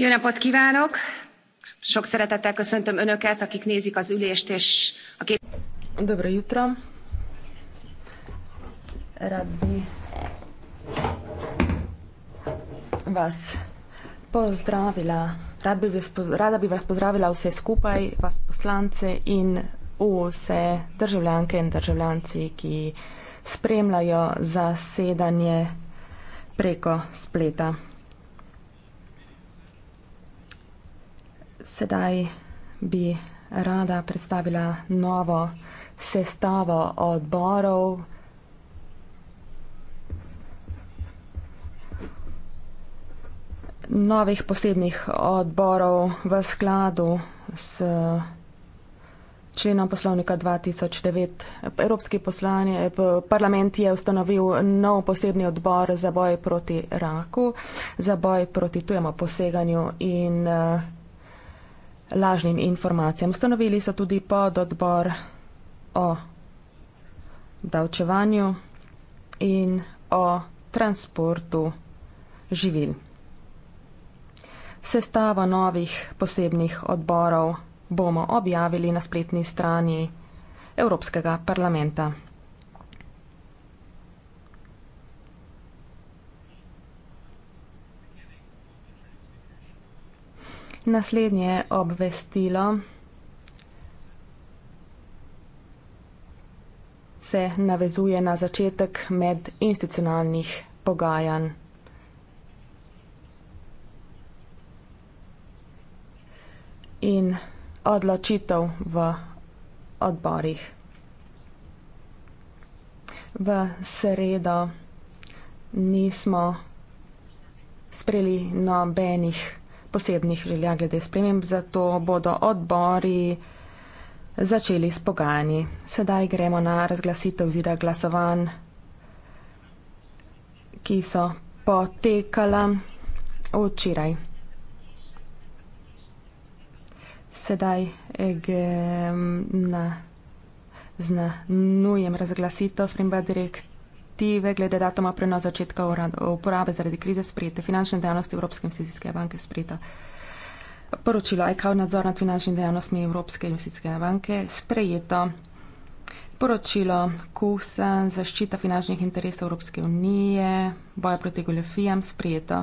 Jó napot kívánok! Sok szeretettel köszöntöm Önöket, akik nézik az ülést és a kép... Dobro jutro. Rád bi vas pozdravila, rád bi vas, ráda bi vas pozdravila vse skupaj, vas poslance in vse državljanke in državljanci, ki spremljajo zasedanje preko spleta. sedaj bi rada predstavila novo sestavo odborov. novih posebnih odborov v skladu s členom poslovnika 2009. Evropski poslanje, eh, parlament je ustanovil nov posebni odbor za boj proti raku, za boj proti tujemu poseganju in uh, lažnim informacijam. Ustanovili so tudi pododbor o davčevanju in o transportu živil. Sestava novih posebnih odborov bomo objavili na spletni strani Evropskega parlamenta. Naslednje obvestilo se navezuje na začetek med institucionalnih pogajanj. in odločitev v odborih. V sredo nismo sprejeli nobenih posebnih želja glede sprememb, zato bodo odbori začeli s pogajanji. Sedaj gremo na razglasitev zida glasovanj, ki so potekala včeraj. Sedaj eh, gremo na znanujem razglasitev sprememba direkt direktive glede datuma prenosa začetka uporabe zaradi krize sprejete finančne dejavnosti Evropske investicijske banke sprejeta. Poročilo ICAO nadzor nad finančnimi dejavnostmi Evropske investicijske banke sprejeto. Poročilo KUSA zaščita finančnih interesov Evropske unije, boja proti goljofijam sprejeto.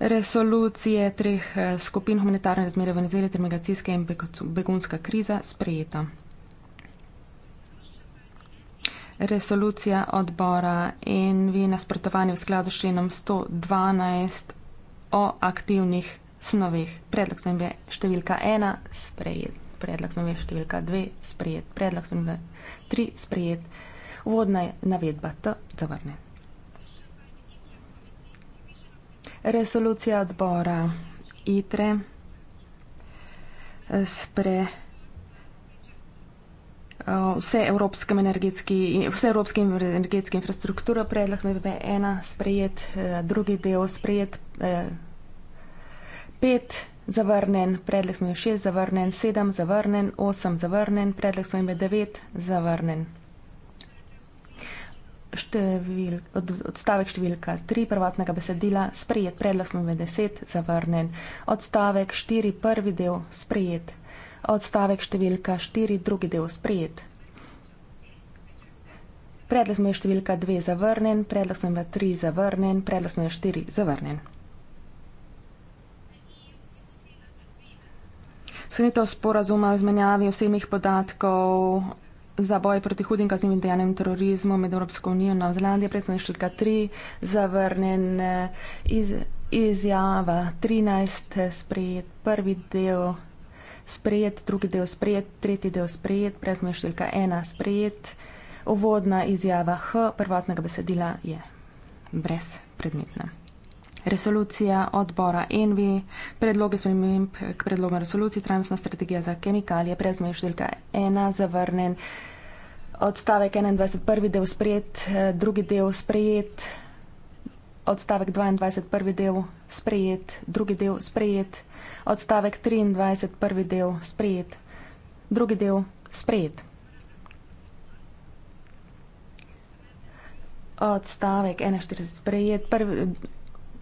Resolucije treh eh, skupin humanitarne razmere v Venezueli ter migracijske in begunska kriza sprejeta resolucija odbora in vi nasprotovanje v skladu s členom 112 o aktivnih snovih. Predlog smo imeli številka 1 sprejet, predlog smo imeli številka 2 sprejet, predlog smo imeli 3 sprejet. Vodna je navedba T zavrne. Resolucija odbora ITRE eh, sprejet. Eh, vse evropske energetski, vse evropske energetske infrastrukture, predlog NVP1 sprejet, eh, drugi del sprejet, eh, pet zavrnen, predlog smo imeli šest zavrnen, sedem zavrnen, osem zavrnen, predlog smo imeli devet zavrnen. Števil, od, odstavek številka 3 prvotnega besedila sprejet, predlog smo imeli 10 zavrnen, odstavek 4 prvi del sprejet odstavek številka 4, drugi del sprejet. Predlog smo je številka 2 zavrnen, predlog smo je 3 zavrnen, predlog smo je 4 zavrnen. Sklenitev sporazuma o izmenjavi osebnih podatkov za boj proti hudim kaznivim dejanjem terorizmu med Evropsko unijo in Novo Zelandijo, predlog smo je številka 3 zavrnen, eh, iz, izjava 13 eh, sprejet, prvi del sprejet sprejet, drugi del sprejet, tretji del sprejet, prezme številka ena sprejet, uvodna izjava H prvotnega besedila je brezpredmetna. Resolucija odbora ENVI, predloge sprememb k predlogu resolucije, trajnostna strategija za kemikalije, prezme številka ena, zavrnen, odstavek 21, prvi del sprejet, eh, drugi del sprejet, odstavek 22, prvi del sprejet, drugi del sprejet, odstavek 23, prvi del sprejet, drugi del sprejet. Odstavek 41 sprejet,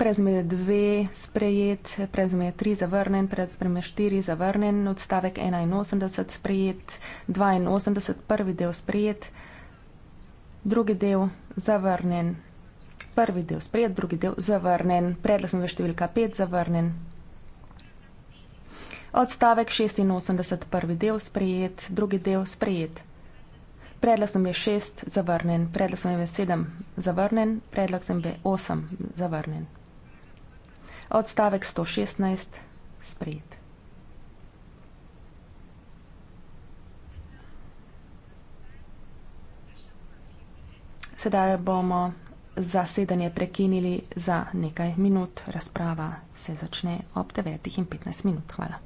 prezmeje 2 sprejet, prezmeje 3 zavrnen, prezmeje 4 zavrnen, odstavek 81 sprejet, 82 prvi del sprejet, drugi del zavrnen prvi del sprejet, drugi del zavrnen, predlog smo v številka 5 zavrnen. Odstavek 86, prvi del sprejet, drugi del sprejet. Predlog sem je 6 zavrnen, predlog sem je 7 zavrnen, predlog sem je 8 zavrnen. Odstavek 116 sprejet. Sedaj bomo zasedanje prekinili za nekaj minut. Razprava se začne ob 9.15. Hvala.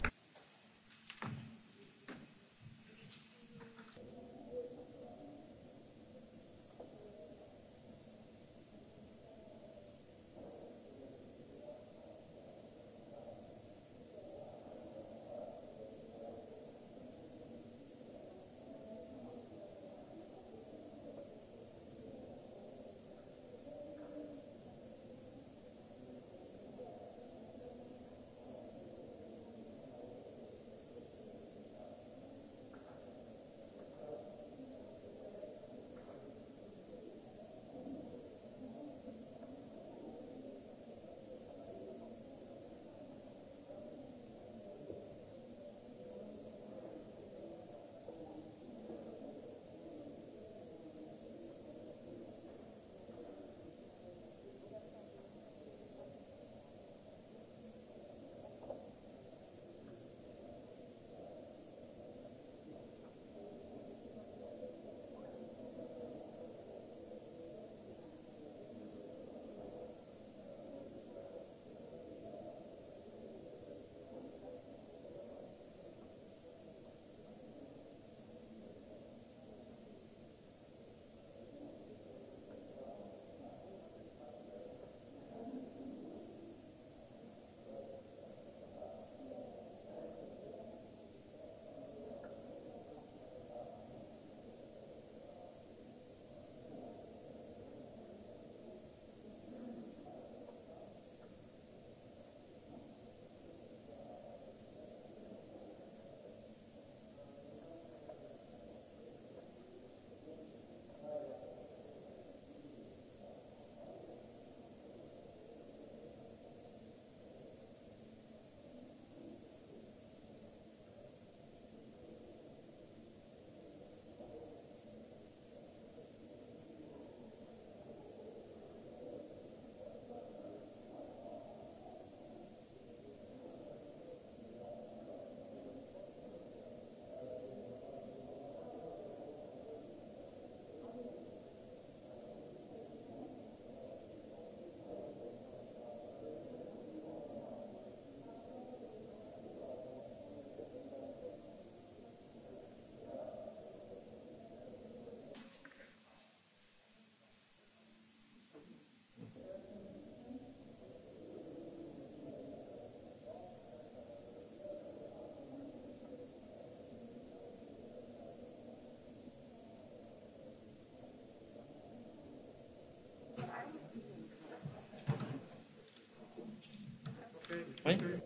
Okay.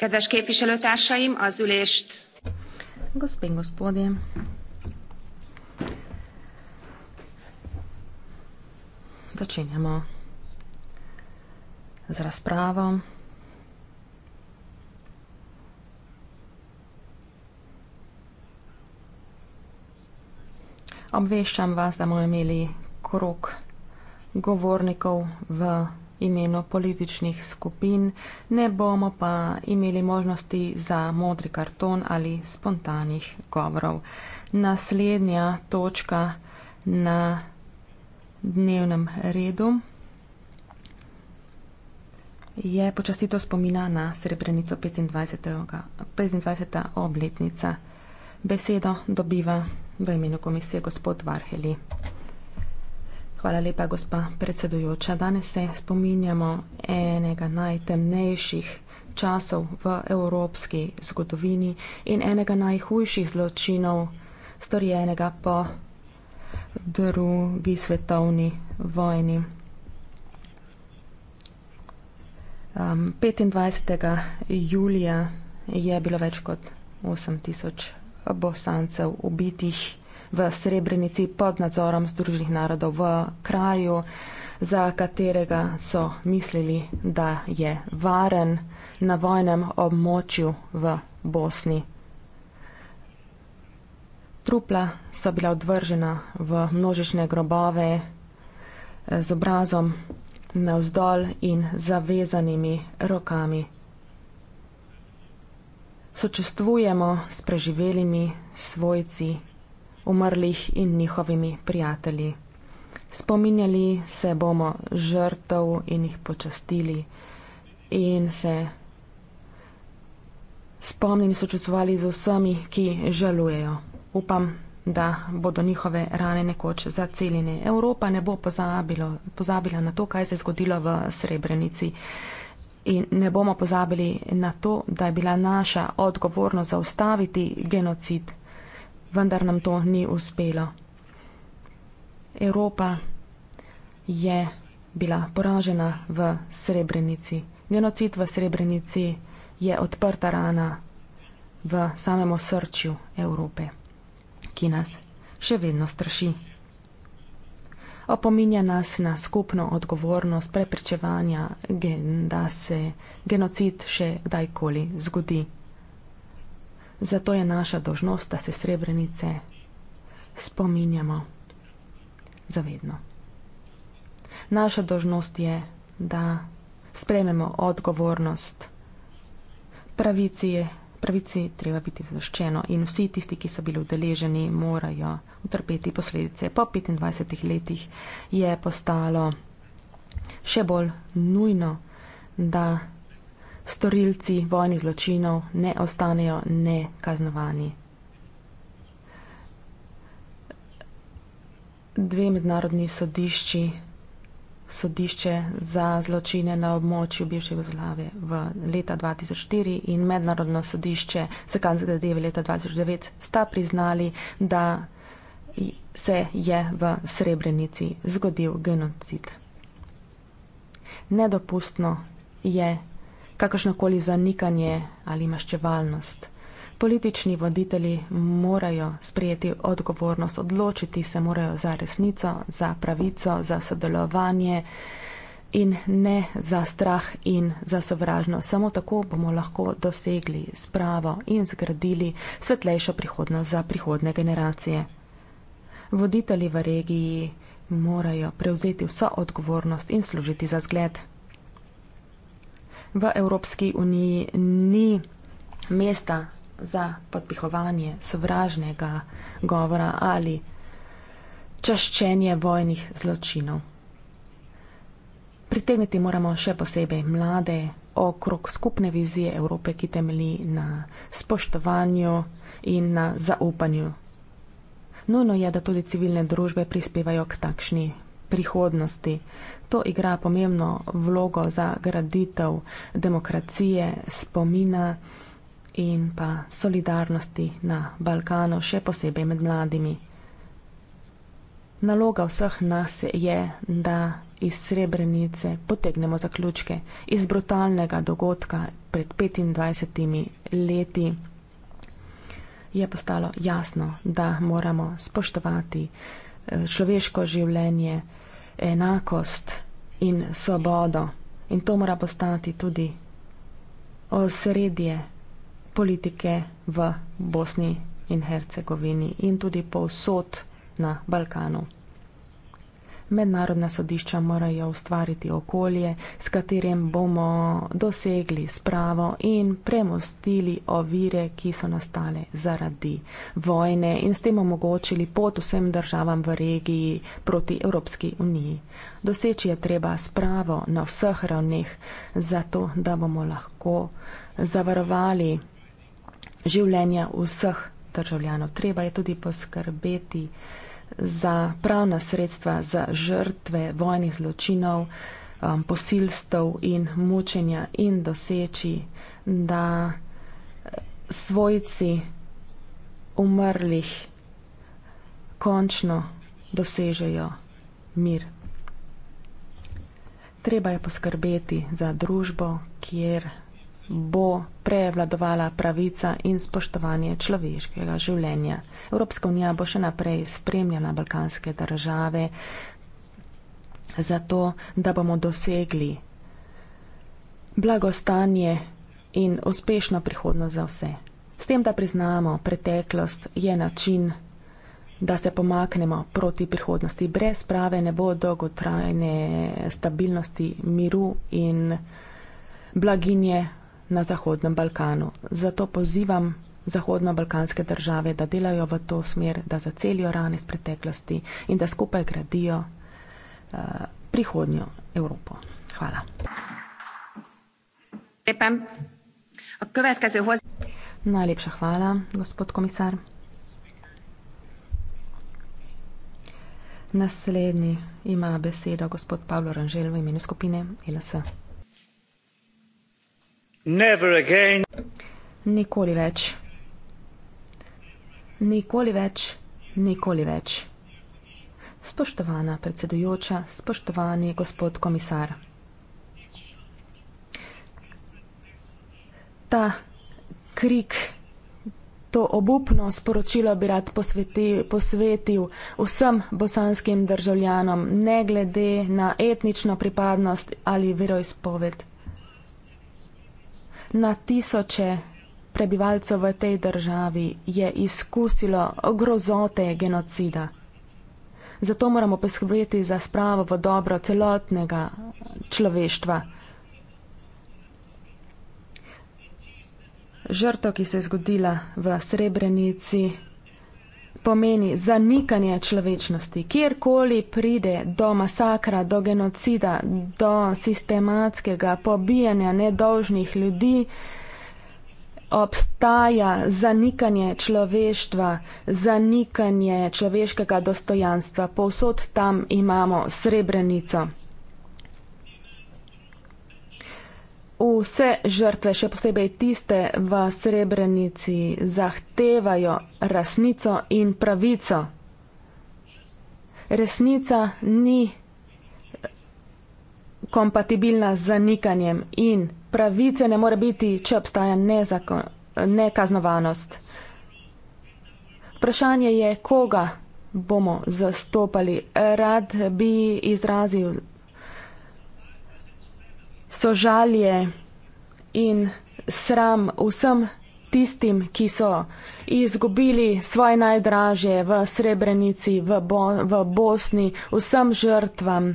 Kedves képviselőtársaim, az ülést... Gospe in gospodje. Začenjamo z razpravo. Obveščam vas, da bomo imeli krok govornikov v imenu političnih skupin, ne bomo pa imeli možnosti za modri karton ali spontanih govorov. Naslednja točka na dnevnem redu je počastito spomina na srebrenico 25. 25. obletnica. Besedo dobiva v imenu komisije gospod Varheli. Hvala lepa, gospa predsedujoča. Danes se spominjamo enega najtemnejših časov v evropski zgodovini in enega najhujših zločinov storjenega po drugi svetovni vojni. 25. Um, julija je bilo več kot 8 tisoč bosancev ubitih v Srebrenici pod nadzorom Združenih narodov v kraju, za katerega so mislili, da je varen na vojnem območju v Bosni. Trupla so bila odvržena v množične grobove eh, z obrazom navzdol in zavezanimi rokami. Sočustvujemo s preživelimi svojci umrlih in njihovimi prijatelji. Spominjali se bomo žrtev in jih počastili in se spomnili sočustvovali z vsemi, ki žalujejo. Upam, da bodo njihove rane nekoč zaceljene. Evropa ne bo pozabilo, pozabila na to, kaj se je zgodilo v Srebrenici. In ne bomo pozabili na to, da je bila naša odgovornost zaustaviti genocid vendar nam to ni uspelo. Evropa je bila poražena v Srebrenici. Genocid v Srebrenici je odprta rana v samem osrčju Evrope, ki nas še vedno straši. Opominja nas na skupno odgovornost prepričevanja, da se genocid še kdajkoli zgodi. Zato je naša dožnost, da se srebrenice spominjamo zavedno. Naša dožnost je, da sprememo odgovornost. Pravici je, pravici treba biti zaščeno in vsi tisti, ki so bili udeleženi, morajo utrpeti posledice. Po 25 letih je postalo še bolj nujno, da storilci vojnih zločinov ne ostanejo nekaznovani. Dve mednarodni sodišči, sodišče za zločine na območju bivše Jugoslavije v leta 2004 in mednarodno sodišče za kanzige zadeve leta 2009 sta priznali, da se je v Srebrenici zgodil genocid. Nedopustno je kakršnokoli zanikanje ali maščevalnost. Politični voditelji morajo sprijeti odgovornost, odločiti se morajo za resnico, za pravico, za sodelovanje in ne za strah in za sovražno. Samo tako bomo lahko dosegli spravo in zgradili svetlejšo prihodnost za prihodne generacije. Voditelji v regiji morajo prevzeti vso odgovornost in služiti za zgled v Evropski uniji ni mesta za podpihovanje sovražnega govora ali čaščenje vojnih zločinov. Pritegniti moramo še posebej mlade okrog skupne vizije Evrope, ki temeli na spoštovanju in na zaupanju. Nujno je, da tudi civilne družbe prispevajo k takšni prihodnosti. To igra pomembno vlogo za graditev demokracije, spomina in pa solidarnosti na Balkanu, še posebej med mladimi. Naloga vseh nas je, da iz Srebrenice potegnemo zaključke iz brutalnega dogodka pred 25 leti. Je postalo jasno, da moramo spoštovati eh, človeško življenje enakost in svobodo. In to mora postati tudi osredje politike v Bosni in Hercegovini in tudi povsod na Balkanu mednarodna sodišča morajo ustvariti okolje, s katerim bomo dosegli spravo in premostili ovire, ki so nastale zaradi vojne in s tem omogočili pot vsem državam v regiji proti Evropski uniji. Doseči je treba spravo na vseh ravneh, zato da bomo lahko zavarovali življenja vseh državljanov. Treba je tudi poskrbeti, za pravna sredstva za žrtve vojnih zločinov, um, posilstv in mučenja in doseči, da eh, svojci umrlih končno dosežejo mir. Treba je poskrbeti za družbo, kjer bo prevladovala pravica in spoštovanje človeškega življenja. Evropska unija bo še naprej spremljala balkanske države zato, da bomo dosegli blagostanje in uspešno prihodnost za vse. S tem, da priznamo preteklost, je način, da se pomaknemo proti prihodnosti. Brez prave ne bo dolgotrajne stabilnosti, miru in blaginje na Zahodnem Balkanu. Zato pozivam zahodnobalkanske države, da delajo v to smer, da zacelijo rane iz preteklosti in da skupaj gradijo uh, prihodnjo Evropo. Hvala. Najlepša hvala, gospod komisar. Naslednji ima besedo gospod Pavlo Ranžel v imenu skupine LSE. Never again. Nikoli več. Nikoli več, nikoli več. Spoštovana predsedujoča, spoštovani gospod komisar. Ta krik, to obupno sporočilo bi rad posveti, posvetil vsem bosanskim državljanom, ne glede na etnično pripadnost ali veroizpoved na tisoče prebivalcev v tej državi je izkusilo grozote genocida. Zato moramo poskrbeti za spravo v dobro celotnega človeštva. Žrtev, ki se je zgodila v Srebrenici, pomeni zanikanje človečnosti, kjerkoli pride do masakra, do genocida, do sistematskega pobijanja nedolžnih ljudi, obstaja zanikanje človeštva, zanikanje človeškega dostojanstva. Povsod tam imamo srebrenico. vse žrtve, še posebej tiste v Srebrenici, zahtevajo resnico in pravico. Resnica ni kompatibilna z zanikanjem in pravice ne more biti, če obstaja nekaznovanost. Vprašanje je, koga bomo zastopali. Rad bi izrazil sožalje in sram vsem tistim, ki so izgubili svoje najdražje v Srebrenici, v, Bo v Bosni, vsem žrtvam.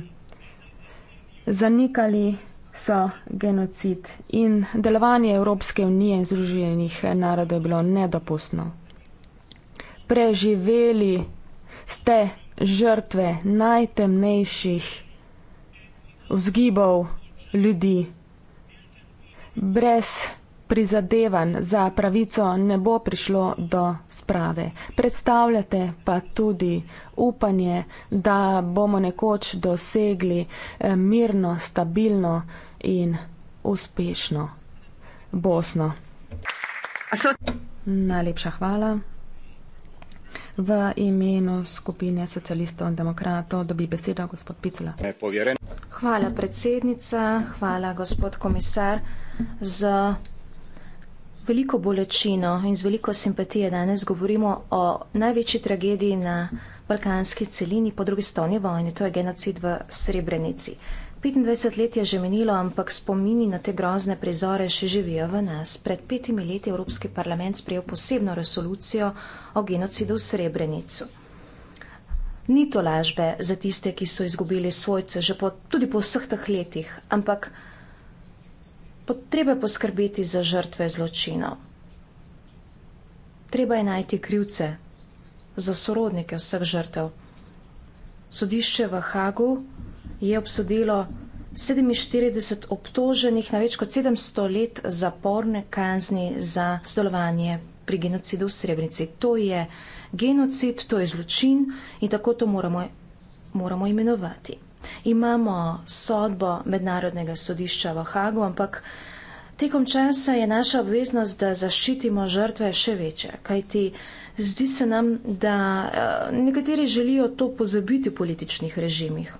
Zanikali so genocid in delovanje Evropske unije in Združenih narodov je bilo nedopustno. Preživeli ste žrtve najtemnejših vzgibov ljudi. Brez prizadevanj za pravico ne bo prišlo do sprave. Predstavljate pa tudi upanje, da bomo nekoč dosegli eh, mirno, stabilno in uspešno Bosno. Najlepša hvala. V imenu skupine socialistov in demokratov dobi besedo gospod Picula. Hvala predsednica, hvala gospod komisar za. Veliko bolečino in z veliko simpatije danes govorimo o največji tragediji na balkanski celini po drugi stoni vojni, to je genocid v Srebrenici. 25 let je že menilo, ampak spomini na te grozne prizore še živijo v nas. Pred petimi leti je Evropski parlament sprejel posebno resolucijo o genocidu v Srebrenicu. Ni to lažbe za tiste, ki so izgubili svojce že po, tudi po vseh teh letih, ampak potrebe poskrbeti za žrtve zločinov. Treba je najti krivce za sorodnike vseh žrtev. Sodišče v Hagu je obsodilo 47 obtoženih na več kot 700 let zaporne kazni za sodelovanje pri genocidu v Srebrenici. To je genocid, to je zločin in tako to moramo, moramo imenovati. Imamo sodbo Mednarodnega sodišča v Hagu, ampak tekom časa je naša obveznost, da zaščitimo žrtve še večje, kajti zdi se nam, da eh, nekateri želijo to pozabiti v političnih režimih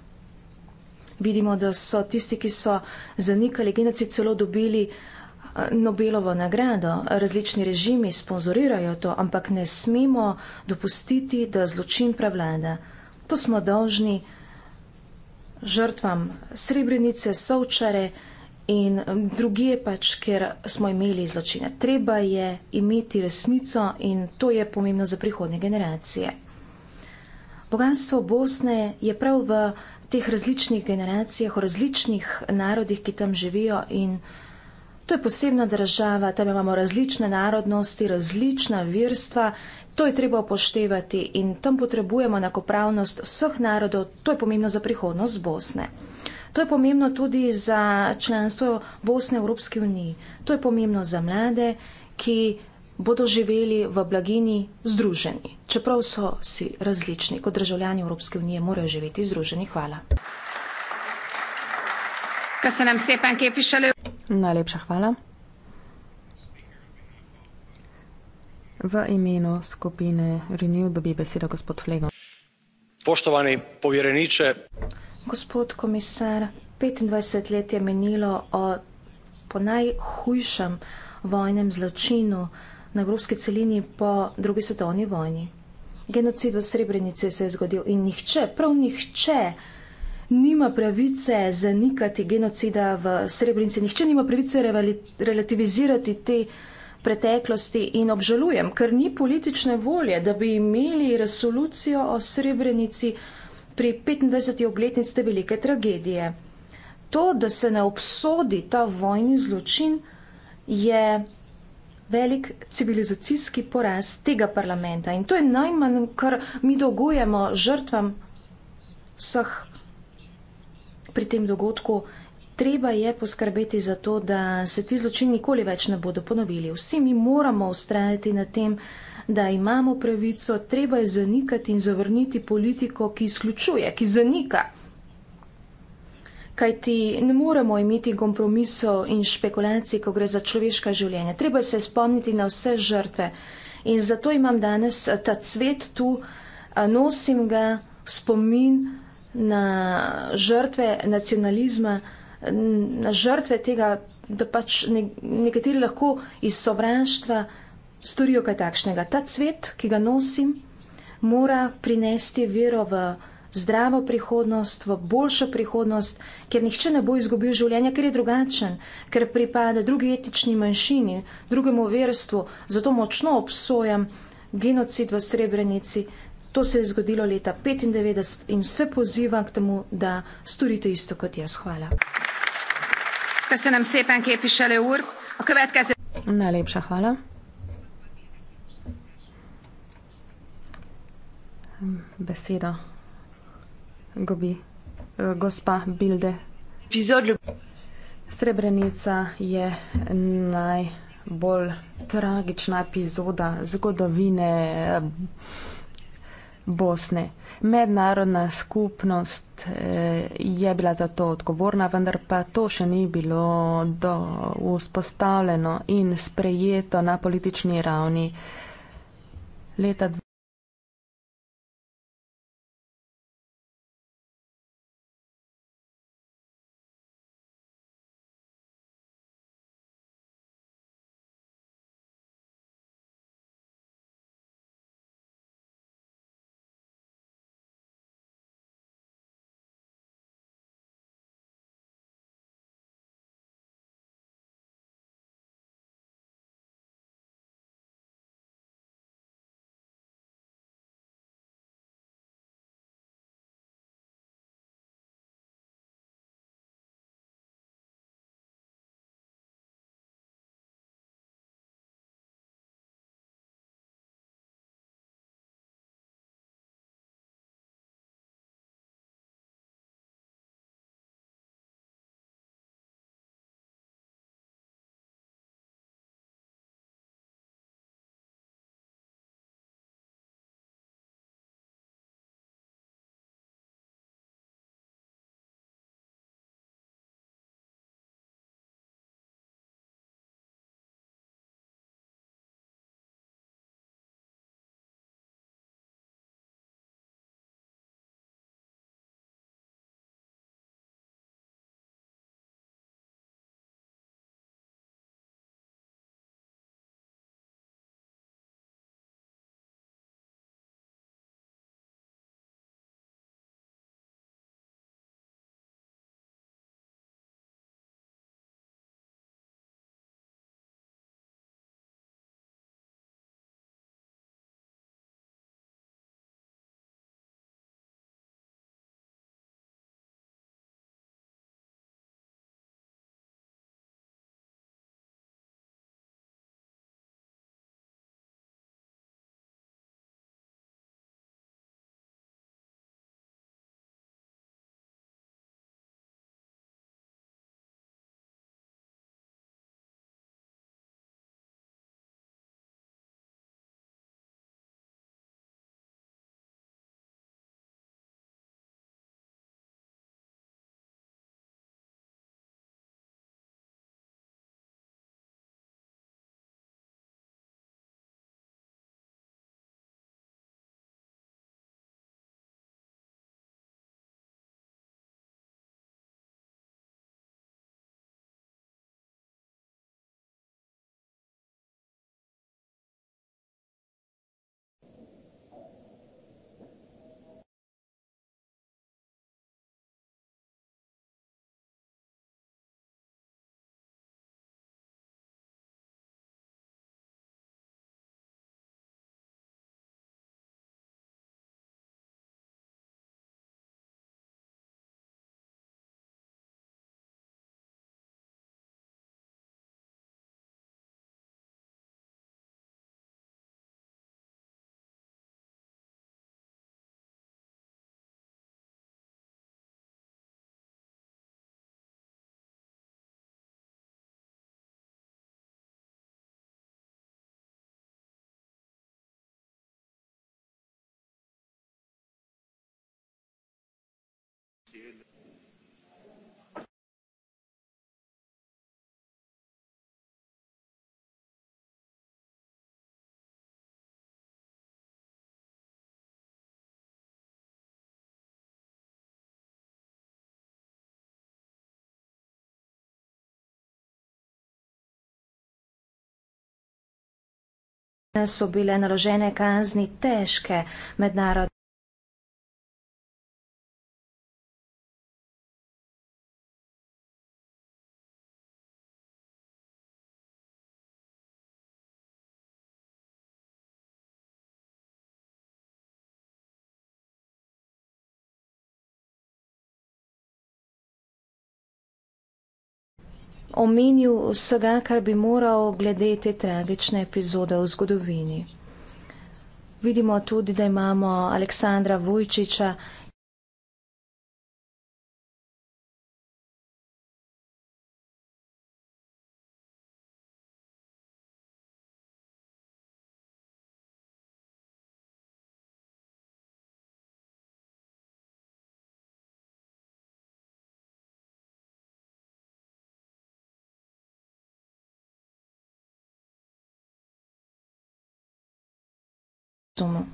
vidimo, da so tisti, ki so zanikali genocid, celo dobili eh, Nobelovo nagrado. Različni režimi sponzorirajo to, ampak ne smemo dopustiti, da zločin prevlada. To smo dolžni žrtvam Srebrenice, Sovčare in mm, druge pač, ker smo imeli zločine. Treba je imeti resnico in to je pomembno za prihodne generacije. Bogatstvo Bosne je prav v teh različnih generacijah, o različnih narodih, ki tam živijo. To je posebna država, tam imamo različne narodnosti, različna virstva, to je treba upoštevati in tam potrebujemo enakopravnost vseh narodov, to je pomembno za prihodnost Bosne. To je pomembno tudi za članstvo Bosne v Evropski uniji. To je pomembno za mlade, ki bodo živeli v blagini združeni. Čeprav so si različni, kot državljani Evropske unije morajo živeti združeni. Hvala. Najlepša hvala. V imenu skupine Renew dobi besedo gospod Flegon. Poštovani povjereniče. Gospod komisar, 25 let je menilo o po najhujšem vojnem zločinu, na evropski celini po drugi svetovni vojni. Genocid v Srebrenici se je zgodil in nihče, prav nihče, nima pravice zanikati genocida v Srebrenici, nihče nima pravice relativizirati te preteklosti in obžalujem, ker ni politične volje, da bi imeli resolucijo o Srebrenici pri 25. obletnici te velike tragedije. To, da se ne obsodi ta vojni zločin, je velik civilizacijski poraz tega parlamenta. In to je najmanj, kar mi dolgujemo žrtvam vseh pri tem dogodku. Treba je poskrbeti za to, da se ti zločini nikoli več ne bodo ponovili. Vsi mi moramo ustrajati na tem, da imamo pravico, treba je zanikati in zavrniti politiko, ki izključuje, ki zanika kajti ne moremo imeti kompromisov in špekulacij, ko gre za človeška življenja. Treba se spomniti na vse žrtve. In zato imam danes eh, ta cvet tu, eh, nosim ga v spomin na žrtve nacionalizma, na žrtve tega, da pač nekateri lahko iz sovraštva storijo kaj takšnega. Ta cvet, ki ga nosim, mora prinesti vero v zdravo prihodnost, v boljšo prihodnost, ker nihče ne bo izgubil življenja, ker je drugačen, ker pripada drugi etični manjšini, drugemu verstvu. Zato močno obsojam genocid v Srebrenici. To se je zgodilo leta 1995 in vse pozivam k temu, da storite isto kot jaz. Hvala. Köszönöm szépen képviselő úr. A következő... Ne lépse, hvala. Beszéda gobi, eh, gospa Bilde. Srebrenica je najbolj tragična epizoda zgodovine eh, Bosne. Mednarodna skupnost eh, je bila za to odgovorna, vendar pa to še ni bilo do vzpostavljeno in sprejeto na politični ravni leta 2020. ciel. so bile naložene kazni težke mednarodne. omenil vsega, kar bi moral glede te tragične epizode v zgodovini. Vidimo tudi, da imamo Aleksandra Vujčiča, sumu.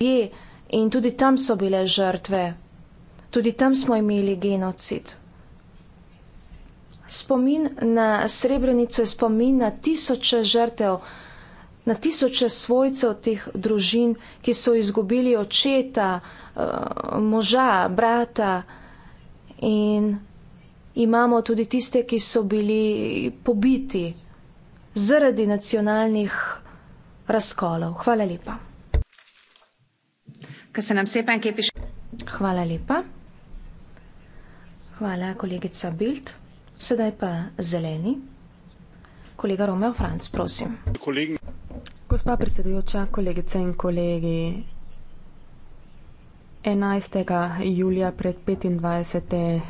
Yeah in tudi tam so bile žrtve, tudi tam smo imeli genocid. Spomin na Srebrenico je spomin na tisoče žrtev, na tisoče svojcev teh družin, ki so izgubili očeta, eh, moža, brata in imamo tudi tiste, ki so bili pobiti zaradi nacionalnih razkolov. Hvala lepa. Köszönöm szépen, képviselő. Hvala lepa. Hvala, kolegica Bild. Sedaj pa zeleni. Kolega Romeo Franc, prosim. Kolegi. Gospa predsedujoča, kolegice in kolegi. 11. julija pred 25.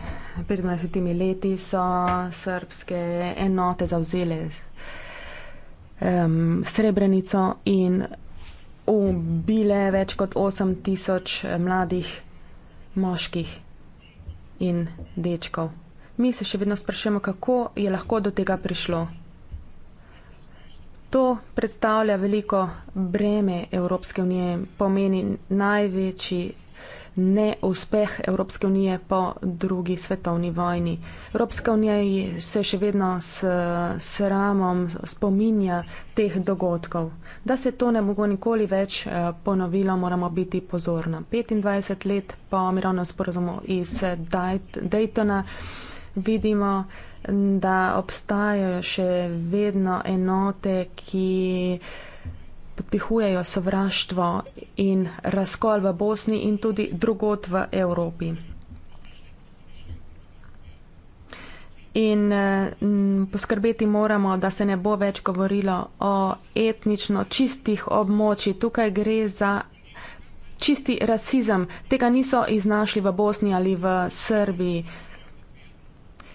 15 leti so srpske enote zauzele um, Srebrenico in ubile več kot 8000 eh, mladih moških in dečkov. Mi se še vedno sprašujemo, kako je lahko do tega prišlo. To predstavlja veliko breme Evropske unije, pomeni največji neuspeh Evropske unije po drugi svetovni vojni. Evropska unija se še vedno s sramom spominja teh dogodkov. Da se to ne bo nikoli več eh, ponovilo, moramo biti pozorni. 25 let po mirovnem sporozumu iz Daytona vidimo, da obstajajo še vedno enote, ki podpihujejo sovraštvo in razkol v Bosni in tudi drugot v Evropi. In mm, poskrbeti moramo, da se ne bo več govorilo o etnično čistih območji. Tukaj gre za čisti rasizem. Tega niso iznašli v Bosni ali v Srbiji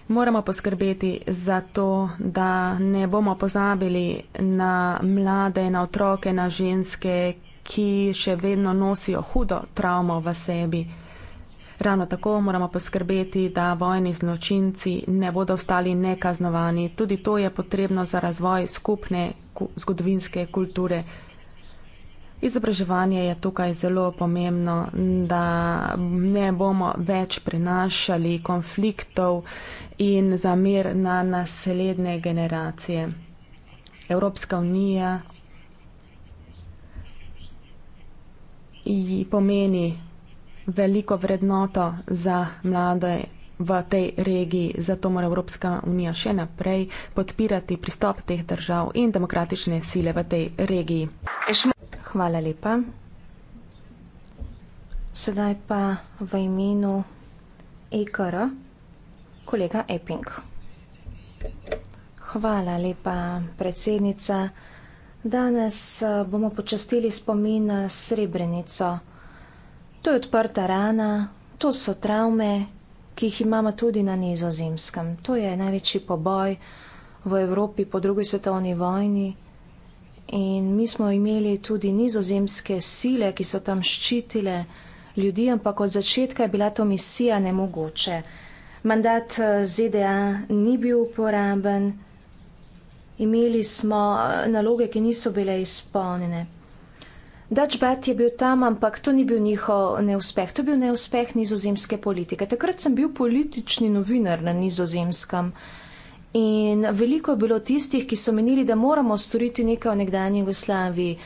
moramo poskrbeti za to, da ne bomo pozabili na mlade, na otroke, na ženske, ki še vedno nosijo hudo travmo v sebi. Ravno tako moramo poskrbeti, da vojni zločinci ne bodo ostali nekaznovani. Tudi to je potrebno za razvoj skupne zgodovinske kulture. Izobraževanje je tukaj zelo pomembno, da ne bomo več prenašali konfliktov in zamer na naslednje generacije. Evropska unija pomeni veliko vrednoto za mlade v tej regiji, zato mora Evropska unija še naprej podpirati pristop teh držav in demokratične sile v tej regiji. Ešmo. Hvala lepa. Sedaj pa v imenu EKR kolega Epping. Hvala lepa, predsednica. Danes eh, bomo počastili spomin na srebrenico. To je odprta rana, to so travme, ki jih imamo tudi na nizozemskem. To je največji poboj v Evropi po drugi svetovni vojni. In mi smo imeli tudi nizozemske sile, ki so tam ščitile ljudi, ampak od začetka je bila to misija nemogoče. Mandat eh, ZDA ni bil uporaben, imeli smo eh, naloge, ki niso bile izpolnjene. Dačbat je bil tam, ampak to ni bil njihov neuspeh, to je bil neuspeh nizozemske politike. Takrat sem bil politični novinar na nizozemskem. In veliko je bilo tistih, ki so menili, da moramo storiti nekaj v nekdanji Jugoslaviji.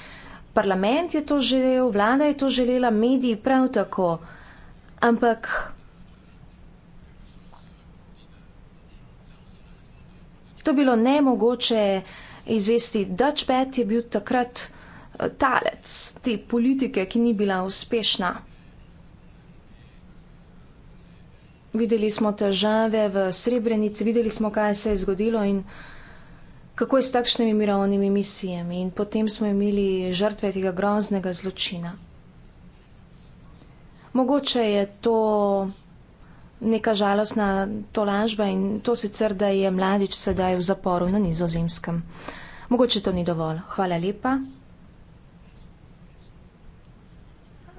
Parlament je to želel, vlada je to želela, mediji prav tako. Ampak to je bilo nemogoče izvesti. Dutchpad je bil takrat eh, talec te politike, ki ni bila uspešna. videli smo težave v Srebrenici, videli smo, kaj se je zgodilo in kako je s takšnimi mirovnimi misijami. In potem smo imeli žrtve tega groznega zločina. Mogoče je to neka žalostna tolažba in to sicer, da je mladič sedaj v zaporu na nizozemskem. Mogoče to ni dovolj. Hvala lepa.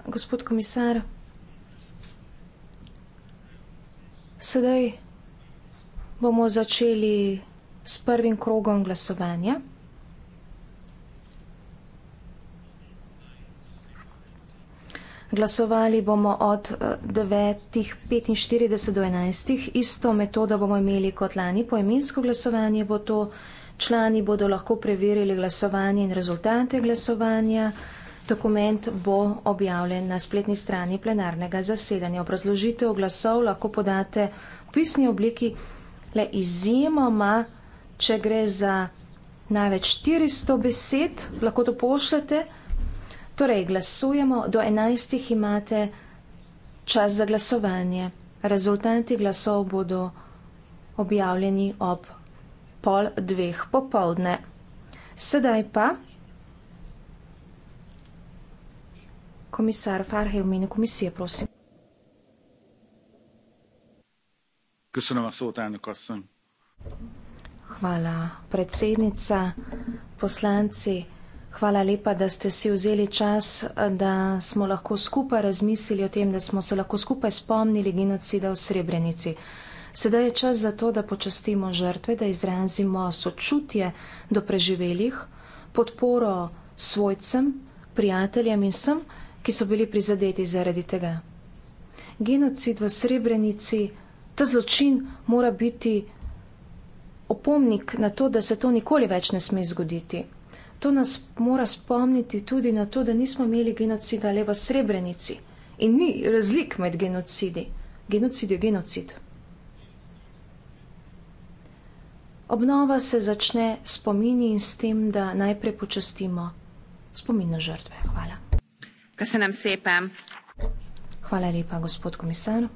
Gospod komisar. Sedaj bomo začeli s prvim krogom glasovanja. Glasovali bomo od 9.45 eh, do 11. Isto metodo bomo imeli kot lani. Poemensko glasovanje bo to. Člani bodo lahko preverili glasovanje in rezultate glasovanja. Dokument bo objavljen na spletni strani plenarnega zasedanja. Obrazložitev glasov lahko podate v pisni obliki le izjemoma, če gre za največ 400 besed, lahko to pošljete. Torej, glasujemo, do 11. imate čas za glasovanje. Rezultati glasov bodo objavljeni ob pol dveh popovdne. Sedaj pa. Komisar Farhev meni komisije, prosim. Köszönöm a szót, elnök asszony. Hvala, predsednica, poslanci. Hvala lepa, da ste si vzeli čas, da smo lahko skupaj razmislili o tem, da smo se lahko skupaj spomnili genocida v Srebrenici. Sedaj je čas za to, da počastimo žrtve, da izrazimo sočutje do preživelih, podporo svojcem, prijateljem in vsem, ki so bili prizadeti zaradi tega. Genocid v Srebrenici, ta zločin mora biti opomnik na to, da se to nikoli več ne sme zgoditi. To nas mora spomniti tudi na to, da nismo imeli genocida le v Srebrenici in ni razlik med genocidi. Genocid je genocid. Obnova se začne spomini in s tem, da najprej počastimo spomin na žrtve. Hvala. Köszönöm szépen. Hvala lepa, gospod komisar.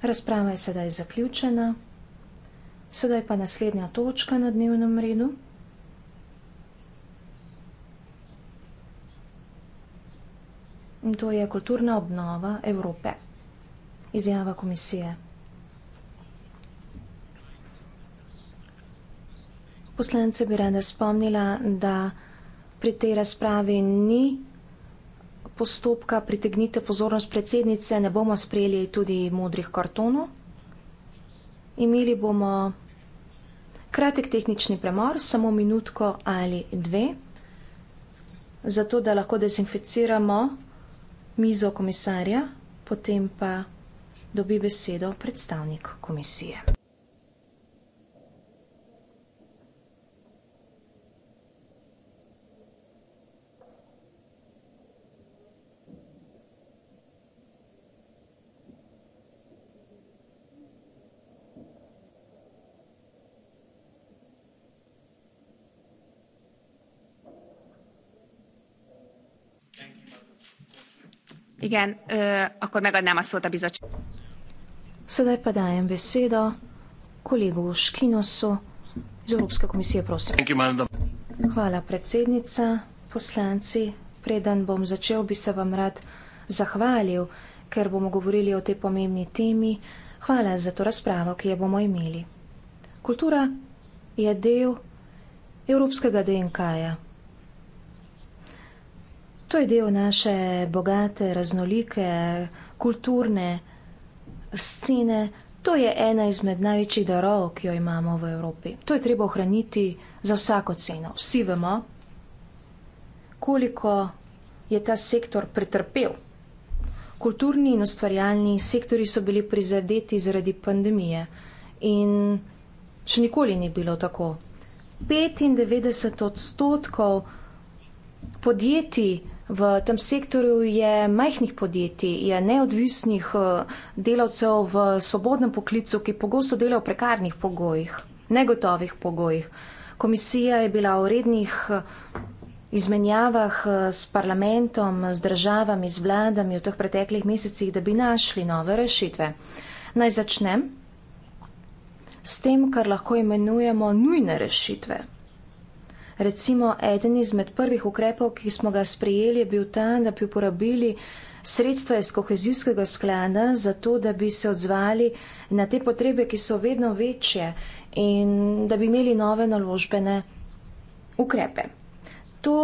Razprava je sedaj zaključena. Sedaj pa naslednja točka na dnevnem redu. In to je kulturna obnova Evrope. Izjava komisije. Poslance bi rada spomnila, da pri tej razpravi ni postopka, pritegnite pozornost predsednice, ne bomo sprejeli tudi modrih kartonov. Imeli bomo kratek tehnični premor, samo minutko ali dve, zato da lahko dezinficiramo mizo komisarja, potem pa dobi besedo predstavnik komisije. Igen, ö, akkor megadnám a szót a bizottság. Sedaj pa dajem besedo kolegu Škinosu iz Evropske komisije. Prosim. Hvala, predsednica, poslanci. Preden bom začel, bi se vam rad zahvalil, ker bomo govorili o tej pomembni temi. Hvala za to razpravo, ki jo bomo imeli. Kultura je del evropskega DNK-ja, To je del naše bogate, raznolike, kulturne scene. To je ena izmed največjih darov, ki jo imamo v Evropi. To je treba ohraniti za vsako ceno. Vsi vemo, koliko je ta sektor pretrpel. Kulturni in ustvarjalni sektori so bili prizadeti zaradi pandemije in še nikoli ni bilo tako. 95 odstotkov podjetij V tem sektorju je majhnih podjetij, je neodvisnih eh, delavcev v svobodnem poklicu, ki pogosto delajo v prekarnih pogojih, negotovih pogojih. Komisija je bila v rednih eh, izmenjavah eh, s parlamentom, z državami, z vladami v teh preteklih mesecih, da bi našli nove rešitve. Naj začnem s tem, kar lahko imenujemo nujne rešitve. Recimo, eden izmed prvih ukrepov, ki smo ga sprejeli, je bil ta, da bi uporabili sredstva iz kohezijskega sklada za to, da bi se odzvali na te potrebe, ki so vedno večje in da bi imeli nove naložbene ukrepe. To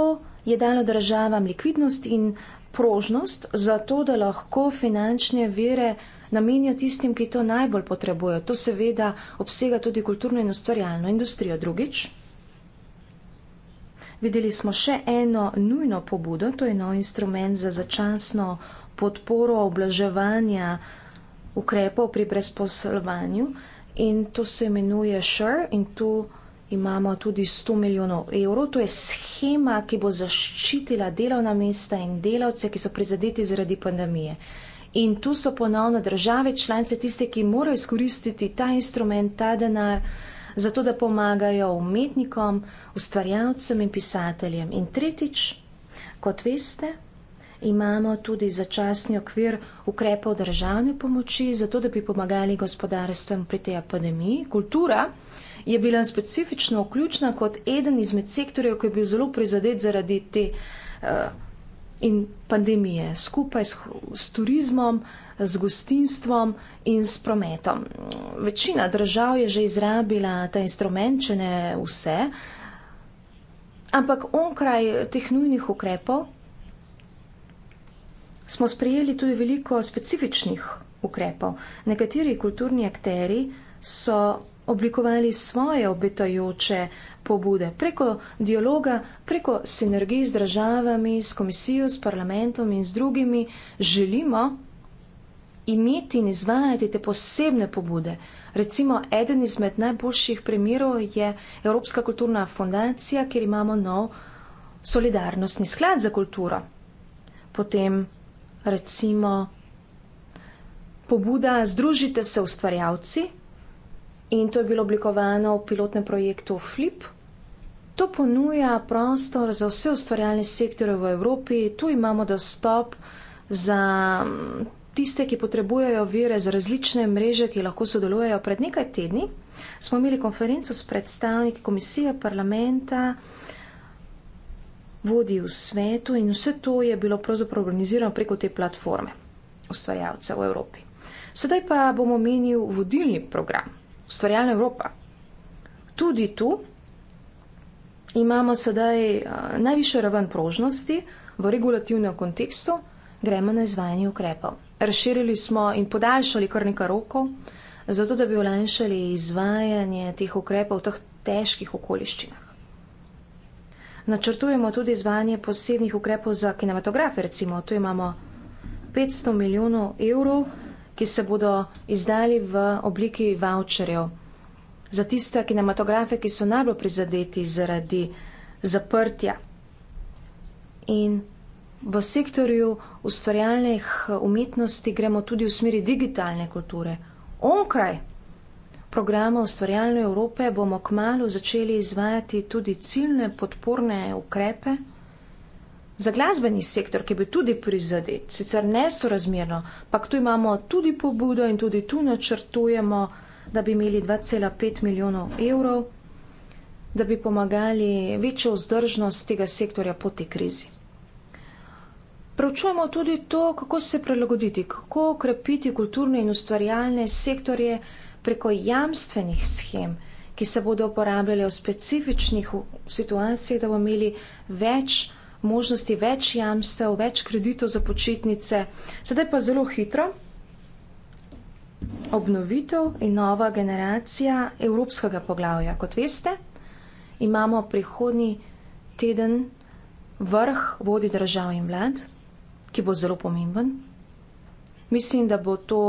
je dalo državam likvidnost in prožnost za to, da lahko finančne vire namenijo tistim, ki to najbolj potrebujejo. To seveda obsega tudi kulturno in ustvarjalno industrijo drugič. Videli smo še eno nujno pobudo, to je nov instrument za začasno podporo oblaževanja ukrepov pri brezposlovanju in to se imenuje SURE in tu imamo tudi 100 milijonov evrov. To je schema, ki bo zaščitila delovna mesta in delavce, ki so prizadeti zaradi pandemije. In tu so ponovno države članice tiste, ki morajo izkoristiti ta instrument, ta denar zato da pomagajo umetnikom, ustvarjalcem in pisateljem. In tretjič, kot veste, imamo tudi začasni okvir ukrepov državne pomoči, zato da bi pomagali gospodarstvom pri tej epidemiji. Kultura je bila specifično vključna kot eden izmed sektorjev, ki je bil zelo prizadet zaradi te uh, pandemije, skupaj s, s turizmom z gostinstvom in s prometom. Večina držav je že izrabila ta instrument, če ne vse, ampak onkraj teh nujnih ukrepov smo sprejeli tudi veliko specifičnih ukrepov. Nekateri kulturni akteri so oblikovali svoje obetajoče pobude preko dialoga, preko sinergij z državami, s komisijo, s parlamentom in z drugimi. Želimo, imeti in izvajati te posebne pobude. Recimo, eden izmed najboljših primerov je Evropska kulturna fundacija, kjer imamo nov solidarnostni sklad za kulturo. Potem, recimo, pobuda Združite se ustvarjalci in to je bilo oblikovano v pilotnem projektu Flip. To ponuja prostor za vse ustvarjalne sektore v Evropi, tu imamo dostop za tiste, ki potrebujejo vire za različne mreže, ki lahko sodelujejo. Pred nekaj tedni smo imeli konferenco s predstavniki komisije parlamenta, vodi v svetu in vse to je bilo pravzaprav organizirano preko te platforme ustvarjalcev v Evropi. Sedaj pa bom omenil vodilni program Ustvarjalna Evropa. Tudi tu imamo sedaj najviše raven prožnosti v regulativnem kontekstu, gremo na izvajanje ukrepov razširili smo in podaljšali kar nekaj rokov, zato da bi olajšali izvajanje teh ukrepov v teh težkih okoliščinah. Načrtujemo tudi izvajanje posebnih ukrepov za kinematografe, recimo tu imamo 500 milijonov evrov, ki se bodo izdali v obliki voucherjev za tiste kinematografe, ki so najbolj prizadeti zaradi zaprtja. In v sektorju ustvarjalnih eh, umetnosti gremo tudi v smeri digitalne kulture. Onkraj programa ustvarjalne Evrope bomo kmalo začeli izvajati tudi ciljne podporne ukrepe za glasbeni sektor, ki bi tudi prizadet, sicer nesorazmerno, pa tu imamo tudi pobudo in tudi tu načrtujemo, da bi imeli 2,5 milijonov evrov, da bi pomagali večjo vzdržnost tega sektorja po tej krizi. Pravčujemo tudi to, kako se prilagoditi, kako krepiti kulturne in ustvarjalne sektorje preko jamstvenih schem, ki se bodo uporabljale v specifičnih situacijah, da bomo imeli več možnosti, več jamstev, več kreditov za počitnice. Sedaj pa zelo hitro. Obnovitev in nova generacija evropskega poglavja. Kot veste, imamo prihodnji teden vrh vodi držav in vlad ki bo zelo pomemben. Mislim, da bo to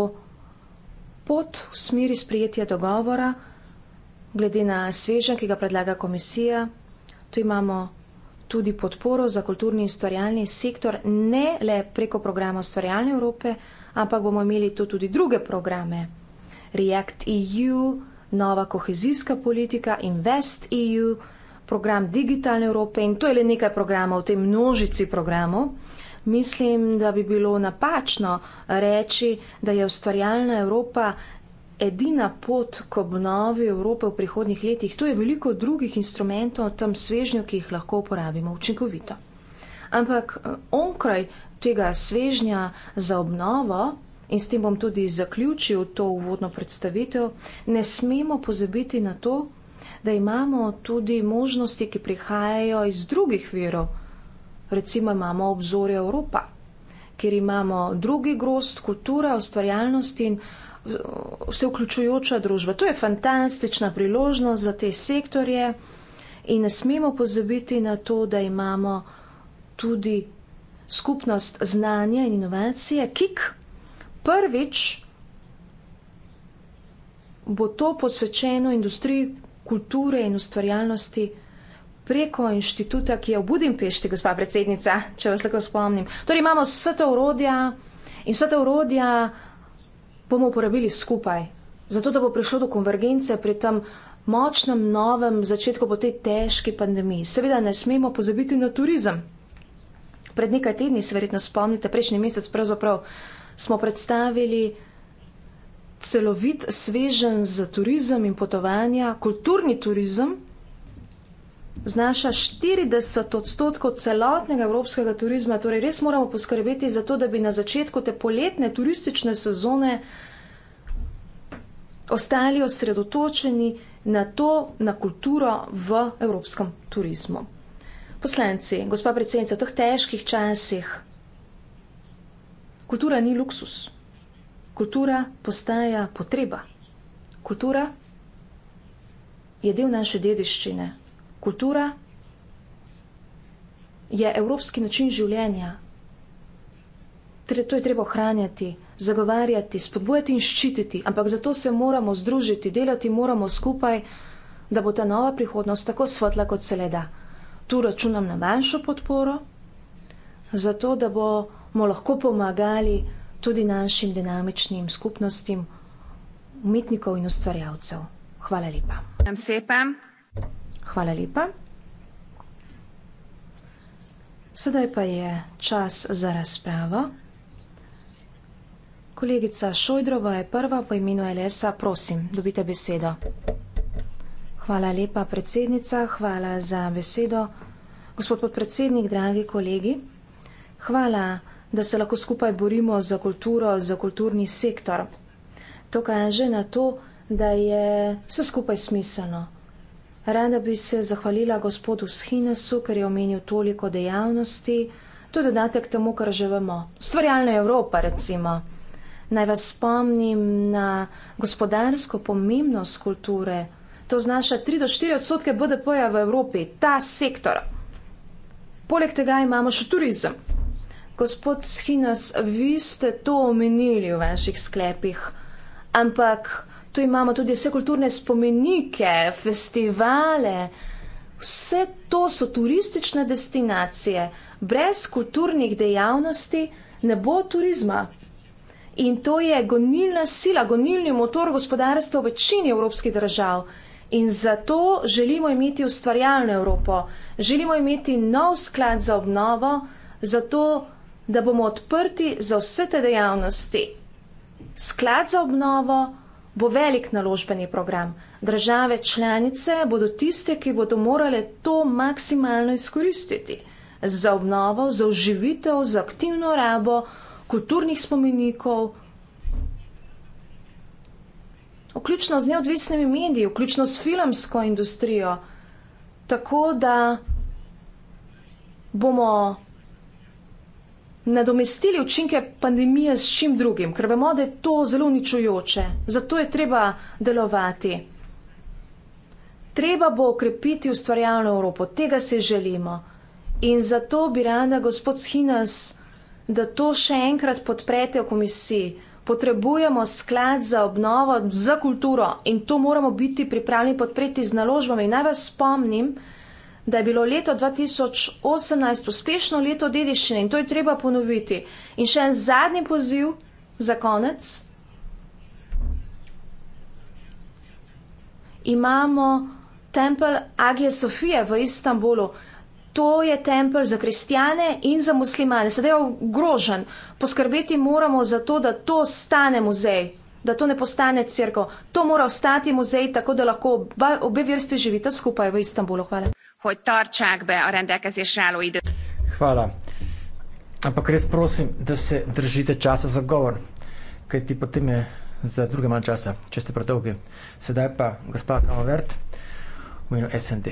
pot v smeri sprejetja dogovora, glede na svežen, ki ga predlaga komisija. Tu imamo tudi podporo za kulturni in stvarjalni sektor, ne le preko programa Stvarjalne Evrope, ampak bomo imeli tu tudi druge programe. React EU, nova kohezijska politika, Invest EU, program Digitalne Evrope in to je le nekaj programov v tej množici programov mislim, da bi bilo napačno reči, da je ustvarjalna Evropa edina pot k obnovi Evrope v prihodnih letih. Tu je veliko drugih instrumentov, tam svežnjo, ki jih lahko uporabimo učinkovito. Ampak eh, onkraj tega svežnja za obnovo. In s tem bom tudi zaključil to uvodno predstavitev. Ne smemo pozabiti na to, da imamo tudi možnosti, ki prihajajo iz drugih verov, recimo imamo obzorje Evropa, kjer imamo drugi grost, kultura, ustvarjalnost in vse eh, vključujoča družba. To je fantastična priložnost za te sektorje in ne smemo pozabiti na to, da imamo tudi skupnost znanja in inovacije, kik prvič bo to posvečeno industriji kulture in ustvarjalnosti preko inštituta, ki je v Budimpešti, gospa predsednica, če vas lahko spomnim. Torej imamo vse te urodja in vse te urodja bomo uporabili skupaj, zato da bo prišlo do konvergence pri tem močnem novem začetku po tej težki pandemiji. Seveda ne smemo pozabiti na turizem. Pred nekaj tedni se verjetno spomnite, prejšnji mesec pravzaprav smo predstavili celovit svežen za turizem in potovanja, kulturni turizem, znaša 40 odstotkov celotnega evropskega turizma. Torej, res moramo poskrbeti za to, da bi na začetku te poletne turistične sezone ostali osredotočeni na to, na kulturo v evropskem turizmu. Poslanci, gospa predsednica, v teh težkih časih kultura ni luksus. Kultura postaja potreba. Kultura je del naše dediščine, Kultura je evropski način življenja. To je treba ohranjati, zagovarjati, spodbujati in ščititi, ampak zato se moramo združiti, delati moramo skupaj, da bo ta nova prihodnost tako svetla, kot se le da. Tu računam na manjšo podporo, zato da bomo lahko pomagali tudi našim dinamičnim skupnostim umetnikov in ustvarjalcev. Hvala lepa. Nam sepam. Hvala lepa. Sedaj pa je čas za razpravo. Kolegica Šojdrova je prva, po imenu LS-a, prosim, dobite besedo. Hvala lepa, predsednica, hvala za besedo. Gospod podpredsednik, dragi kolegi, hvala, da se lahko skupaj borimo za kulturo, za kulturni sektor. To kaže na to, da je vse skupaj smiselno. Rada bi se zahvalila gospodu Schinesu, ker je omenil toliko dejavnosti. To je dodatek temu, kar že vemo. Stvarjalna Evropa, recimo. Naj vas spomnim na gospodarsko pomembnost kulture. To znaša 3 do 4 odstotke BDP-ja v Evropi, ta sektor. Poleg tega imamo še turizem. Gospod Schinas, vi ste to omenili v vaših sklepih, ampak tu imamo tudi vse kulturne spomenike, festivale, vse to so turistične destinacije. Brez kulturnih dejavnosti ne bo turizma. In to je gonilna sila, gonilni motor gospodarstva v večini evropskih držav. In zato želimo imeti ustvarjalno Evropo, želimo imeti nov sklad za obnovo, zato da bomo odprti za vse te dejavnosti. Sklad za obnovo bo velik naložbeni program. Države članice bodo tiste, ki bodo morale to maksimalno izkoristiti za obnovo, za oživitev, za aktivno rabo kulturnih spomenikov, vključno z neodvisnimi mediji, vključno s filmsko industrijo, tako da bomo nadomestili učinke pandemije s čim drugim, ker vemo, da je to zelo ničujoče. Zato je treba delovati. Treba bo okrepiti ustvarjalno Evropo, tega se želimo. In zato bi rada, gospod Schinas, da to še enkrat podprete v komisiji. Potrebujemo sklad za obnovo, za kulturo in to moramo biti pripravljeni podpreti z naložbami. Naj vas spomnim, da da je bilo leto 2018 uspešno leto dediščine in to je treba ponoviti. In še en zadnji poziv za konec. Imamo tempel Agije Sofije v Istanbulu. To je tempel za kristijane in za muslimane. Sedaj je ogrožen. Poskrbeti moramo za to, da to stane muzej, da to ne postane crkva. To mora ostati muzej, tako da lahko obe, obe verstvi živita skupaj v Istanbulu. Hvala hogy tartsák be a rendelkezésre álló időt. Hvala. Ampak res prosim, da se držite časa za govor, kaj ti potem je za druge manj časa, če ste predolgi. Sedaj pa gospa Kamovert v imenu SND.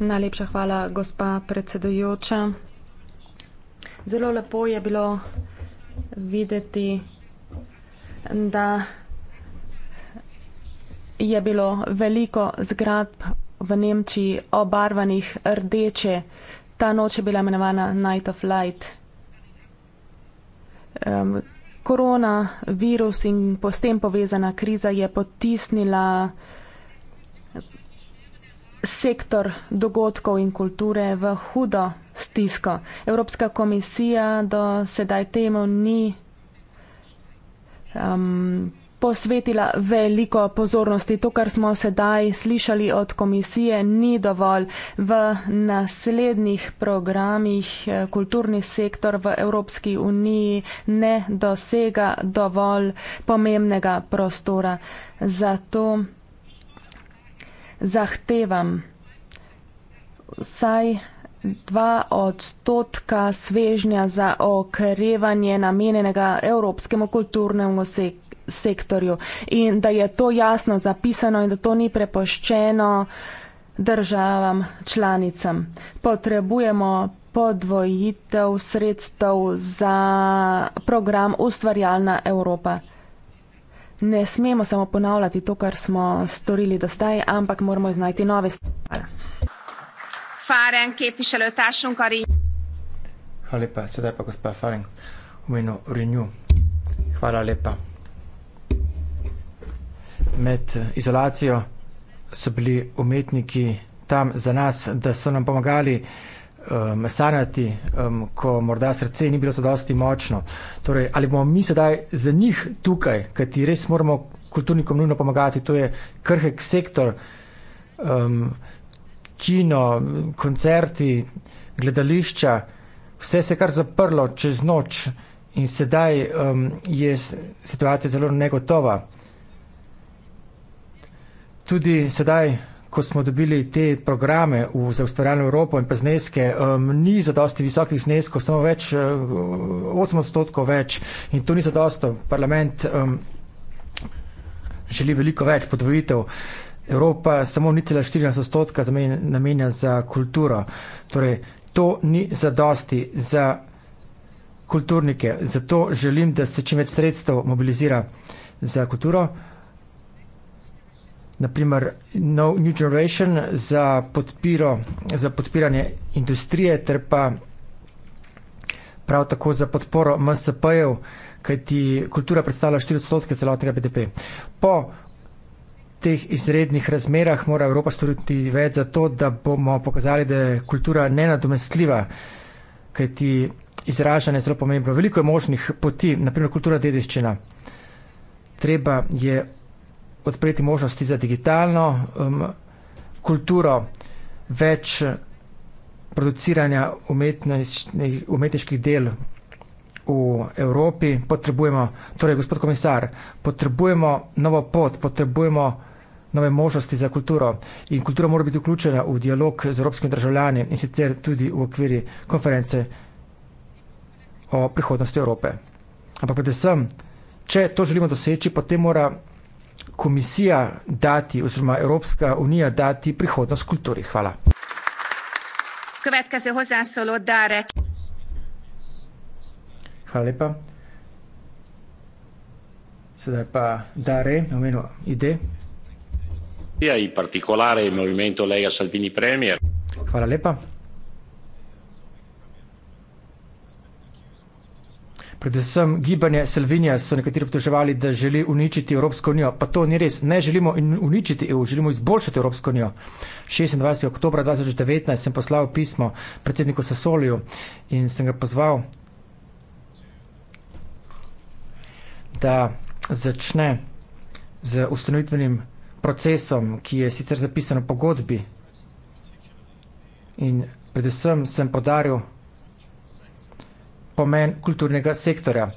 Najlepša hvala, gospa predsedujoča. Zelo lepo je bilo videti, da je bilo veliko zgradb v Nemčiji obarvanih rdeče. Ta noč je bila imenovana Night of Light. Um, korona virus in s tem povezana kriza je potisnila sektor dogodkov in kulture v hudo stisko. Evropska komisija do sedaj temu ni um, posvetila veliko pozornosti. To, kar smo sedaj slišali od komisije, ni dovolj. V naslednjih programih eh, kulturni sektor v Evropski uniji ne dosega dovolj pomembnega prostora. Zato zahtevam vsaj. 2 odstotka svežnja za okrevanje namenjenega Evropskemu kulturnemu sektorju sektorju in da je to jasno zapisano in da to ni prepoščeno državam članicam. Potrebujemo podvojitev sredstev za program Ustvarjalna Evropa. Ne smemo samo ponavljati to, kar smo storili do zdaj, ampak moramo iznajti nove stvari. Faren, képviselőtársunk a Renew. Hvala lepa, sedaj pa gospa Faren, v imenu Renew. Hvala lepa med eh, izolacijo so bili umetniki tam za nas, da so nam pomagali um, sanjati, um, ko morda srce ni bilo zadosti močno. Torej, ali bomo mi sedaj za njih tukaj, kajti res moramo kulturnikom nujno pomagati, to je krhek sektor, um, kino, koncerti, gledališča, vse se je kar zaprlo čez noč in sedaj um, je situacija zelo negotova tudi sedaj, ko smo dobili te programe v, za ustvarjalno Evropo in pa zneske, um, ni za dosti visokih zneskov, samo več, 8 eh, odstotkov več in to ni za dosto. Parlament um, želi veliko več podvojitev. Evropa samo 0,14 odstotka namenja za kulturo. Torej, to ni za dosti za kulturnike. Zato želim, da se čim več sredstev mobilizira za kulturo naprimer No New Generation za, podpiro, za podpiranje industrije ter pa prav tako za podporo MSP-jev, kajti kultura predstavlja 4 odstotke celotnega BDP. Po teh izrednih razmerah mora Evropa storiti več za to, da bomo pokazali, da je kultura nenadomestljiva, kajti izražanje je zelo pomembno. Veliko je možnih poti, naprimer kultura dediščina. Treba je odpreti možnosti za digitalno um, kulturo, več produciranja umetniških del v Evropi. Potrebujemo, torej, gospod komisar, potrebujemo novo pot, potrebujemo nove možnosti za kulturo in kultura mora biti vključena v dialog z evropskimi državljani in sicer tudi v okviri konference o prihodnosti Evrope. Ampak predvsem, če to želimo doseči, potem mora komisija dati, oziroma Európska unija dati prihodnosť kultúry. Hvala. Hvala lepa. Sedaj pa Dare, na menu ide. Hvala lepa. Predvsem gibanje Salvinija so nekateri obtoževali, da želi uničiti Evropsko unijo, pa to ni res. Ne želimo uničiti EU, želimo izboljšati Evropsko unijo. 26. oktober 2019 sem poslal pismo predsedniku Sasoliju in sem ga pozval, da začne z ustanovitvenim procesom, ki je sicer zapisan v pogodbi. In predvsem sem podaril, da je pomen kulturnega sektorja.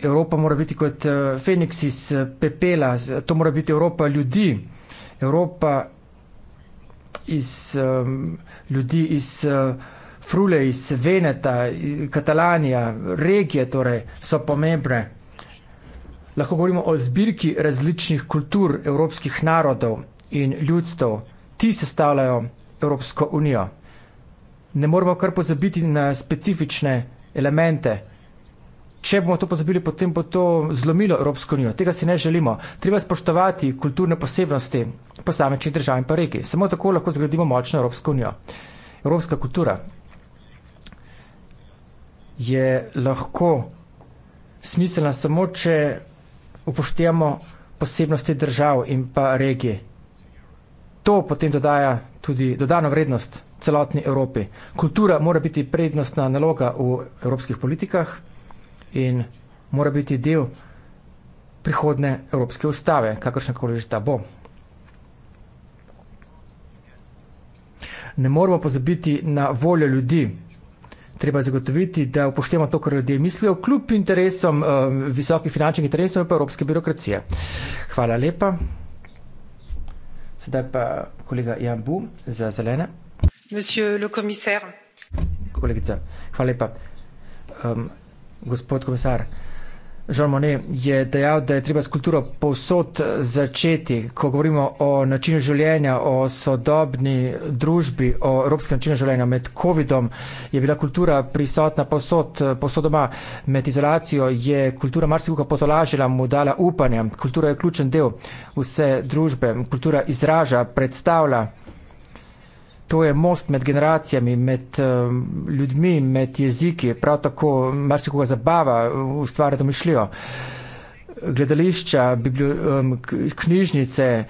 Evropa mora biti kot eh, Feniks iz eh, pepela, to mora biti Evropa ljudi, Evropa iz um, ljudi iz uh, Frule, iz Veneta, Katalanija, regije torej so pomembne. Lahko govorimo o zbirki različnih kultur evropskih narodov in ljudstv, ti sestavljajo Evropsko unijo ne moramo kar pozabiti na specifične elemente. Če bomo to pozabili, potem bo to zlomilo Evropsko unijo. Tega si ne želimo. Treba spoštovati kulturne posebnosti posamečnih držav in pa regij. Samo tako lahko zgradimo močno Evropsko unijo. Evropska kultura je lahko smiselna samo, če upoštevamo posebnosti držav in pa regij to potem dodaja tudi dodano vrednost celotni Evropi. Kultura mora biti prednostna naloga v evropskih politikah in mora biti del prihodne evropske ustave, kakršnakoli že ta bo. Ne moramo pozabiti na voljo ljudi. Treba zagotoviti, da upoštevamo to, kar ljudje mislijo, kljub interesom, eh, visokih finančnih interesov in pa evropske birokracije. Hvala lepa. Sedaj pa kolega Jan Bu za zelene. Kolegica, hvala lepa. Um, gospod komisar, Žal Monet je dejal, da je treba s kulturo povsod začeti, ko govorimo o načinu življenja, o sodobni družbi, o evropskem načinu življenja. Med COVID-om je bila kultura prisotna povsod, povsod doma. Med izolacijo je kultura marsikoga potolažila, mu dala upanje. Kultura je ključen del vse družbe. Kultura izraža, predstavlja to je most med generacijami, med um, ljudmi, med jeziki, prav tako marsikoga zabava, ustvarja domišljijo. Gledališča, um, knjižnice,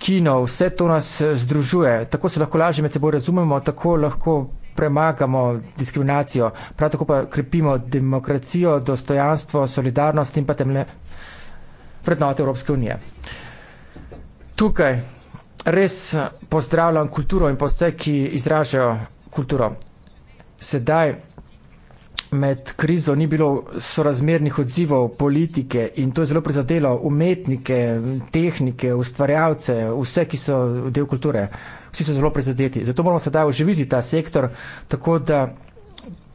kino, vse to nas eh, združuje. Tako se lahko lažje med seboj razumemo, tako lahko premagamo diskriminacijo, prav tako pa krepimo demokracijo, dostojanstvo, solidarnost in pa temne vrednote Evropske unije. Tukaj res eh, pozdravljam kulturo in pa vse, ki izražajo kulturo. Sedaj med krizo ni bilo sorazmernih odzivov politike in to je zelo prizadelo umetnike, tehnike, ustvarjalce, vse, ki so del kulture. Vsi so zelo prizadeti. Zato moramo sedaj oživiti ta sektor, tako da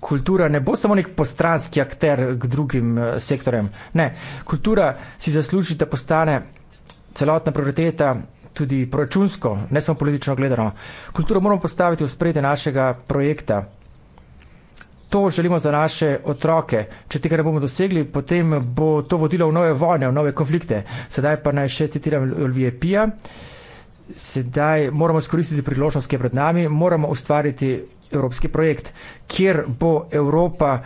kultura ne bo samo nek postranski akter k drugim eh, sektorjem. Ne, kultura si zasluži, da postane celotna prioriteta tudi proračunsko, ne samo politično gledano. Kulturo moramo postaviti v sprede našega projekta. To želimo za naše otroke. Če tega ne bomo dosegli, potem bo to vodilo v nove vojne, v nove konflikte. Sedaj pa naj še citiram Olivije Pija. Sedaj moramo skoristiti priložnost, ki je pred nami, moramo ustvariti evropski projekt, kjer bo Evropa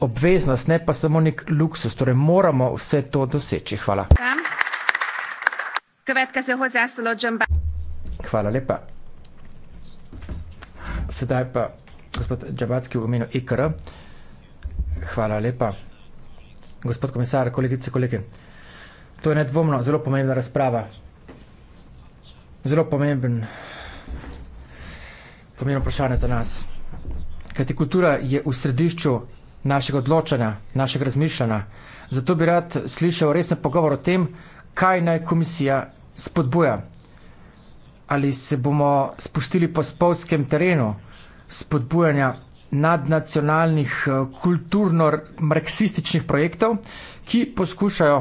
obveznost, ne pa samo nek luksus. Torej moramo vse to doseči. Hvala. Ja. Következő hozzászóló John Bar- Hvala lepa. Sedaj pa gospod Džabacki v imenu IKR. Hvala lepa. Gospod komisar, kolegice, kolege. To je nedvomno zelo pomembna razprava. Zelo pomemben, pomembno vprašanje za nas. Kajti kultura je v središču našega odločanja, našega razmišljanja. Zato bi rad slišal resen pogovor o tem, kaj naj komisija spodbuja. Ali se bomo spustili po spolskem terenu spodbujanja nadnacionalnih eh, kulturno-marksističnih projektov, ki poskušajo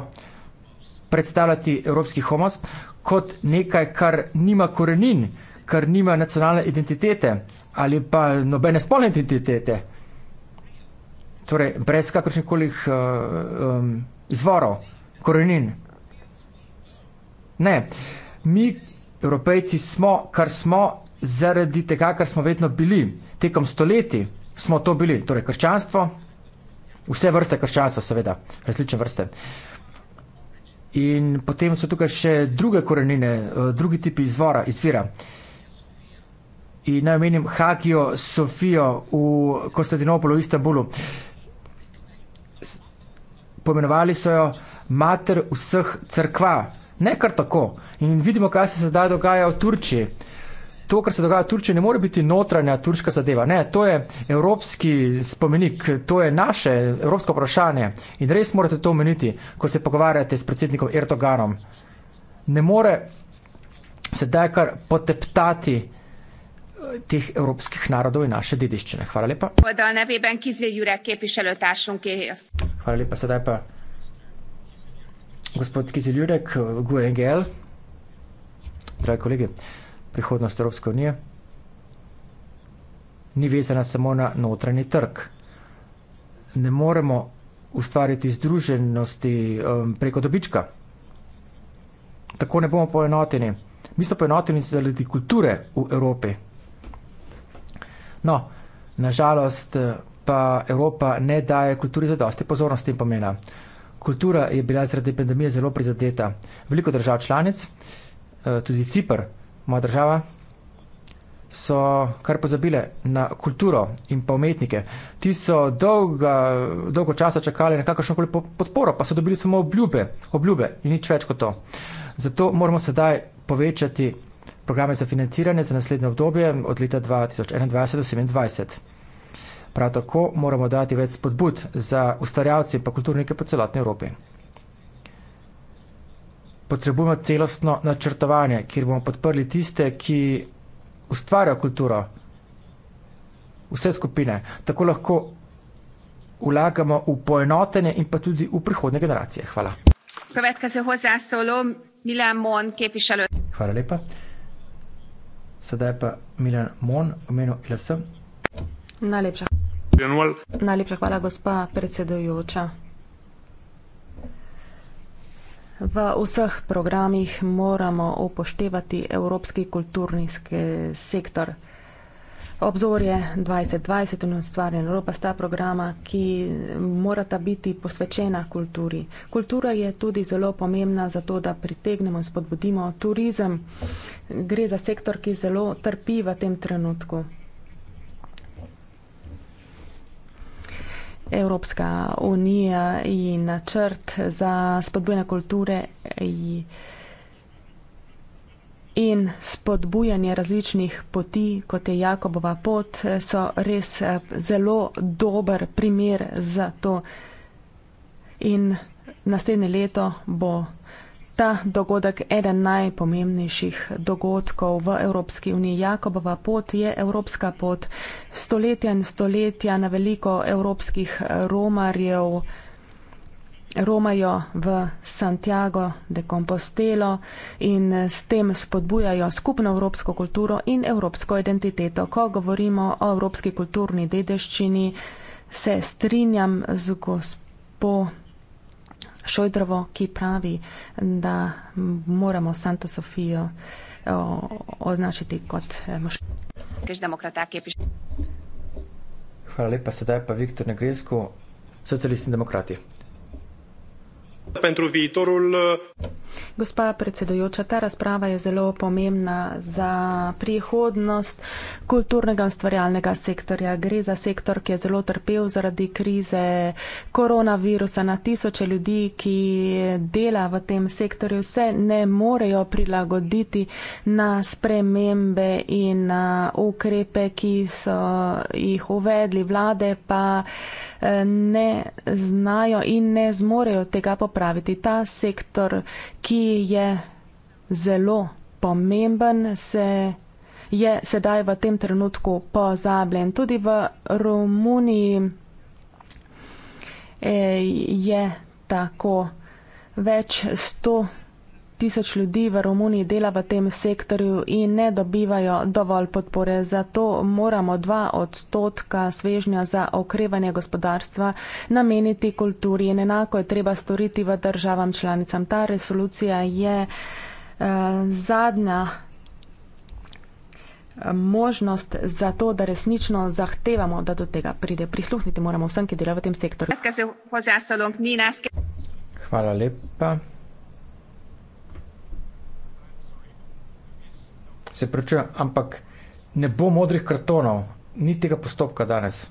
predstavljati evropski homos kot nekaj, kar nima korenin, kar nima nacionalne identitete ali pa nobene spolne identitete. Torej, brez kakršnih kolih eh, uh, eh, um, izvorov, korenin. Ne. Mi, evropejci, smo, kar smo, zaradi tega, kar smo vedno bili. Tekom stoletij smo to bili. Torej, krščanstvo, vse vrste krščanstva, seveda, različne vrste. In potem so tukaj še druge korenine, eh, drugi tipi izvora, izvira. In naj omenim Hagijo Sofijo v Konstantinopolu, v Istanbulu. Pomenovali so jo mater vseh crkva, ne kar tako. In vidimo, kaj se sedaj dogaja v Turčiji. To, kar se dogaja v Turčiji, ne more biti notranja turška zadeva. Ne, to je evropski spomenik, to je naše evropsko vprašanje in res morate to omeniti, ko se pogovarjate s predsednikom Erdoganom. Ne more sedaj kar poteptati eh, teh evropskih narodov in naše dediščine. Hvala lepa. Hvala lepa, sedaj pa gospod Kiziljurek, Guengel, dragi kolegi, prihodnost Evropske unije ni vezana samo na notranji trg. Ne moremo ustvariti združenosti um, preko dobička. Tako ne bomo poenoteni. Mi smo poenoteni zaradi kulture v Evropi. No, nažalost eh, pa Evropa ne daje kulturi za dosti pozornosti in pomena. Kultura je bila zaradi pandemije zelo prizadeta. Veliko držav članic, eh, tudi Cipr, moja država, so kar pozabile na kulturo in pa umetnike. Ti so dolga, dolgo časa čakali na kakršno koli podporo, pa so dobili samo obljube, obljube in nič več kot to. Zato moramo sedaj povečati programe za financiranje za naslednje obdobje od leta 2021 do 2027. Prav tako moramo dati več spodbud za ustvarjalce in pa kulturnike po celotni Evropi. Potrebujemo celostno načrtovanje, kjer bomo podprli tiste, ki ustvarjajo kulturo, vse skupine. Tako lahko vlagamo v poenotenje in pa tudi v prihodne generacije. Hvala. Hvala lepa. Sedaj pa Milan Mon, omenil sem. Najlepša Prijanual. Najlepša hvala, gospa predsedujoča. V vseh programih moramo upoštevati evropski kulturni sektor. Obzorje 2020 in ustvarjen Evropa sta programa, ki morata biti posvečena kulturi. Kultura je tudi zelo pomembna za to, da pritegnemo in spodbudimo turizem. Gre za sektor, ki zelo trpi v tem trenutku. Evropska unija in načrt za spodbujanje kulture in spodbujanje različnih poti, kot je Jakobova pot, so res eh, zelo dober primer za to. In naslednje leto bo ta dogodek eden najpomembnejših dogodkov v Evropski uniji. Jakobova pot je evropska pot. Stoletja in stoletja na veliko evropskih romarjev romajo v Santiago de Compostelo in s tem spodbujajo skupno evropsko kulturo in evropsko identiteto. Ko govorimo o evropski kulturni dediščini, se strinjam z gospodom. Šojdrovo, ki pravi, da moramo Santo Sofijo označiti kot eh, moški. Hvala lepa, sedaj pa Viktor Negresko, socialisti in demokrati. Pentru viitorul. Uh... Gospa predsedujoča, ta razprava je zelo pomembna za prihodnost kulturnega ustvarjalnega sektorja. Gre za sektor, ki je zelo trpel zaradi krize koronavirusa. Na tisoče ljudi, ki dela v tem sektorju, se ne morejo prilagoditi na spremembe in na ukrepe, ki so jih uvedli vlade, pa eh, ne znajo in ne zmorejo tega popraviti. Ta sektor, ki je zelo pomemben, se je sedaj v tem trenutku pozabljen. Tudi v Romuniji eh, je tako. Več sto tisoč ljudi v Romuniji dela v tem sektorju in ne dobivajo dovolj podpore. Zato moramo dva odstotka svežnja za okrevanje gospodarstva nameniti kulturi in enako je treba storiti v državam članicam. Ta resolucija je eh, zadnja eh, možnost za to, da resnično zahtevamo, da do tega pride. Prisluhniti moramo vsem, ki delajo v tem sektorju. Hvala lepa. se pričujem, ampak ne bo modrih kartonov, ni tega postopka danes.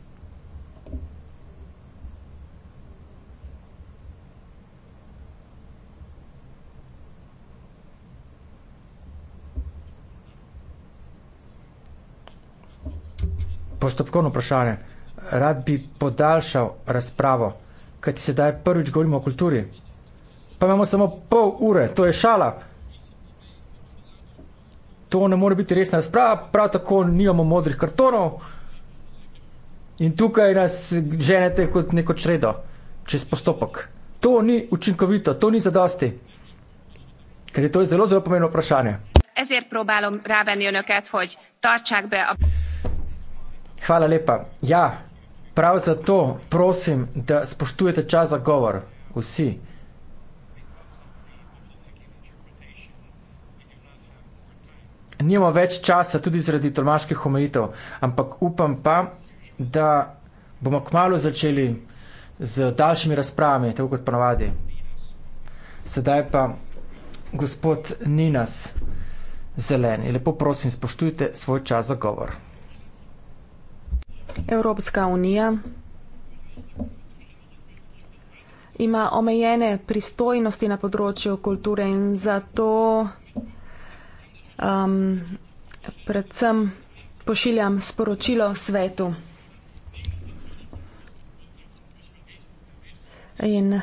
Postopkovno vprašanje. Rad bi podaljšal razpravo, kaj ti sedaj prvič govorimo o kulturi. Pa imamo samo pol ure, to je šala to ne more biti resna razprava, prav tako nimamo modrih kartonov in tukaj nas ženete kot neko čredo, čez postopek. To ni učinkovito, to ni zadosti, ker je to zelo, zelo pomembno vprašanje. Hvala lepa. Ja, prav zato prosim, da spoštujete čas za govor, vsi. nimamo več časa, tudi zaradi tolmaških omejitev, ampak upam pa, da bomo kmalo začeli z daljšimi razpravami, tako kot ponavadi. Sedaj pa gospod Ninas Zelen, lepo prosim, spoštujte svoj čas za govor. Evropska unija ima omejene pristojnosti na področju kulture in zato um, predvsem pošiljam sporočilo svetu. In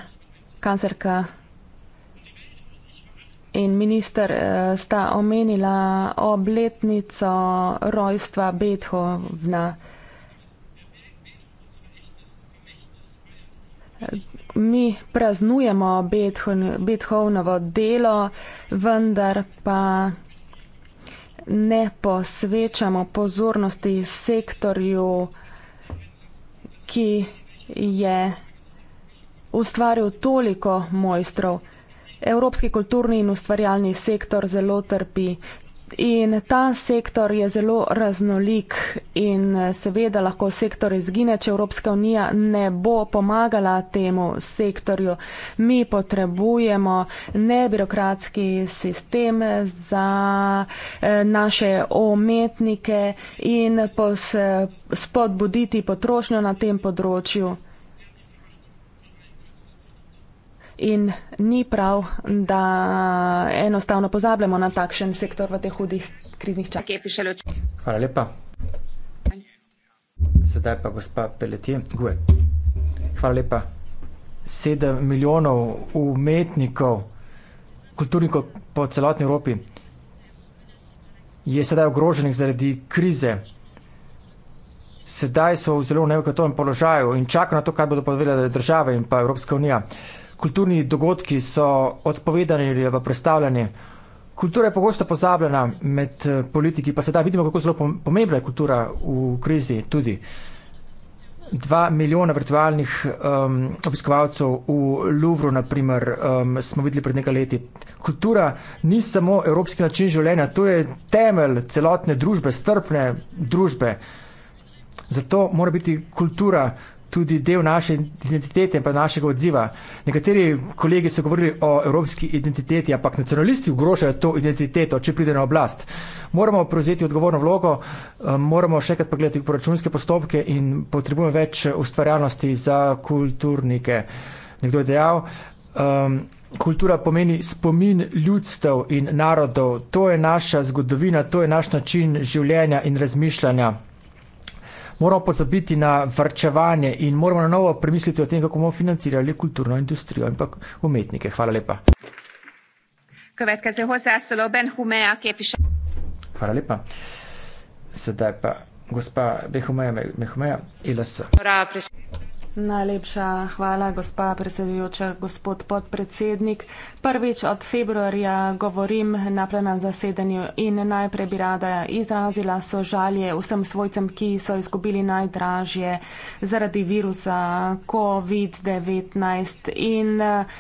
kancerka in minister eh, sta omenila obletnico rojstva Beethovna. Mi praznujemo Beethovnovo delo, vendar pa ne posvečamo pozornosti sektorju, ki je ustvaril toliko mojstrov. Evropski kulturni in ustvarjalni sektor zelo trpi. In ta sektor je zelo raznolik in eh, seveda lahko sektor izgine, če Evropska unija ne bo pomagala temu sektorju. Mi potrebujemo nebirokratski sistem za eh, naše umetnike in spodbuditi potrošnjo na tem področju in ni prav, da enostavno pozabljamo na takšen sektor v teh hudih kriznih časih. Hvala lepa. Sedaj pa gospa Peletje. Gue. Hvala lepa. Sedem milijonov umetnikov, kulturnikov po celotni Evropi je sedaj ogroženih zaradi krize. Sedaj so v zelo nevekotovem položaju in čakajo na to, kaj bodo povedali države in pa Evropska unija kulturni dogodki so odpovedani ali pa predstavljeni. Kultura je pogosto pozabljena med eh, politiki, pa sedaj vidimo, kako zelo pomembna je kultura v krizi tudi. Dva milijona virtualnih um, obiskovalcev v Louvru, na primer, um, smo videli pred nekaj leti. Kultura ni samo evropski način življenja, to je temelj celotne družbe, strpne družbe. Zato mora biti kultura tudi del naše identitete in pa našega odziva. Nekateri kolegi so govorili o evropski identiteti, ampak nacionalisti ogrožajo to identiteto, če pride na oblast. Moramo prevzeti odgovorno vlogo, eh, moramo še enkrat pogledati proračunske postopke in potrebujemo več eh, ustvarjalnosti za kulturnike. Nekdo je dejal, um, kultura pomeni spomin ljudstev in narodov. To je naša zgodovina, to je naš način življenja in razmišljanja moramo pozabiti na vrčevanje in moramo na novo premisliti o tem, kako bomo financirali kulturno industrijo in pa umetnike. Hvala lepa. Hvala lepa. Sedaj pa gospa Behumeja Mehumeja, ILS. Najlepša hvala, gospa predsedujoča, gospod podpredsednik. Prvič od februarja govorim na plenarnem zasedanju in najprej bi rada izrazila sožalje vsem svojcem, ki so izgubili najdražje zaradi virusa COVID-19 in uh,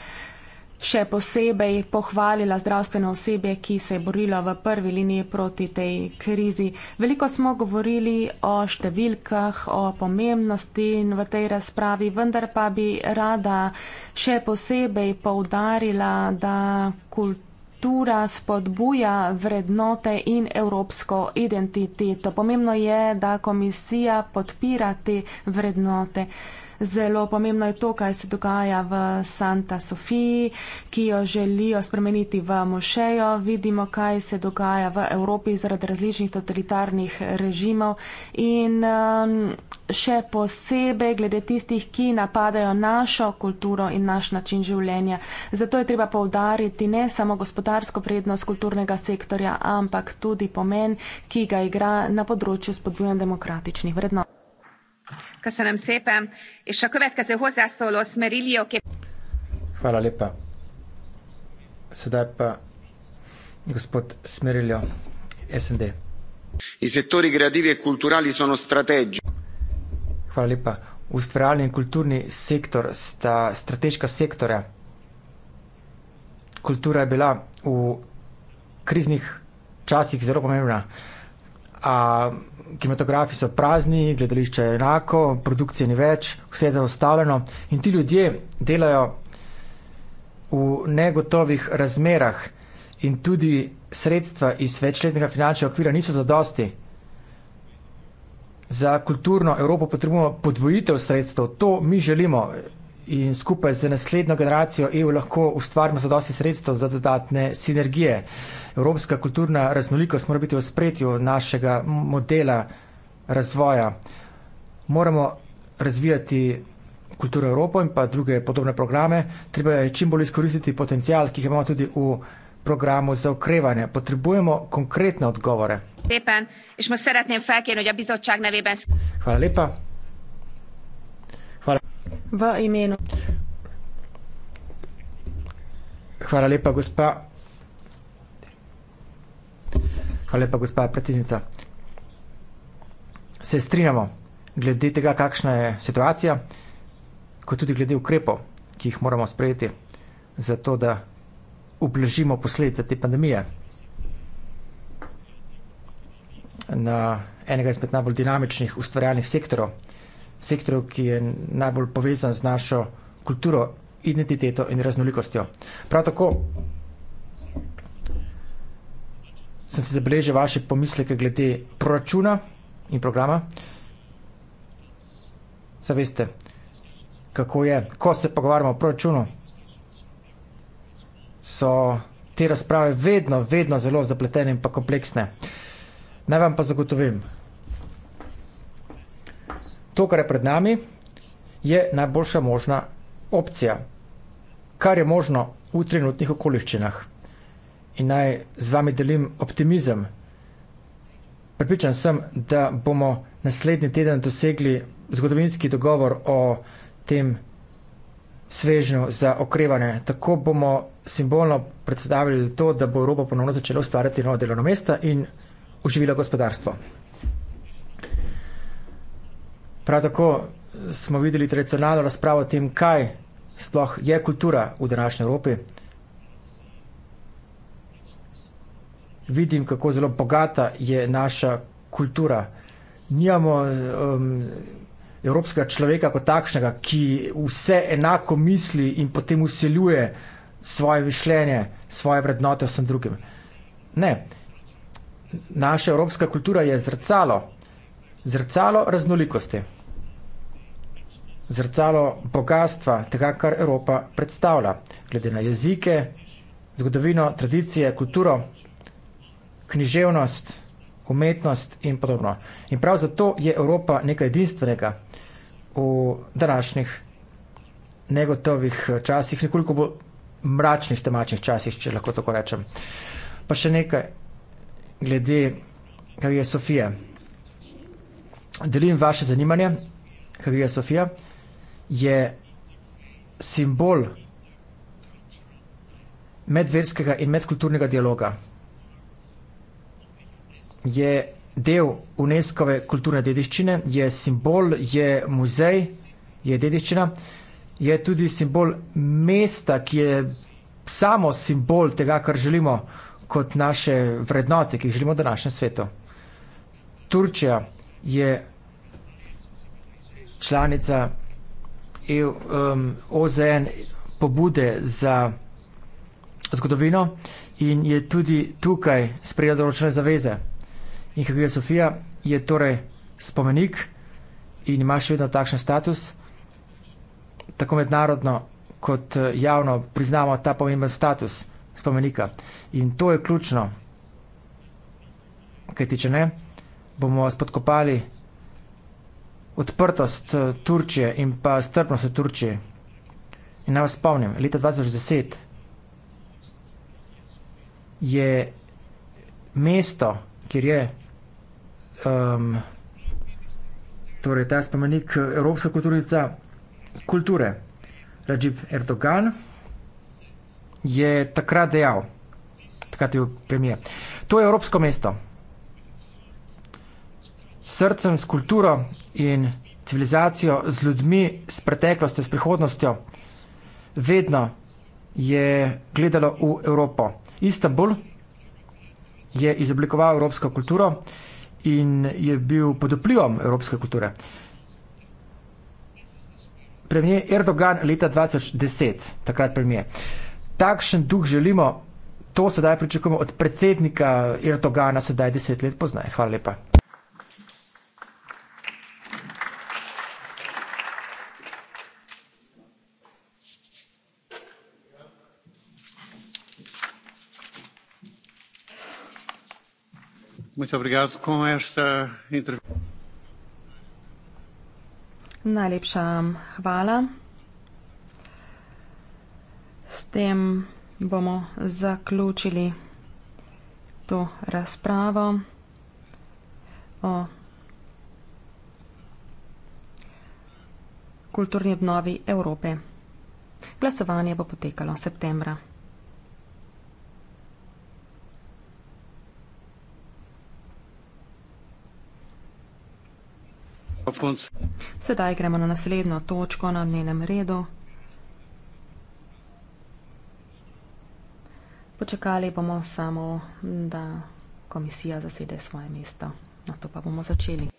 še posebej pohvalila zdravstveno osebje, ki se je borilo v prvi liniji proti tej krizi. Veliko smo govorili o številkah, o pomembnosti in v tej razpravi, vendar pa bi rada še posebej poudarila, da kultura. Kultura spodbuja vrednote in evropsko identiteto. Pomembno je, da komisija podpira te vrednote. Zelo pomembno je to, kaj se dogaja v Santa Sofiji, ki jo želijo spremeniti v mošejo. Vidimo, kaj se dogaja v Evropi zaradi različnih totalitarnih režimov. In um, še posebej glede tistih, ki napadajo našo kulturo in naš način življenja. Zato je treba povdariti ne samo gospodarsko vrednost kulturnega sektorja, ampak tudi pomen, ki ga igra na področju spodbujanja demokratičnih vrednot. Hvala lepa. Sedaj pa gospod Smerilio, e SND. Hvala lepa. Ustvarjalni in kulturni sektor sta strateška sektorja. Kultura je bila v kriznih časih zelo pomembna. A, kinematografi so prazni, gledališče je enako, produkcije ni več, vse je zaustavljeno in ti ljudje delajo v negotovih razmerah in tudi sredstva iz večletnega finančnega okvira niso zadosti. Za kulturno Evropo potrebujemo podvojitev sredstev, to mi želimo in skupaj z naslednjo generacijo EU lahko ustvarimo zadosti sredstev za dodatne sinergije. Evropska kulturna raznolikost mora biti v spretju našega modela razvoja. Moramo razvijati kulturo Evropo in pa druge podobne programe. Treba je čim bolj izkoristiti potencial, ki ga imamo tudi v programu za okrevanje. Potrebujemo konkretne odgovore. Lepen, in smo srdečni, fekin, da bi zočak ne vebens. Hvala lepa v imenu. Hvala lepa, gospa. Hvala lepa, gospa predsednica. Se strinjamo glede tega, kakšna je situacija, kot tudi glede ukrepov, ki jih moramo sprejeti, zato da ublažimo posledice te pandemije. Na enega izmed najbolj dinamičnih ustvarjalnih sektorov sektorjev, ki je najbolj povezan z našo kulturo, identiteto in raznolikostjo. Prav tako sem si zabeležil vaše pomisleke glede proračuna in programa. Zaveste, kako je, ko se pogovarjamo o proračunu, so te razprave vedno, vedno zelo zapletene in pa kompleksne. Naj vam pa zagotovim, to, kar je pred nami, je najboljša možna opcija, kar je možno v trenutnih okoliščinah. In naj z vami delim optimizem. Pripričan sem, da bomo naslednji teden dosegli zgodovinski dogovor o tem svežnju za okrevanje. Tako bomo simbolno predstavili to, da bo Evropa ponovno začela ustvarjati nova delovna mesta in oživila gospodarstvo. Prav tako smo videli tradicionalno razpravo o tem, kaj sploh je kultura v današnji Evropi. Vidim, kako zelo bogata je naša kultura. Nijamo um, evropskega človeka kot takšnega, ki vse enako misli in potem useljuje svoje višljenje, svoje vrednote vsem drugim. Ne. Naša evropska kultura je zrcalo, zrcalo raznolikosti zrcalo bogatstva tega, kar Evropa predstavlja, glede na jezike, zgodovino, tradicije, kulturo, književnost, umetnost in podobno. In prav zato je Evropa nekaj edinstvenega v današnjih negotovih časih, nekoliko bolj mračnih temačnih časih, če lahko tako rečem. Pa še nekaj glede, kaj je Sofija. Delim vaše zanimanje, kaj je Sofija je simbol medverskega in medkulturnega dialoga. Je del UNESCO-ve kulturne dediščine, je simbol, je muzej, je dediščina, je tudi simbol mesta, ki je samo simbol tega, kar želimo kot naše vrednote, ki jih želimo v današnjem svetu. Turčija je članica EU, um, OZN pobude za zgodovino in je tudi tukaj sprejela določene zaveze. In Hagia Sofia je torej spomenik in ima še vedno takšen status, tako mednarodno kot eh, javno priznamo ta pomemben status spomenika. In to je ključno, kaj tiče ne, bomo spodkopali odprtost eh, Turčije in pa strpnost v Turčiji. In naj vas spomnim, leta 2010 je mesto, kjer je um, torej ta spomenik eh, Evropska kulturica kulture, Rajib Erdogan, je takrat dejal, takrat je premijer. To je Evropsko mesto srcem, s kulturo in civilizacijo, z ljudmi, s preteklostjo, s prihodnostjo. Vedno je gledalo v Evropo. Istanbul je izoblikoval evropsko kulturo in je bil pod vplivom evropske kulture. Premijer Erdogan leta 2010, takrat premijer. Takšen duh želimo, to sedaj pričakujemo od predsednika Erdogana, sedaj deset let poznaje. Hvala lepa. Muito obrigado. Com esta entrevista. Najlepša hvala. S tem bomo zaključili to razpravo o kulturni obnovi Evrope. Glasovanje bo potekalo septembra. Sedaj gremo na naslednjo točko na dnevnem redu. Počakali bomo samo, da komisija zasede svoje mesto. Na to pa bomo začeli.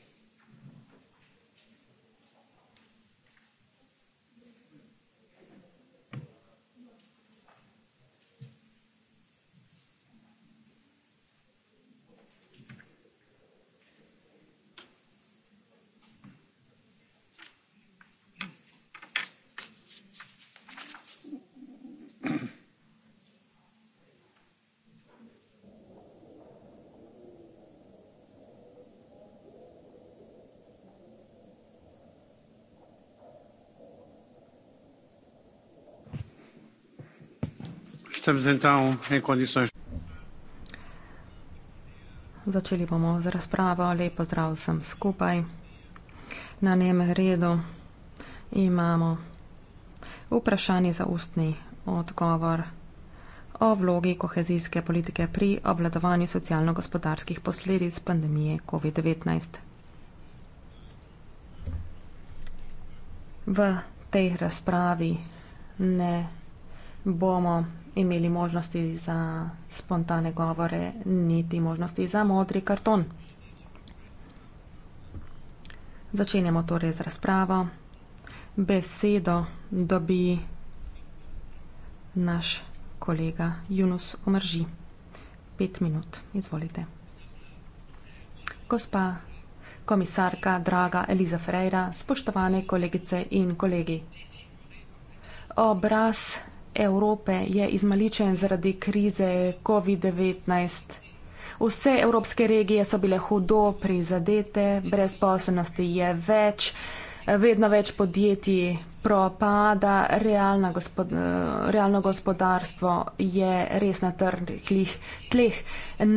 estamos então em condições. Začeli bomo z razpravo. Lep pozdrav vsem skupaj. Na njem redu imamo vprašanje za ustni odgovor o vlogi kohezijske politike pri obladovanju socialno-gospodarskih posledic pandemije COVID-19. V tej razpravi ne bomo imeli možnosti za spontane govore, niti možnosti za modri karton. Začenjamo torej z razpravo. Besedo dobi naš kolega Junus Omrži. Pet minut, izvolite. Gospa komisarka, draga Eliza Ferreira, spoštovane kolegice in kolegi. Obraz Evrope je izmaličen zaradi krize COVID-19. Vse evropske regije so bile hudo prizadete, brezposobnosti je več, vedno več podjetij propada, realno, gospod, realno gospodarstvo je res na trdih tleh.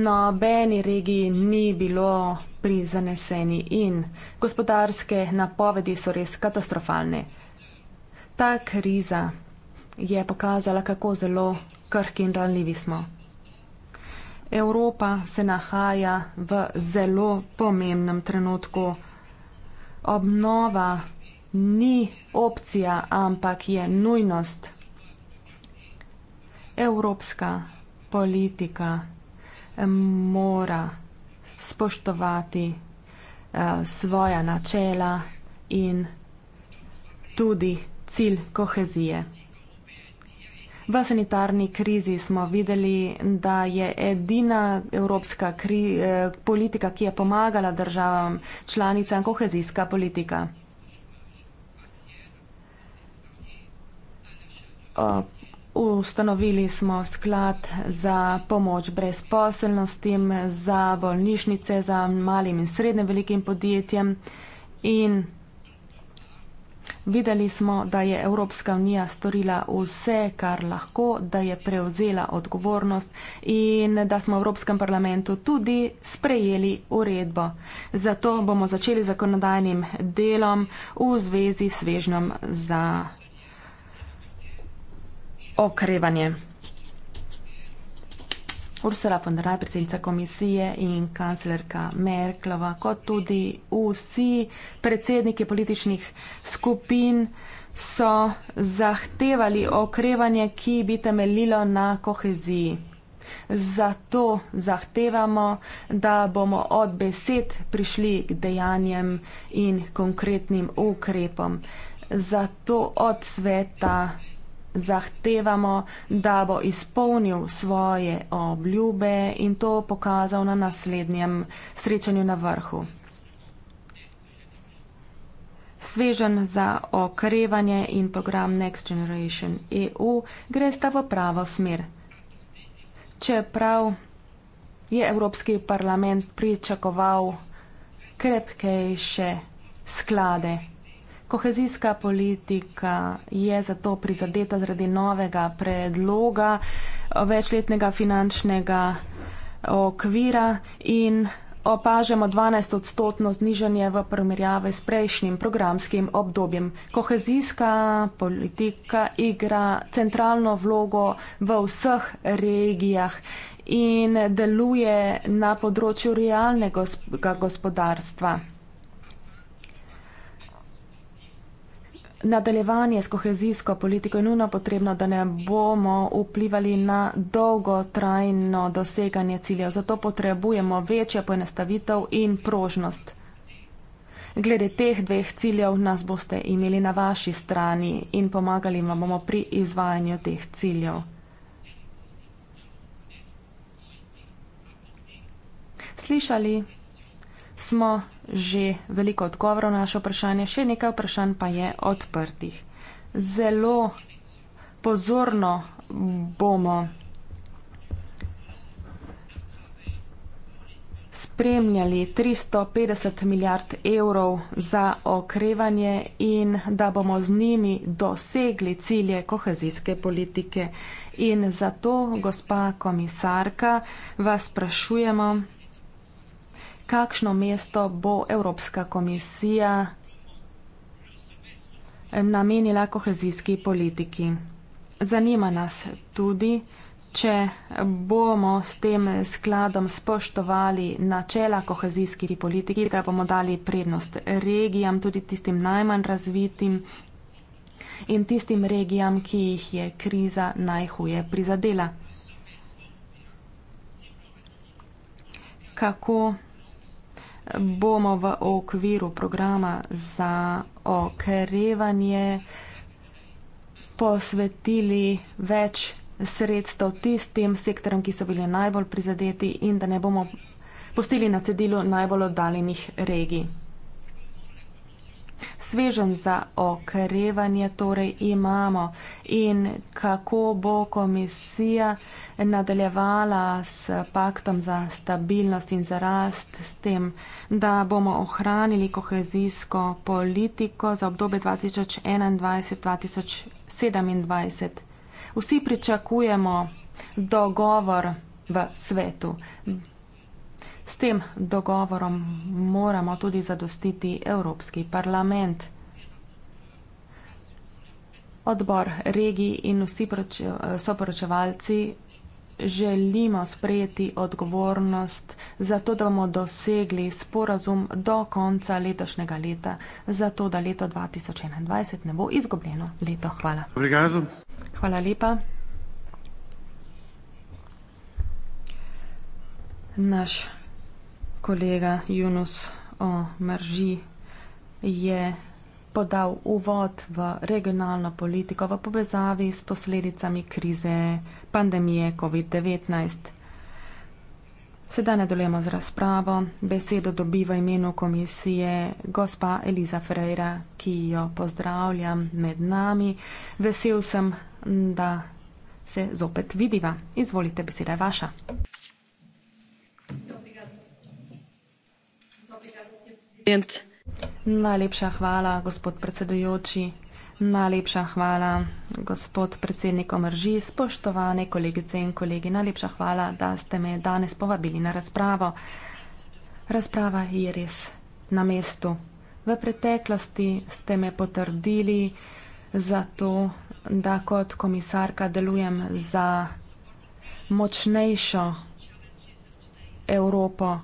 Nobeni regiji ni bilo prizaneseni in gospodarske napovedi so res katastrofalne. Ta kriza je pokazala, kako zelo krhki in ranljivi smo. Evropa se nahaja v zelo pomembnem trenutku. Obnova ni opcija, ampak je nujnost. Evropska politika eh, mora spoštovati eh, svoja načela in tudi cilj kohezije. V sanitarni krizi smo videli, da je edina evropska kri, eh, politika, ki je pomagala državam članicam, kohezijska politika. O, ustanovili smo sklad za pomoč brezposelnostim, za bolnišnice, za malim in srednjim velikim podjetjem in Videli smo, da je Evropska unija storila vse, kar lahko, da je prevzela odgovornost in da smo v Evropskem parlamentu tudi sprejeli uredbo. Zato bomo začeli zakonodajnim delom v zvezi s svežnjem za okrevanje. Ursula von der Leyen, predsednica komisije in kanclerka Merklova, kot tudi vsi predsedniki političnih skupin so zahtevali okrevanje, ki bi temeljilo na koheziji. Zato zahtevamo, da bomo od besed prišli k dejanjem in konkretnim ukrepom. Zato od sveta zahtevamo, da bo izpolnil svoje obljube in to pokazal na naslednjem srečanju na vrhu. Svežen za okrevanje in program Next Generation EU gre sta v pravo smer. Čeprav je Evropski parlament pričakoval krepkejše sklade. Kohezijska politika je zato prizadeta zaradi novega predloga večletnega finančnega okvira in opažamo 12 odstotno znižanje v primerjavi s prejšnjim programskim obdobjem. Kohezijska politika igra centralno vlogo v vseh regijah in deluje na področju realnega gospodarstva. nadaljevanje s kohezijsko politiko je nujno potrebno, da ne bomo vplivali na dolgotrajno doseganje ciljev. Zato potrebujemo večjo poenostavitev in prožnost. Glede teh dveh ciljev nas boste imeli na vaši strani in pomagali vam bomo pri izvajanju teh ciljev. Slišali? smo že veliko odgovorov na naše vprašanje, še nekaj vprašanj pa je odprtih. Zelo pozorno bomo spremljali 350 milijard evrov za okrevanje in da bomo z njimi dosegli cilje kohezijske politike. In zato, gospa komisarka, vas sprašujemo, kakšno mesto bo Evropska komisija namenila kohezijski politiki. Zanima nas tudi, če bomo s tem skladom spoštovali načela kohezijski politiki, da bomo dali prednost regijam, tudi tistim najmanj razvitim in tistim regijam, ki jih je kriza najhuje prizadela. Kako bomo v okviru programa za okrevanje posvetili več sredstev tistim sektorom, ki so bili najbolj prizadeti in da ne bomo postili na cedilu najbolj oddaljenih regij. Svežen za okrevanje torej imamo in kako bo komisija nadaljevala s paktom za stabilnost in za rast s tem, da bomo ohranili kohezijsko politiko za obdobje 2021-2027. Vsi pričakujemo dogovor v svetu. S tem dogovorom moramo tudi zadostiti Evropski parlament. Odbor regij in vsi soporočevalci želimo sprejeti odgovornost za to, da bomo dosegli sporazum do konca letošnjega leta, zato da leto 2021 ne bo izgubljeno leto. Hvala. Obrigado. Hvala lepa. Naš kolega Junus Omerži je podal uvod v regionalno politiko v povezavi s posledicami krize pandemije COVID-19. Sedaj nadaljujemo z razpravo. Besedo dobi v imenu komisije gospa Eliza Ferreira, ki jo pozdravljam med nami. Vesel sem, da se zopet vidiva. Izvolite, beseda je vaša. Ent. Najlepša hvala, gospod predsedujoči. Najlepša hvala, gospod predsednik Omrži, spoštovane kolegice in kolegi. Najlepša hvala, da ste me danes povabili na razpravo. Razprava je res na mestu. V preteklosti ste me potrdili za to, da kot komisarka delujem za močnejšo Evropo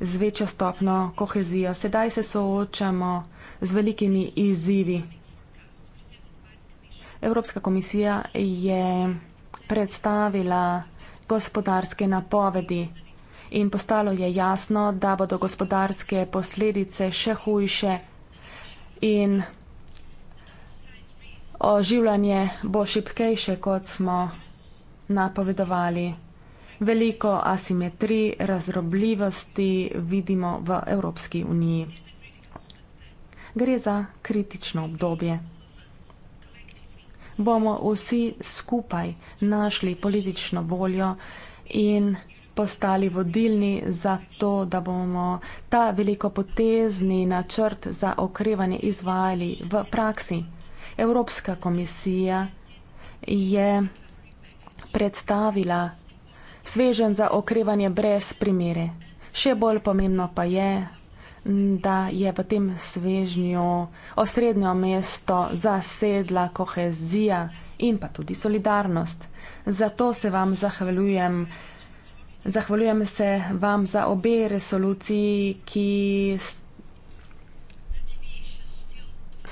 z večjo stopno kohezijo. Sedaj se soočamo z velikimi izzivi. Evropska komisija je predstavila gospodarske napovedi in postalo je jasno, da bodo gospodarske posledice še hujše in oživljanje bo šipkejše, kot smo napovedovali veliko asimetrij, razrobljivosti vidimo v Evropski uniji. Gre za kritično obdobje. Bomo vsi skupaj našli politično voljo in postali vodilni za to, da bomo ta velikopotezni načrt za okrevanje izvajali v praksi. Evropska komisija je predstavila Svežen za okrevanje brez primere. Še bolj pomembno pa je, da je v tem svežnju osrednjo mesto zasedla kohezija in pa tudi solidarnost. Zato se vam zahvaljujem. Zahvaljujem se vam za obe resoluciji, ki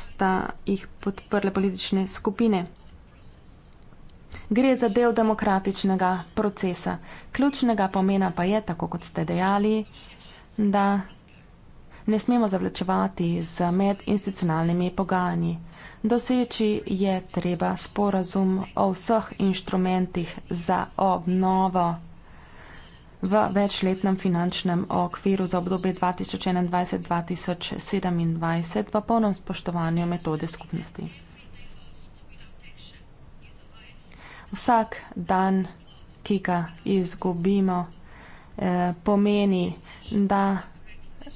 sta jih podprle politične skupine. Gre za del demokratičnega procesa. Ključnega pomena pa je, tako kot ste dejali, da ne smemo zavlačevati z medinstitucionalnimi pogajanji. Doseči je treba sporazum o vseh inštrumentih za obnovo v večletnem finančnem okviru za obdobje 2021-2027 v polnem spoštovanju metode skupnosti. vsak dan, ki ga izgubimo, eh, pomeni, da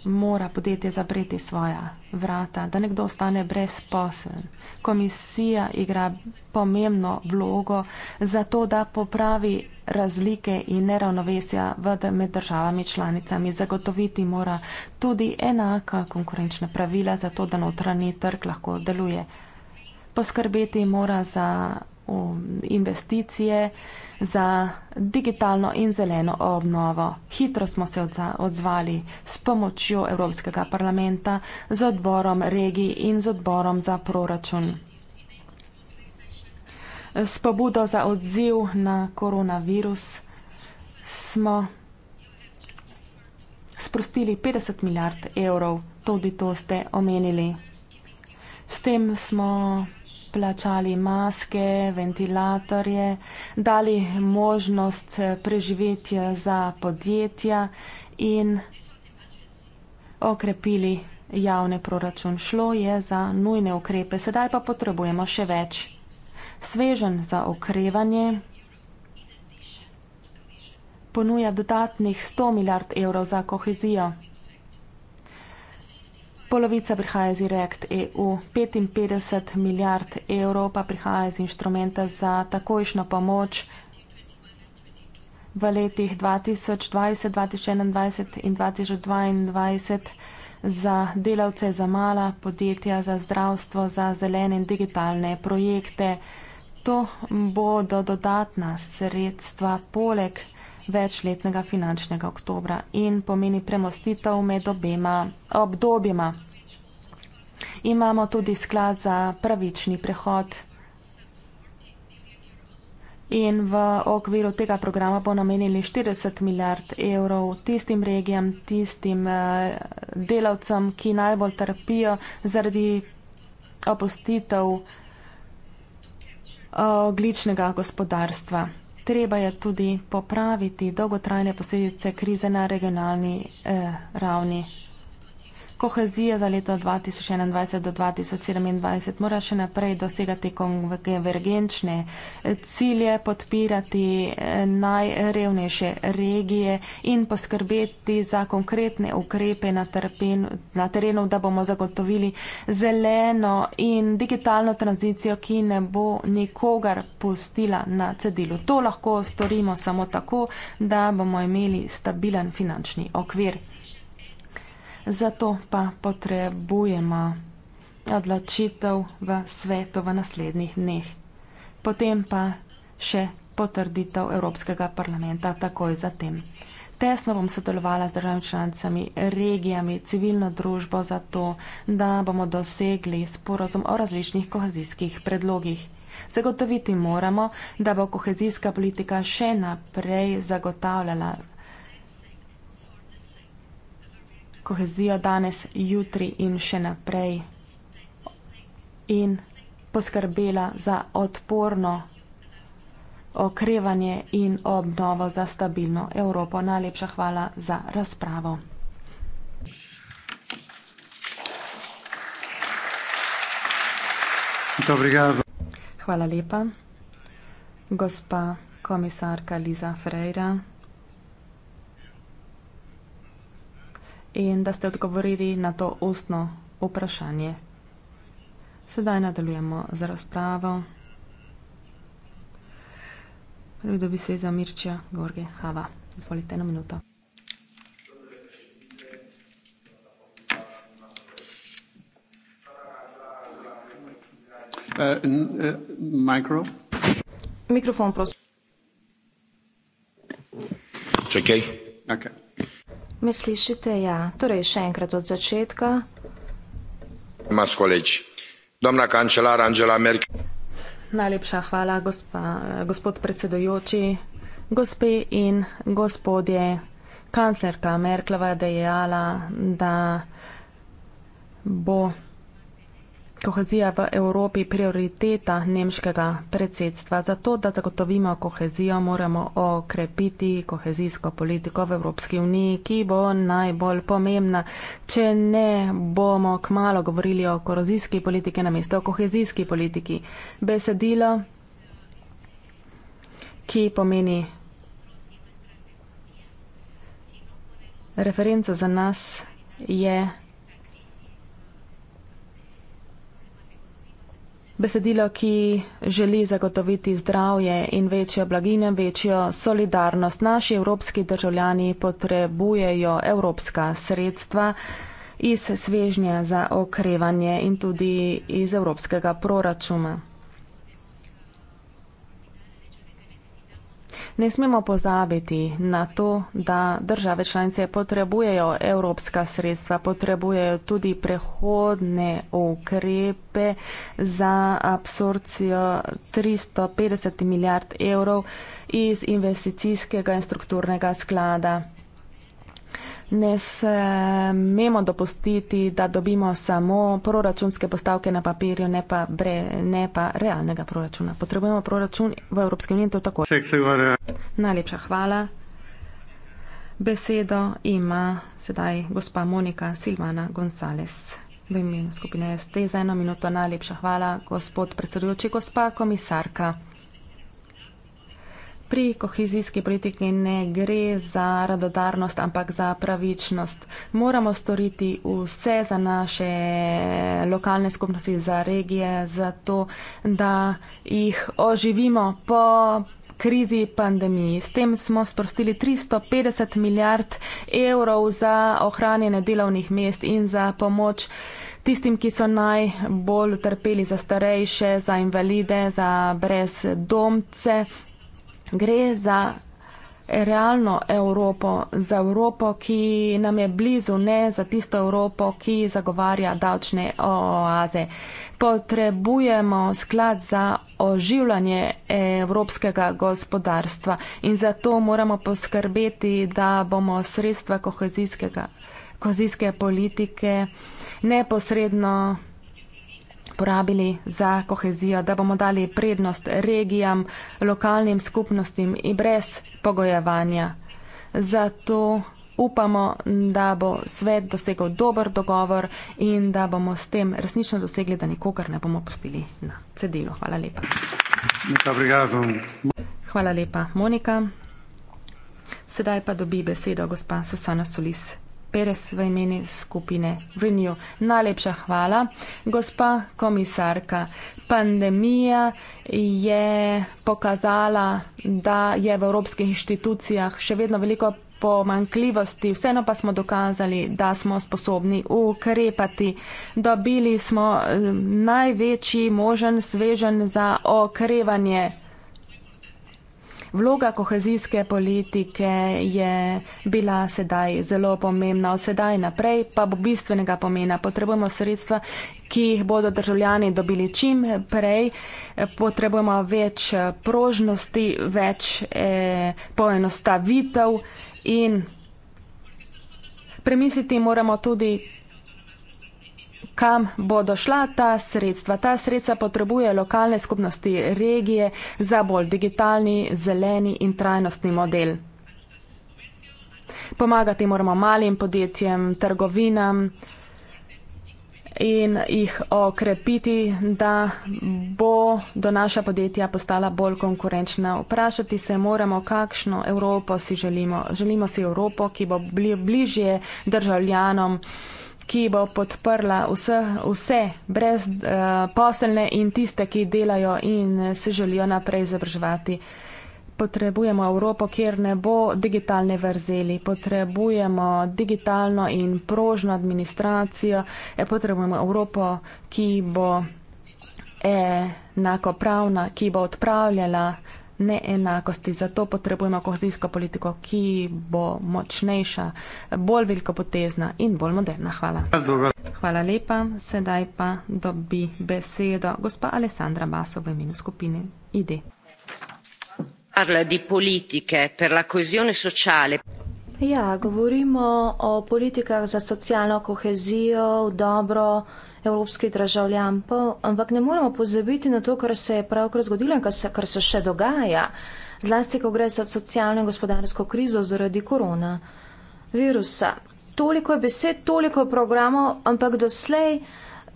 mora podjetje zapreti svoja vrata, da nekdo ostane brezposeln. Komisija igra pomembno vlogo za to, da popravi razlike in neravnovesja med državami članicami. Zagotoviti mora tudi enaka konkurenčna pravila za to, da notranji trg lahko deluje. Poskrbeti mora za investicije za digitalno in zeleno obnovo. Hitro smo se odzvali s pomočjo Evropskega parlamenta, z odborom regij in z odborom za proračun. S pobudo za odziv na koronavirus smo sprostili 50 milijard evrov, tudi to ste omenili. S tem smo plačali maske, ventilatorje, dali možnost preživetja za podjetja in okrepili javni proračun. Šlo je za nujne ukrepe, sedaj pa potrebujemo še več. Svežen za okrevanje ponuja dodatnih 100 milijard evrov za kohezijo. Polovica prihaja iz Direct EU, 55 milijard evrov pa prihaja iz inštrumenta za takojšno pomoč v letih 2020, 2021 in 2022 za delavce, za mala podjetja, za zdravstvo, za zelene in digitalne projekte. To bodo dodatna sredstva poleg večletnega finančnega oktobra in pomeni premostitev med obema obdobjima. Imamo tudi sklad za pravični prehod in v okviru tega programa bo namenili 40 milijard evrov tistim regijam, tistim eh, delavcem, ki najbolj trpijo zaradi opustitev eh, ogličnega gospodarstva treba je tudi popraviti dolgotrajne posledice krize na regionalni eh, ravni kohezije za leto 2021 do 2027 mora še naprej dosegati konvergenčne cilje, podpirati eh, najrevnejše regije in poskrbeti za konkretne ukrepe na, terpen, na terenu, da bomo zagotovili zeleno in digitalno tranzicijo, ki ne bo nikogar pustila na cedilu. To lahko storimo samo tako, da bomo imeli stabilen finančni okvir zato pa potrebujemo odločitev v svetu v naslednjih dneh. Potem pa še potrditev Evropskega parlamenta takoj zatem. Tesno bom sodelovala z državami članicami, regijami, civilno družbo za to, da bomo dosegli sporozum o različnih kohezijskih predlogih. Zagotoviti moramo, da bo kohezijska politika še naprej zagotavljala kohezijo danes, jutri in še naprej in poskrbela za odporno okrevanje in obnovo za stabilno Evropo. Najlepša hvala za razpravo. Hvala lepa, gospa komisarka Liza Freira. in da ste odgovorili na to ustno vprašanje. Sedaj nadaljujemo z razpravo. Prvi dobi se za Mirča Gorge Hava. Izvolite na minuto. Uh, uh, micro. Mikrofon, prosim. Okay. Okay. Me slišite, ja. Torej, še enkrat od začetka. Mas koleči. Domna kancelar Angela Merkel. Najlepša hvala, gospa, gospod predsedojoči, gospe in gospodje. Kanclerka Merklova je dejala, da bo kohezija v Evropi prioriteta nemškega predsedstva. Zato, da zagotovimo kohezijo, moramo okrepiti kohezijsko politiko v Evropski uniji, ki bo najbolj pomembna. Če ne, bomo kmalo govorili o korozijski politiki na mesto o kohezijski politiki. Besedilo, ki pomeni referenco za nas, je besedilo, ki želi zagotoviti zdravje in večjo blaginjo, večjo solidarnost. Naši evropski državljani potrebujejo evropska sredstva iz svežnja za okrevanje in tudi iz evropskega proračuna. Ne smemo pozabiti na to, da države članice potrebujejo evropska sredstva, potrebujejo tudi prehodne ukrepe za absorpcijo 350 milijard evrov iz investicijskega in strukturnega sklada. Ne smemo dopustiti, da dobimo samo proračunske postavke na papirju, ne pa, bre, ne pa realnega proračuna. Potrebujemo proračun v Evropski uniji, to tako. Najlepša hvala. Besedo ima sedaj gospa Monika Silvana Gonzales. V imenu skupine ST za eno minuto najlepša hvala, gospod predsedujoči, gospa komisarka pri kohezijski politiki ne gre za radodarnost, ampak za pravičnost. Moramo storiti vse za naše lokalne skupnosti, za regije, za to, da jih oživimo po krizi pandemiji. S tem smo sprostili 350 milijard evrov za ohranjene delovnih mest in za pomoč tistim, ki so najbolj trpeli za starejše, za invalide, za brezdomce, gre za realno Evropo, za Evropo, ki nam je blizu, ne za tisto Evropo, ki zagovarja davčne oaze. Potrebujemo sklad za oživljanje evropskega gospodarstva in zato moramo poskrbeti, da bomo sredstva kohezijske politike neposredno porabili za kohezijo, da bomo dali prednost regijam, lokalnim skupnostim in brez pogojevanja. Zato upamo, da bo svet dosegel dober dogovor in da bomo s tem resnično dosegli, da nikogar ne bomo pustili na cedilu. Hvala lepa. Hvala lepa, Monika. Sedaj pa dobi besedo gospa Susana Solis. Perez v imeni skupine Renew. Najlepša hvala, gospa komisarka. Pandemija je pokazala, da je v evropskih inštitucijah še vedno veliko pomankljivosti, vseeno pa smo dokazali, da smo sposobni ukrepati. Dobili smo eh, največji možen svežen za okrevanje vloga kohezijske politike je bila sedaj zelo pomembna. Od sedaj naprej pa bo bistvenega pomena. Potrebujemo sredstva, ki jih bodo državljani dobili čim prej. Potrebujemo več prožnosti, več eh, poenostavitev in premisliti moramo tudi, kam bodo šla ta sredstva. Ta sredstva potrebuje lokalne skupnosti regije za bolj digitalni, zeleni in trajnostni model. Pomagati moramo malim podjetjem, trgovinam in jih okrepiti, da bo do naša podjetja postala bolj konkurenčna. Vprašati se moramo, kakšno Evropo si želimo. Želimo si Evropo, ki bo bližje državljanom ki bo podprla vse, vse brez uh, poselne in tiste, ki delajo in se želijo naprej izobraževati. Potrebujemo Evropo, kjer ne bo digitalne vrzeli, potrebujemo digitalno in prožno administracijo, e, potrebujemo Evropo, ki bo e, enakopravna, ki bo odpravljala neenakosti. Zato potrebujemo kohezijsko politiko, ki bo močnejša, bolj velikopotezna in bolj moderna. Hvala. Hvala lepa. Sedaj pa dobi besedo gospa Alessandra Baso v imenu skupine ID. Parla di politike per la coesione sociale. Ja, govorimo o politikah za socialno kohezijo v dobro evropski državljan. Pa, ampak ne moramo pozabiti na to, kar se je pravkar zgodilo in kar se, kar se še dogaja, zlasti, ko gre za socialno in gospodarsko krizo zaradi koronavirusa. Toliko je besed, toliko je programov, ampak doslej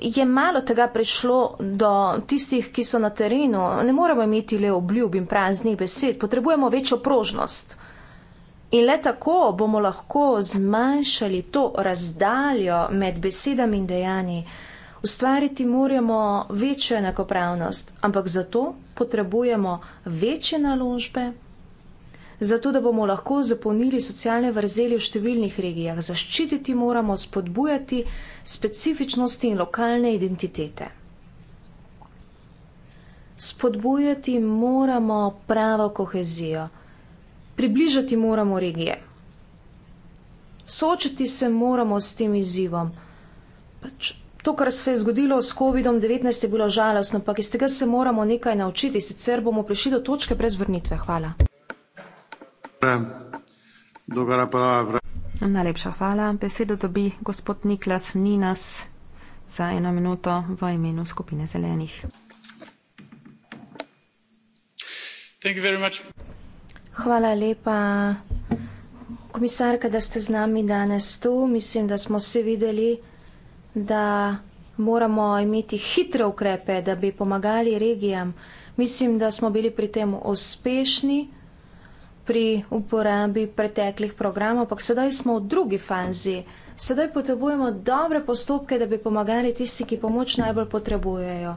je malo tega prišlo do tistih, ki so na terenu. Ne moramo imeti le obljub in praznih besed, potrebujemo večjo prožnost. In le tako bomo lahko zmanjšali to razdaljo med besedami in dejanji ustvariti moramo večjo enakopravnost, ampak za to potrebujemo večje naložbe, zato da bomo lahko zapolnili socialne vrzeli v številnih regijah. Zaščititi moramo spodbujati specifičnosti in lokalne identitete. Spodbujati moramo pravo kohezijo, približati moramo regije. Soočiti se moramo s tem izzivom. Pač To, kar se je zgodilo s COVID-19, je bilo žalostno, ampak iz tega se moramo nekaj naučiti, sicer bomo prišli do točke brez vrnitve. Hvala. Najlepša hvala. Besedo dobi gospod Niklas Ninas za eno minuto v imenu skupine zelenih. Hvala lepa, komisarka, da ste z nami danes tu. Mislim, da smo vsi videli, da moramo imeti hitre ukrepe, da bi pomagali regijam. Mislim, da smo bili pri tem uspešni pri uporabi preteklih programov, ampak sedaj smo v drugi fazi. Sedaj potrebujemo dobre postopke, da bi pomagali tisti, ki pomoč najbolj potrebujejo.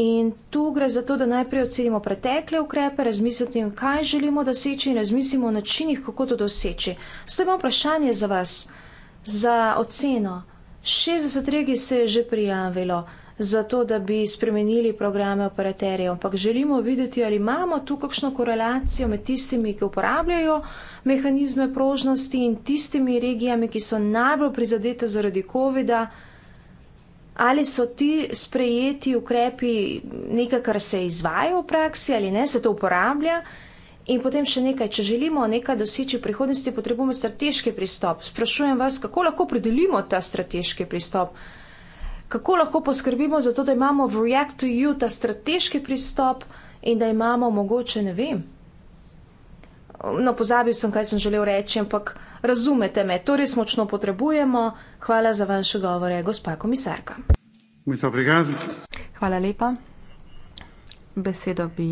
In tu gre za to, da najprej ocenimo pretekle ukrepe, razmislimo, kaj želimo doseči in razmislimo o načinih, kako to doseči. Zdaj imam vprašanje za vas, za oceno. 60 regij se je že prijavilo za to, da bi spremenili programe operaterjev, ampak želimo videti, ali imamo tu kakšno korelacijo med tistimi, ki uporabljajo mehanizme prožnosti in tistimi regijami, ki so najbolj prizadete zaradi COVID-a, ali so ti sprejeti ukrepi nekaj, kar se izvaja v praksi ali ne, se to uporablja. In potem še nekaj, če želimo nekaj doseči v prihodnosti, potrebujemo strateški pristop. Sprašujem vas, kako lahko predelimo ta strateški pristop? Kako lahko poskrbimo za to, da imamo v React to You ta strateški pristop in da imamo mogoče, ne vem. No, pozabil sem, kaj sem želel reči, ampak razumete me, to res močno potrebujemo. Hvala za vaše govore, gospa komisarka. Hvala lepa. Besedo bi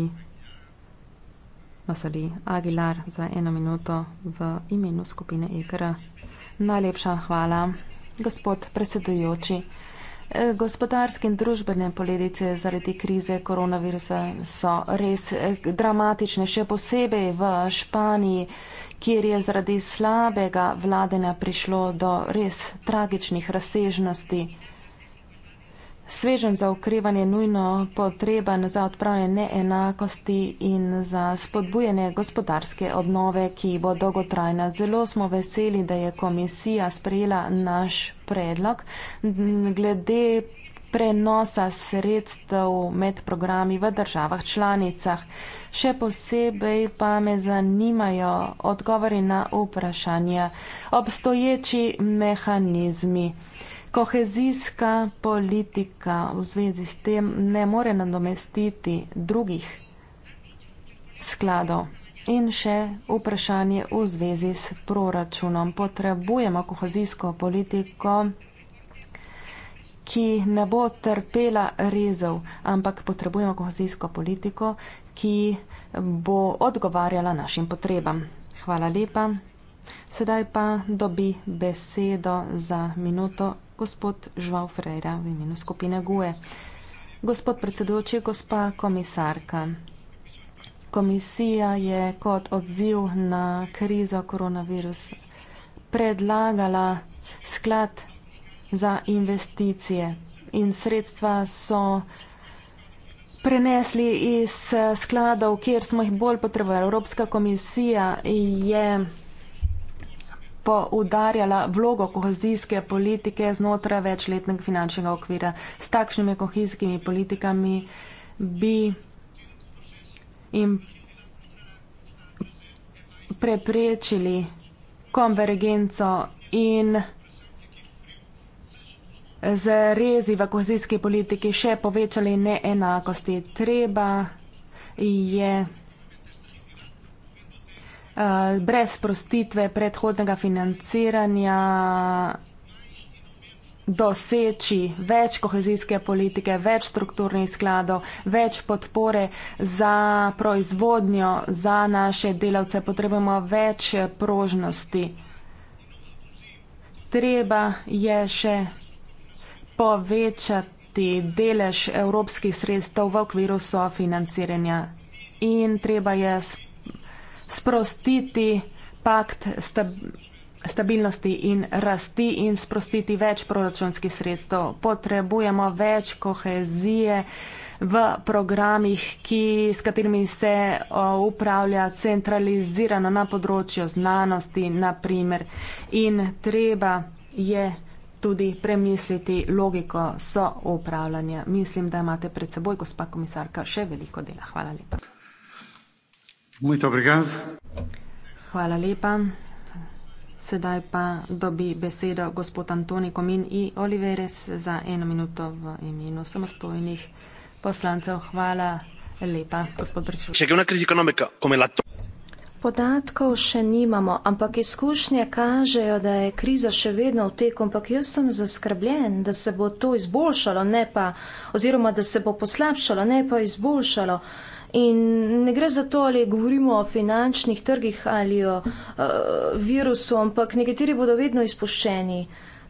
Vasali Aguilar za eno minuto v imenu skupine IKR. E Najlepša hvala, gospod predsedujoči. Eh, gospodarske in družbene poledice zaradi krize koronavirusa so res eh, dramatične, še posebej v Španiji, kjer je zaradi slabega vladenja prišlo do res tragičnih razsežnosti. Svežen za okrevanje nujno potreben za odpravljanje neenakosti in za spodbujanje gospodarske obnove, ki bo dolgotrajna. Zelo smo veseli, da je komisija sprejela naš predlog glede prenosa sredstev med programi v državah članicah. Še posebej pa me zanimajo odgovori na vprašanja obstoječi mehanizmi kohezijska politika v zvezi s tem ne more nadomestiti drugih skladov. In še vprašanje v zvezi s proračunom. Potrebujemo kohezijsko politiko, ki ne bo trpela rezov, ampak potrebujemo kohezijsko politiko, ki bo odgovarjala našim potrebam. Hvala lepa. Sedaj pa dobi besedo za minuto gospod Žval Frejra v imenu skupine GUE. Gospod predsedujoči, gospa komisarka. Komisija je kot odziv na krizo koronavirus predlagala sklad za investicije in sredstva so prenesli iz skladov, kjer smo jih bolj potrebovali. Evropska komisija je poudarjala vlogo kohezijske politike znotraj večletnega finančnega okvira. S takšnimi kohezijskimi politikami bi jim preprečili konvergenco in z rezi v kohezijski politiki še povečali neenakosti. Treba je Eh, brez prostitve predhodnega financiranja doseči več kohezijske politike, več strukturnih skladov, več podpore za proizvodnjo, za naše delavce. Potrebujemo več eh, prožnosti. Treba je še povečati delež evropskih sredstev v okviru sofinanciranja in treba je spoštovati sprostiti pakt stab stabilnosti in rasti in sprostiti več proračunskih sredstev. Potrebujemo več kohezije v programih, ki, s katerimi se upravlja centralizirano na področju znanosti, naprimer. In treba je tudi premisliti logiko so upravljanja. Mislim, da imate pred seboj, gospa komisarka, še veliko dela. Hvala lepa. Muito obrigado. Hvala lepa. Sedaj pa dobi besedo gospod Antoni Komin i Oliveres za eno minuto v imenu samostojnih poslancev. Hvala lepa, gospod predsednik. Podatkov še nimamo, ampak izkušnje kažejo, da je kriza še vedno v teku, ampak jaz sem zaskrbljen, da se bo to izboljšalo, ne pa, oziroma da se bo poslabšalo, ne pa izboljšalo. In ne gre za to, ali govorimo o finančnih trgih ali o uh, virusu, ampak nekateri bodo vedno izpuščeni.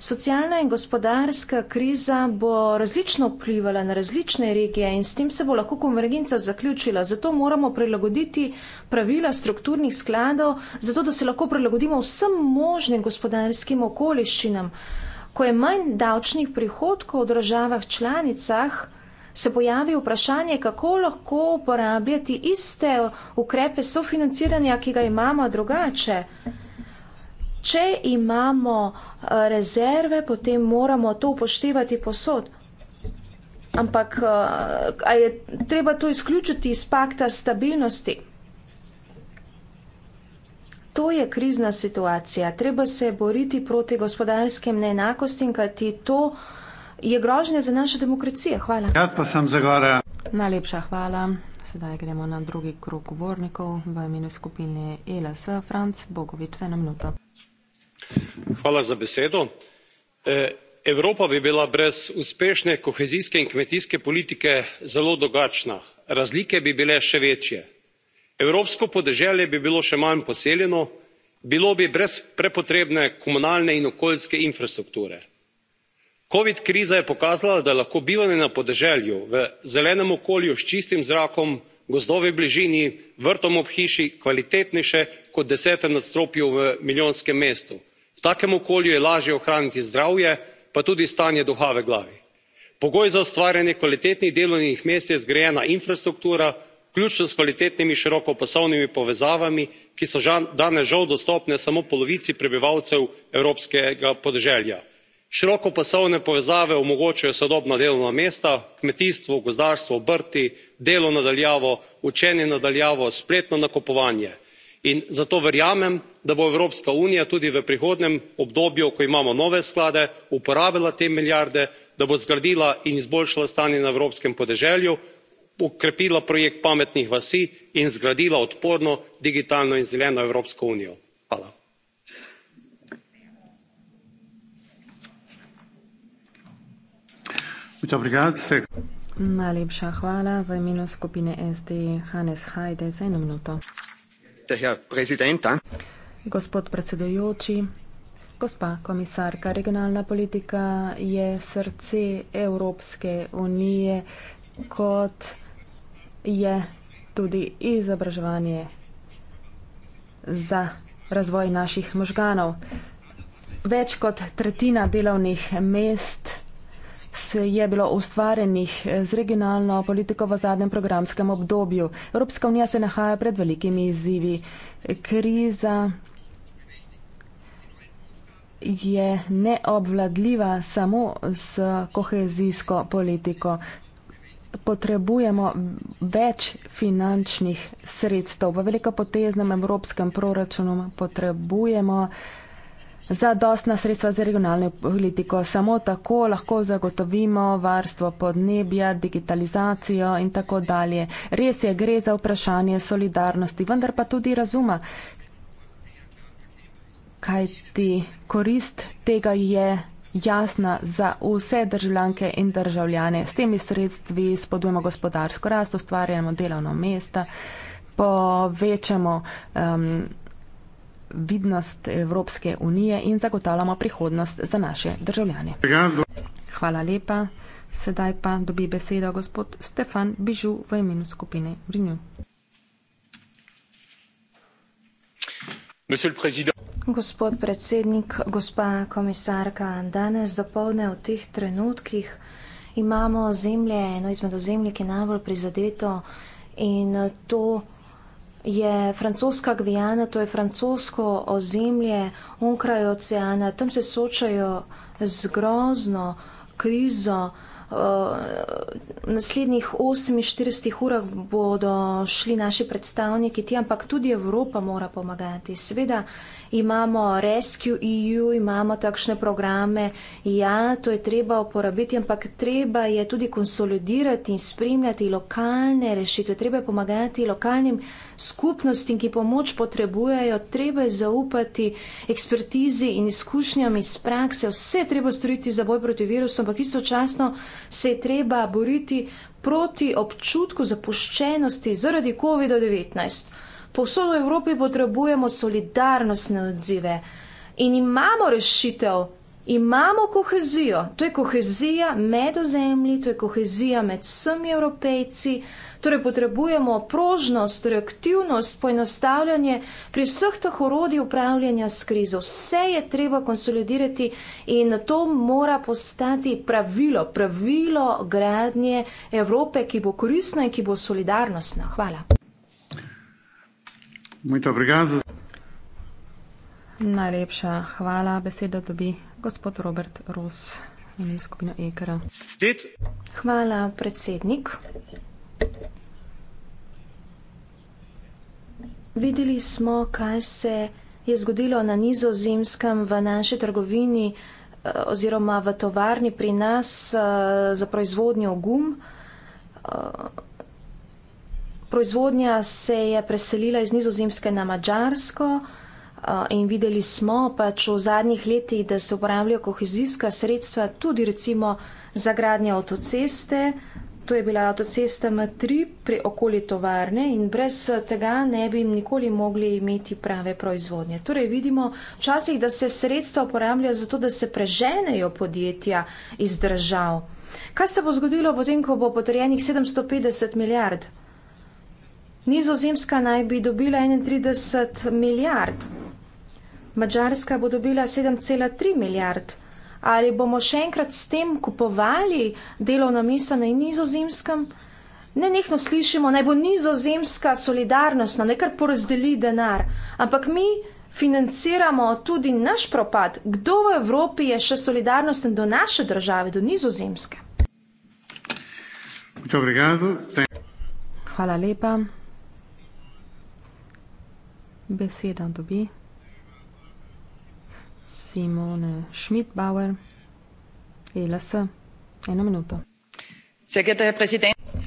Socialna in gospodarska kriza bo različno vplivala na različne regije in s tem se bo lahko konvergenca zaključila. Zato moramo prilagoditi pravila strukturnih skladov, zato da se lahko prilagodimo vsem možnim gospodarskim okoliščinam. Ko je manj davčnih prihodkov v državah članicah, se pojavi vprašanje, kako lahko uporabljati iste ukrepe sofinanciranja, ki ga imamo drugače. Če imamo eh, rezerve, potem moramo to upoštevati posod. Ampak eh, je treba to izključiti iz pakta stabilnosti? To je krizna situacija. Treba se boriti proti gospodarskim neenakostim, kajti to je grožnja za naše demokracije. Hvala. Jaz pa sem zagora. Najlepša hvala. Sedaj gremo na drugi krok govornikov v imenu skupine ELS. Franc Bogovič, ena minuta. Hvala za besedo. E, Evropa bi bila brez uspešne kohezijske in kmetijske politike zelo drugačna. Razlike bi bile še večje. Evropsko podeželje bi bilo še manj poseljeno, bilo bi brez prepotrebne komunalne in okoljske infrastrukture covid kriza je pokazala da lahko bivanje na podeželju v zelenem okolju s čistim zrakom gozdovi v bližini vrtom ob hiši kvalitetnejše kot v desetem nadstropju v milijonskem mestu. v takem okolju je lažje ohraniti zdravje pa tudi stanje duha v glavi. pogoj za ustvarjanje kvalitetnih delovnih mest je zgrajena infrastruktura vključno s kvalitetnimi širokopasovnimi povezavami ki so danes žal dostopne samo polovici prebivalcev evropskega podeželja širokopasovne povezave omogočajo sodobna delovna mesta kmetijstvo gozdarstvo obrti delo na daljavo učenje na daljavo spletno nakupovanje in zato verjamem da bo evropska unija tudi v prihodnjem obdobju ko imamo nove sklade uporabila te milijarde da bo zgradila in izboljšala stanje na evropskem podeželju okrepila projekt pametnih vasi in zgradila odporno digitalno in zeleno evropsko unijo. Najlepša hvala v imenu skupine SD Hannes Hajde za eno minuto. Ja, Gospod predsedujoči, gospa komisarka, regionalna politika je srce Evropske unije, kot je tudi izobraževanje za razvoj naših možganov. Več kot tretjina delovnih mest je bilo ustvarjenih z regionalno politiko v zadnjem programskem obdobju. Evropska unija se nahaja pred velikimi izzivi. Kriza je neobvladljiva samo s kohezijsko politiko. Potrebujemo več finančnih sredstev. V velikopoteznem evropskem proračunu potrebujemo Za dostna sredstva za regionalno politiko samo tako lahko zagotovimo varstvo podnebja, digitalizacijo in tako dalje. Res je, gre za vprašanje solidarnosti, vendar pa tudi razuma, kaj ti korist tega je jasna za vse državljanke in državljane. S temi sredstvi spodujemo gospodarsko rast, ustvarjamo delovno mesta, povečamo. Um, vidnost Evropske unije in zagotavljamo prihodnost za naše državljane. Hvala lepa. Sedaj pa dobi besedo gospod Stefan Bižu v imenu skupine Brinju. Gospod predsednik, gospa komisarka, danes do povdne v teh trenutkih imamo zemlje, eno izmed ozemlji, ki je najbolj prizadeto in to je francoska Gvijana, to je francosko ozemlje onkraj oceana, tam se soočajo z grozno krizo. Eh, v naslednjih 48 urah bodo šli naši predstavniki, ti, ampak tudi Evropa mora pomagati. Seveda imamo Rescue EU, imamo takšne programe. Ja, to je treba uporabiti, ampak treba je tudi konsolidirati in spremljati lokalne rešitve. Treba je pomagati lokalnim skupnostim, ki pomoč potrebujejo. Treba je zaupati ekspertizi in izkušnjami iz prakse. Vse je treba storiti za boj proti virusu, ampak istočasno se je treba boriti proti občutku zapuščenosti zaradi COVID-19. Povsod v Evropi potrebujemo solidarnostne odzive in imamo rešitev, imamo kohezijo. To je kohezija med ozemlji, to je kohezija med vsemi evropejci. Torej potrebujemo prožnost, reaktivnost, poenostavljanje pri vseh teh orodij upravljanja s krizo. Vse je treba konsolidirati in to mora postati pravilo, pravilo gradnje Evrope, ki bo koristna in ki bo solidarnostna. Hvala. Muito obrigado. Najlepša hvala. Besedo dobi gospod Robert Ros in skupina EKR. Hvala, predsednik. Videli smo, kaj se je zgodilo na nizozemskem v naši trgovini eh, oziroma v tovarni pri nas eh, za proizvodnjo gum. Eh, Proizvodnja se je preselila iz nizozemske na mačarsko eh, in videli smo pač v zadnjih letih, da se uporabljajo kohezijska sredstva tudi recimo za gradnje avtoceste. To je bila avtocesta M3 pri okoli tovarne in brez tega ne bi nikoli mogli imeti prave proizvodnje. Torej vidimo včasih, da se sredstva uporabljajo zato, da se preženejo podjetja iz držav. Kaj se bo zgodilo potem, ko bo potrjenih 750 milijard? Nizozemska naj bi dobila 31 milijard, Mačarska bo dobila 7,3 milijard. Ali bomo še enkrat s tem kupovali delovna mesta na nizozemskem? Ne nekno slišimo, naj bo nizozemska solidarnost, naj kar porazdeli denar, ampak mi financiramo tudi naš propad. Kdo v Evropi je še solidarnosten do naše države, do nizozemske? Dobre, Hvala lepa beseda dobi Simone Schmidbauer, ELS. Eno minuto.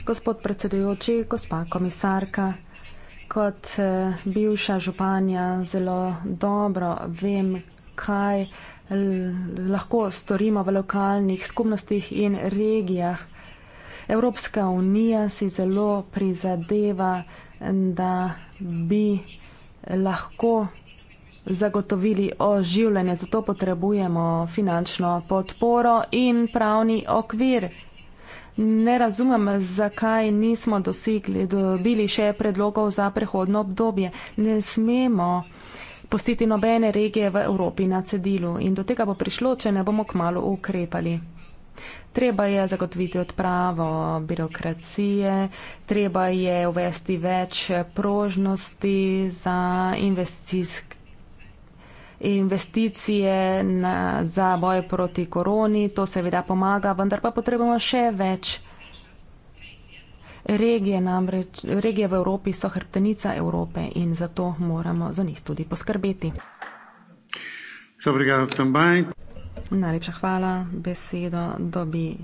Gospod predsedujoči, gospa komisarka, kot eh, bivša županja zelo dobro vem, kaj lahko storimo v lokalnih skupnostih in regijah. Evropska unija si zelo prizadeva, da bi lahko zagotovili oživljanje, zato potrebujemo finančno podporo in pravni okvir. Ne razumem, zakaj nismo dosegli, dobili še predlogov za prehodno obdobje. Ne smemo postiti nobene regije v Evropi na cedilu in do tega bo prišlo, če ne bomo kmalo ukrepali treba je zagotoviti odpravo birokracije, treba je uvesti več prožnosti za investicijske investicije na, za boj proti koroni, to seveda pomaga, vendar pa potrebujemo še več. Regije, namreč, regije v Evropi so hrbtenica Evrope in zato moramo za njih tudi poskrbeti. Dobrega, Najlepša hvala. Besedo dobi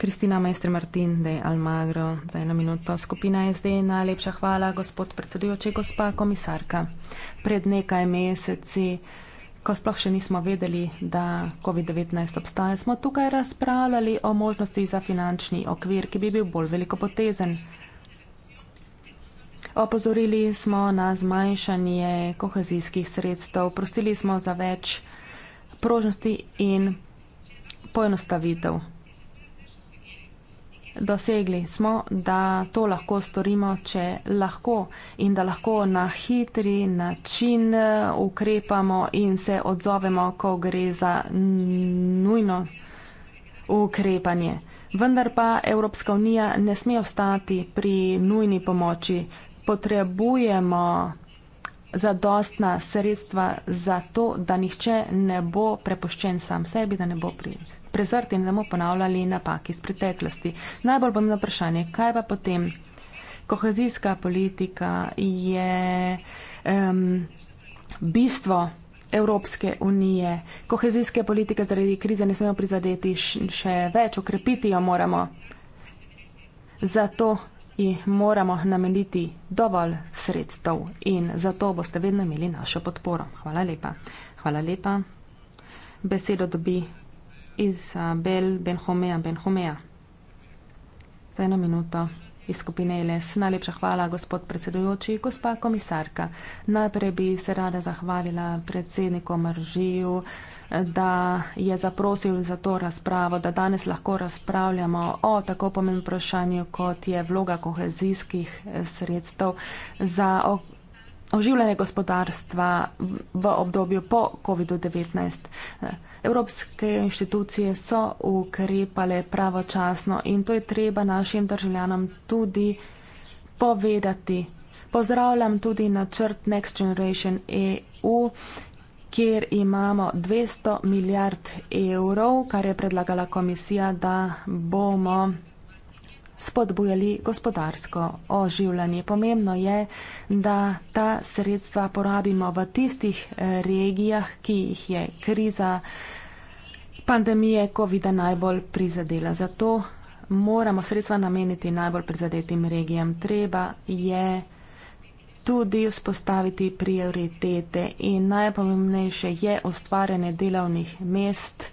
Kristina Maestri Martin de Almagro za eno minuto. Skupina SD, najlepša hvala, gospod predsedujoči, gospa komisarka. Pred nekaj meseci, ko sploh še nismo vedeli, da COVID-19 obstaja, smo tukaj razpravljali o možnosti za finančni okvir, ki bi bil bolj velikopotezen. Opozorili smo na zmanjšanje kohezijskih sredstev, prosili smo za več prožnosti in poenostavitev. Dosegli smo, da to lahko storimo, če lahko in da lahko na hitri način eh, ukrepamo in se odzovemo, ko gre za nujno ukrepanje. Vendar pa Evropska unija ne sme ostati pri nujni pomoči. Potrebujemo zadostna sredstva za to, da nihče ne bo prepoščen sam sebi, da ne bo pri prezrti in da bomo ponavljali napake iz preteklosti. Najbolj bom na vprašanje, kaj pa potem? Kohezijska politika je um, bistvo Evropske unije. Kohezijske politike zaradi krize ne smemo prizadeti še več, okrepiti jo moramo. Zato moramo nameniti dovolj sredstev in zato boste vedno imeli našo podporo. Hvala lepa. Hvala lepa. Besedo dobi Izabel Benhomeja Benhomeja. Za eno minuto iz skupine LS. Najlepša hvala, gospod predsedujoči, gospa komisarka. Najprej bi se rada zahvalila predsedniku Maržiju da je zaprosil za to razpravo, da danes lahko razpravljamo o tako pomembnem vprašanju, kot je vloga kohezijskih sredstev za oživljanje gospodarstva v obdobju po COVID-19. Evropske inštitucije so ukrepale pravočasno in to je treba našim državljanom tudi povedati. Pozdravljam tudi načrt Next Generation EU kjer imamo 200 milijard evrov, kar je predlagala komisija, da bomo spodbujali gospodarsko oživljanje. Pomembno je, da ta sredstva porabimo v tistih eh, regijah, ki jih je kriza pandemije COVID-19 najbolj prizadela. Zato moramo sredstva nameniti najbolj prizadetim regijam. Treba je tudi vzpostaviti prioritete in najpomembnejše je ustvarjanje delovnih mest,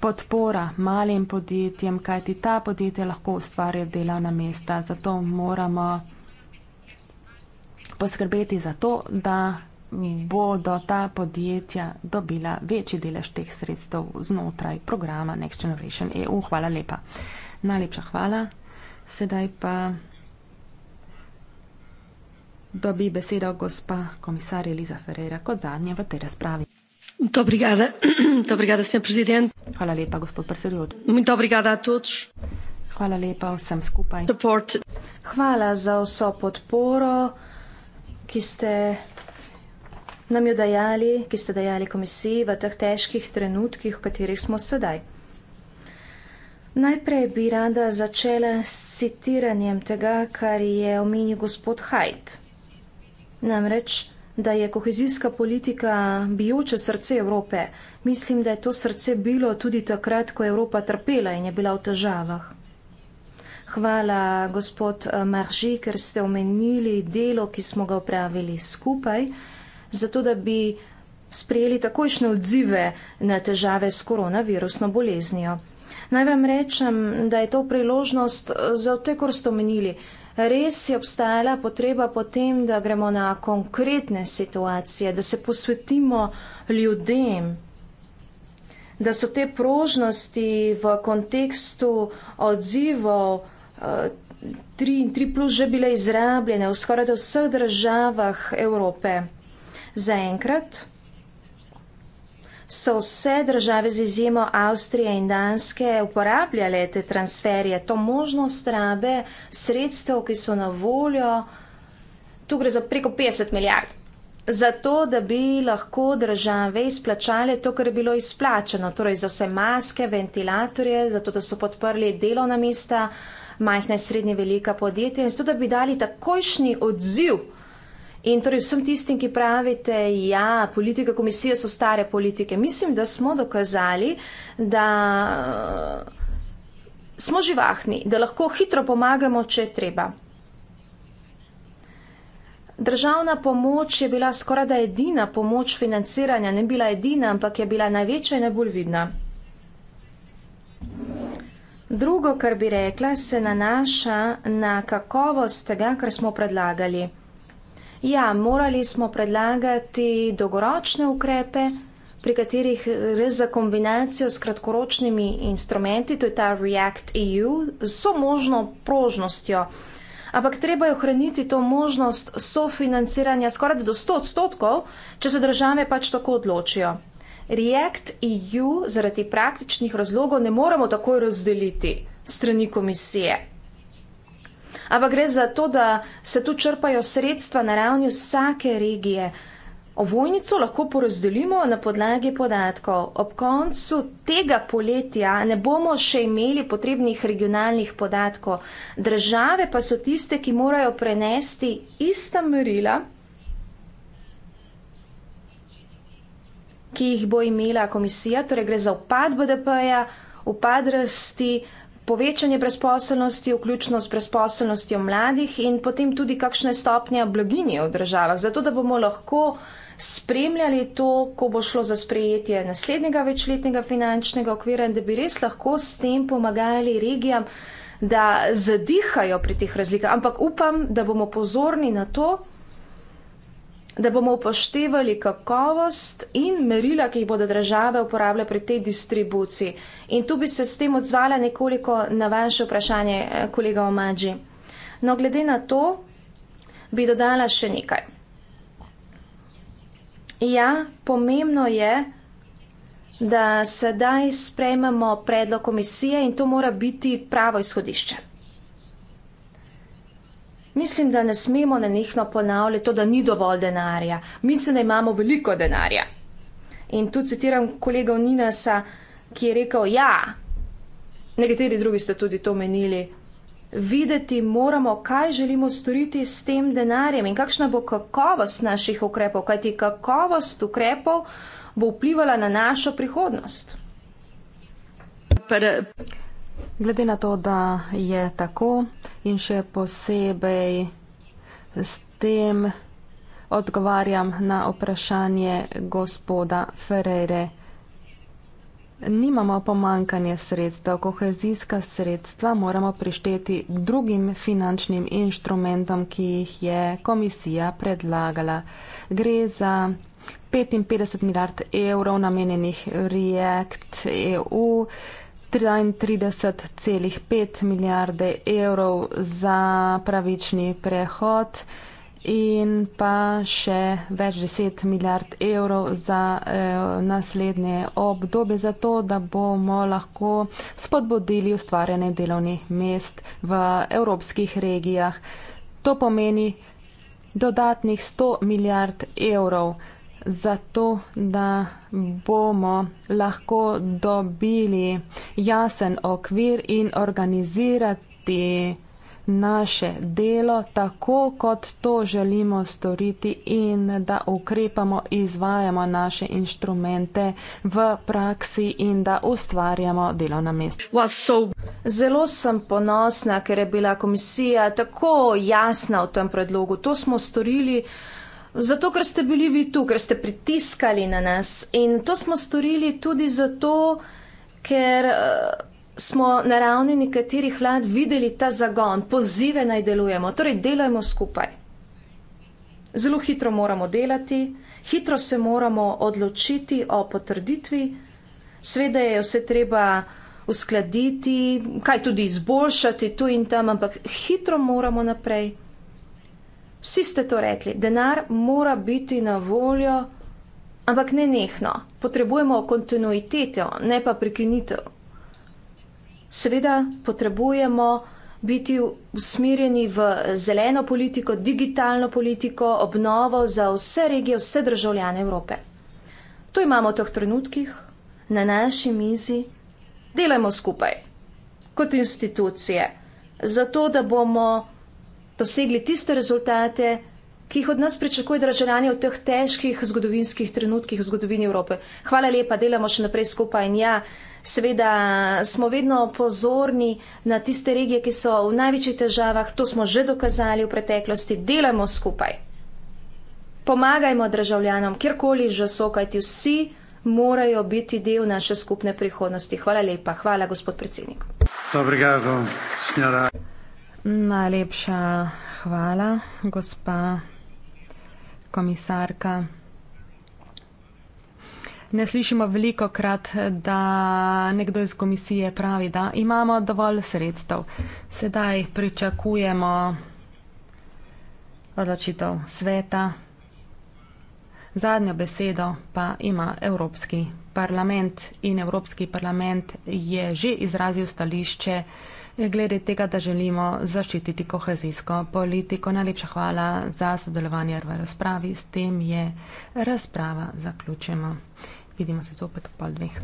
podpora malim podjetjem, kajti ta podjetja lahko ustvarjajo delovna mesta. Zato moramo poskrbeti za to, da bodo ta podjetja dobila večji delež teh sredstev znotraj programa Next Generation EU. Hvala lepa. Najlepša hvala. Sedaj pa dobi besedo gospa komisar Eliza Ferreira kot zadnja v tej razpravi. Dobrigada, sem prezident. Hvala lepa, gospod predsedujoč. Dobrigada, tuč. Hvala lepa vsem skupaj. Support. Hvala za vso podporo, ki ste nam jo dajali, ki ste dajali komisiji v teh težkih trenutkih, v katerih smo sedaj. Najprej bi rada začela s citiranjem tega, kar je omenil gospod Hajt. Namreč, da je kohezijska politika bijoče srce Evrope. Mislim, da je to srce bilo tudi takrat, ko je Evropa trpela in je bila v težavah. Hvala, gospod eh, Marži, ker ste omenili delo, ki smo ga upravili skupaj, zato da bi sprejeli takojšne odzive na težave s koronavirusno boleznijo. Naj vam rečem, da je to priložnost eh, za vse, kar ste omenili res je obstajala potreba potem, da gremo na konkretne situacije, da se posvetimo ljudem, da so te prožnosti v kontekstu odzivov eh, tri in tri plus že bile izrabljene v skoraj vseh državah Evrope. Zaenkrat so vse države z izjemo Avstrije in Danske uporabljale te transferje, to možnost rabe sredstev, ki so na voljo. Tu gre za preko 50 milijard. Zato, da bi lahko države izplačale to, kar je bilo izplačeno, torej za vse maske, ventilatorje, zato, da so podprli delovna mesta, majhna in srednje velika podjetja in zato, da bi dali takojšnji odziv. In torej vsem tistim, ki pravite, ja, politike komisije so stare politike, mislim, da smo dokazali, da eh, smo živahni, da lahko hitro pomagamo, če treba. Državna pomoč je bila skoraj da edina pomoč financiranja, ne bila edina, ampak je bila največja in najbolj vidna. Drugo, kar bi rekla, se nanaša na kakovost tega, kar smo predlagali. Ja, morali smo predlagati dolgoročne ukrepe, pri katerih res za kombinacijo s kratkoročnimi instrumenti, to je ta React EU, so možno prožnostjo. Ampak treba je ohraniti to možnost sofinanciranja skoraj do 100 odstotkov, če se države pač tako odločijo. React EU zaradi praktičnih razlogov ne moremo takoj razdeliti strani komisije ampak gre za to, da se tu črpajo sredstva na ravni vsake regije. Ovojnico lahko porazdelimo na podlagi podatkov. Ob koncu tega poletja ne bomo še imeli potrebnih regionalnih podatkov. Države pa so tiste, ki morajo prenesti ista merila, ki jih bo imela komisija, torej gre za upad BDP-ja, upad rasti povečanje brezposelnosti, vključno s brezposelnostjo mladih in potem tudi kakšne stopnje blaginje v državah, zato da bomo lahko spremljali to, ko bo šlo za sprejetje naslednjega večletnega finančnega okvira in da bi res lahko s tem pomagali regijam, da zadihajo pri teh razlikah. Ampak upam, da bomo pozorni na to, da bomo upoštevali kakovost in merila, ki jih bodo države uporabljale pri tej distribuciji. In tu bi se s tem odzvala nekoliko na vaše vprašanje, eh, kolega Omađi. No, glede na to bi dodala še nekaj. Ja, pomembno je, da sedaj sprejmemo predlog komisije in to mora biti pravo izhodišče. Mislim, da ne smemo na njihno ponavljati to, da ni dovolj denarja. Mislim, da imamo veliko denarja. In tu citiram kolega Ninasa, ki je rekel, ja, nekateri drugi ste tudi to menili, videti moramo, kaj želimo storiti s tem denarjem in kakšna bo kakovost naših ukrepov, kajti kakovost ukrepov bo vplivala na našo prihodnost. Glede na to, da je tako in še posebej s tem odgovarjam na vprašanje gospoda Ferreire. Nimamo pomankanje sredstev, kohezijska sredstva moramo prišteti drugim finančnim inštrumentom, ki jih je komisija predlagala. Gre za 55 milijard evrov namenjenih React EU. 33,5 milijarde evrov za pravični prehod in pa še več deset milijard evrov za eh, naslednje obdobje, zato da bomo lahko spodbudili ustvarjanje delovnih mest v evropskih regijah. To pomeni dodatnih 100 milijard evrov zato, da bomo lahko dobili jasen okvir in organizirati naše delo tako, kot to želimo storiti in da ukrepamo, izvajamo naše inštrumente v praksi in da ustvarjamo delovna mesta. Zelo sem ponosna, ker je bila komisija tako jasna v tem predlogu. To smo storili. Zato, ker ste bili vi tu, ker ste pritiskali na nas. In to smo storili tudi zato, ker eh, smo na ravni nekaterih vlad videli ta zagon, pozive naj delujemo, torej delajmo skupaj. Zelo hitro moramo delati, hitro se moramo odločiti o potrditvi, sveda je vse treba uskladiti, kaj tudi izboljšati tu in tam, ampak hitro moramo naprej. Vsi ste to rekli, denar mora biti na voljo, ampak ne nehno. Potrebujemo kontinuiteto, ne pa prekinitev. Seveda potrebujemo biti usmerjeni v zeleno politiko, digitalno politiko, obnovo za vse regije, vse državljane Evrope. To imamo v teh trenutkih, na naši mizi, delajmo skupaj kot institucije, zato da bomo dosegli tiste rezultate, ki jih od nas pričakuje državljanje v teh težkih zgodovinskih trenutkih v zgodovini Evrope. Hvala lepa, delamo še naprej skupaj in ja. Seveda smo vedno pozorni na tiste regije, ki so v največjih težavah, to smo že dokazali v preteklosti, delamo skupaj. Pomagajmo državljanom, kjerkoli že so, kajti vsi morajo biti del naše skupne prihodnosti. Hvala lepa, hvala gospod predsednik. Dobrega, Najlepša hvala, gospa komisarka. Ne slišimo veliko krat, da nekdo iz komisije pravi, da imamo dovolj sredstev. Sedaj pričakujemo odločitev sveta. Zadnjo besedo pa ima Evropski parlament in Evropski parlament je že izrazil stališče, glede tega, da želimo zaščititi kohezijsko politiko. Najlepša hvala za sodelovanje v razpravi. S tem je razprava zaključena. Vidimo se zopet ob pol dveh.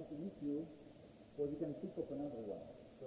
nothing new, or you can think of another one. So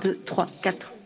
2, 3, 4.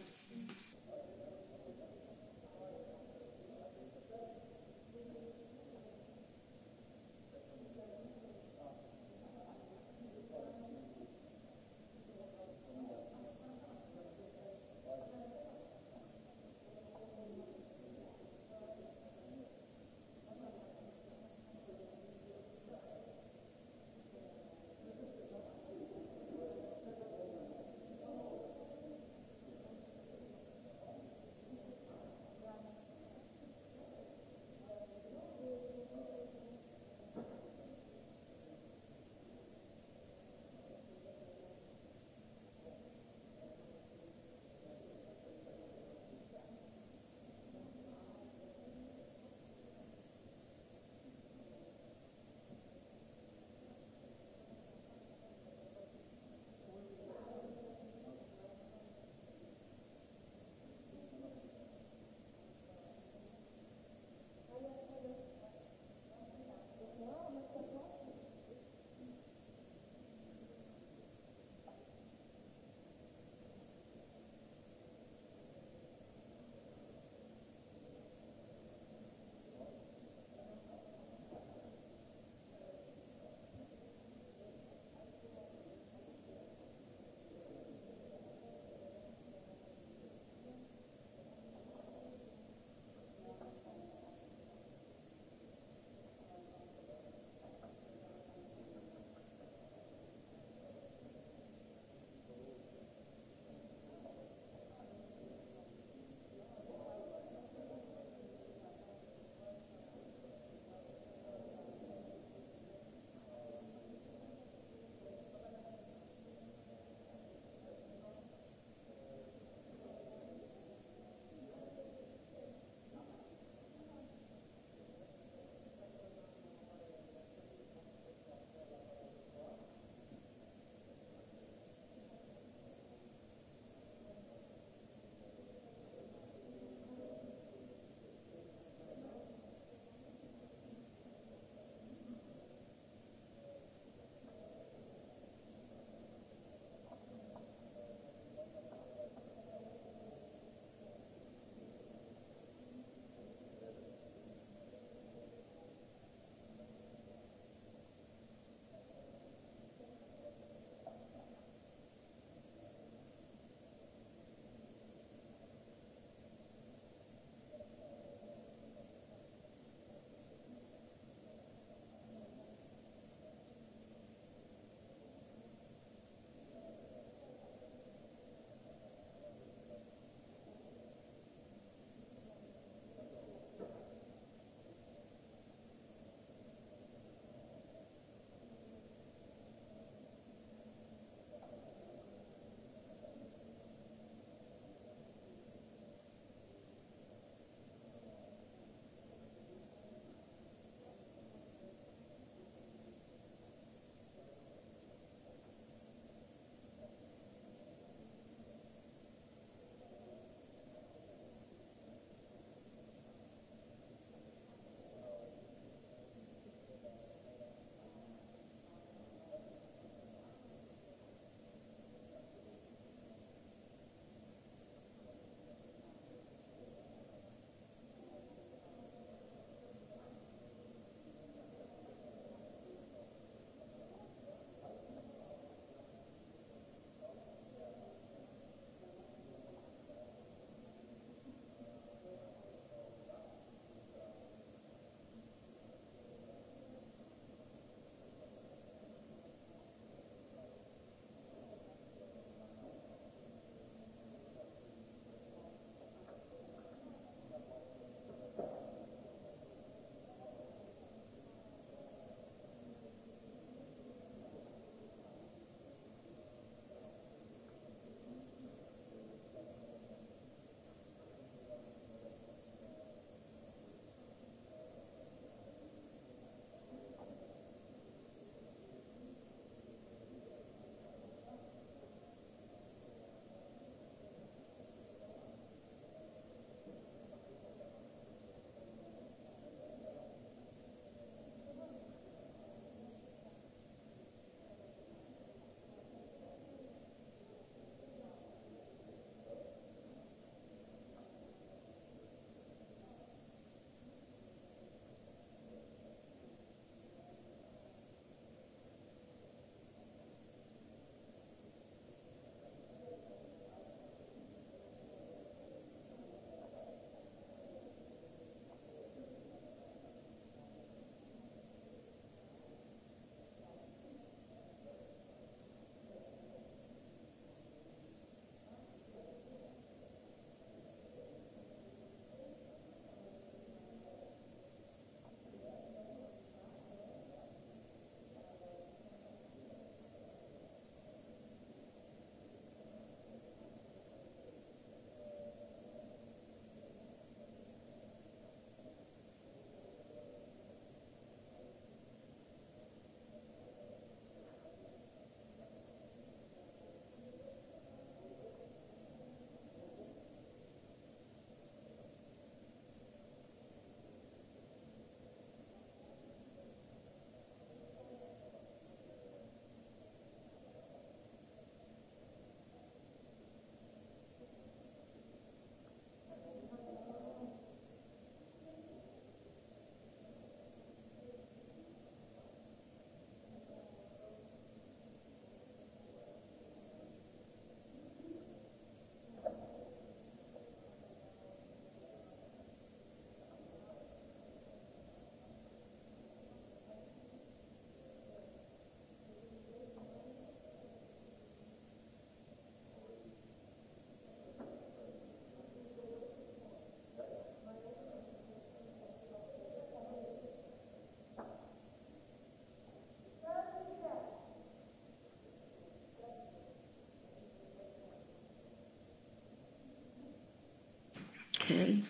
prej.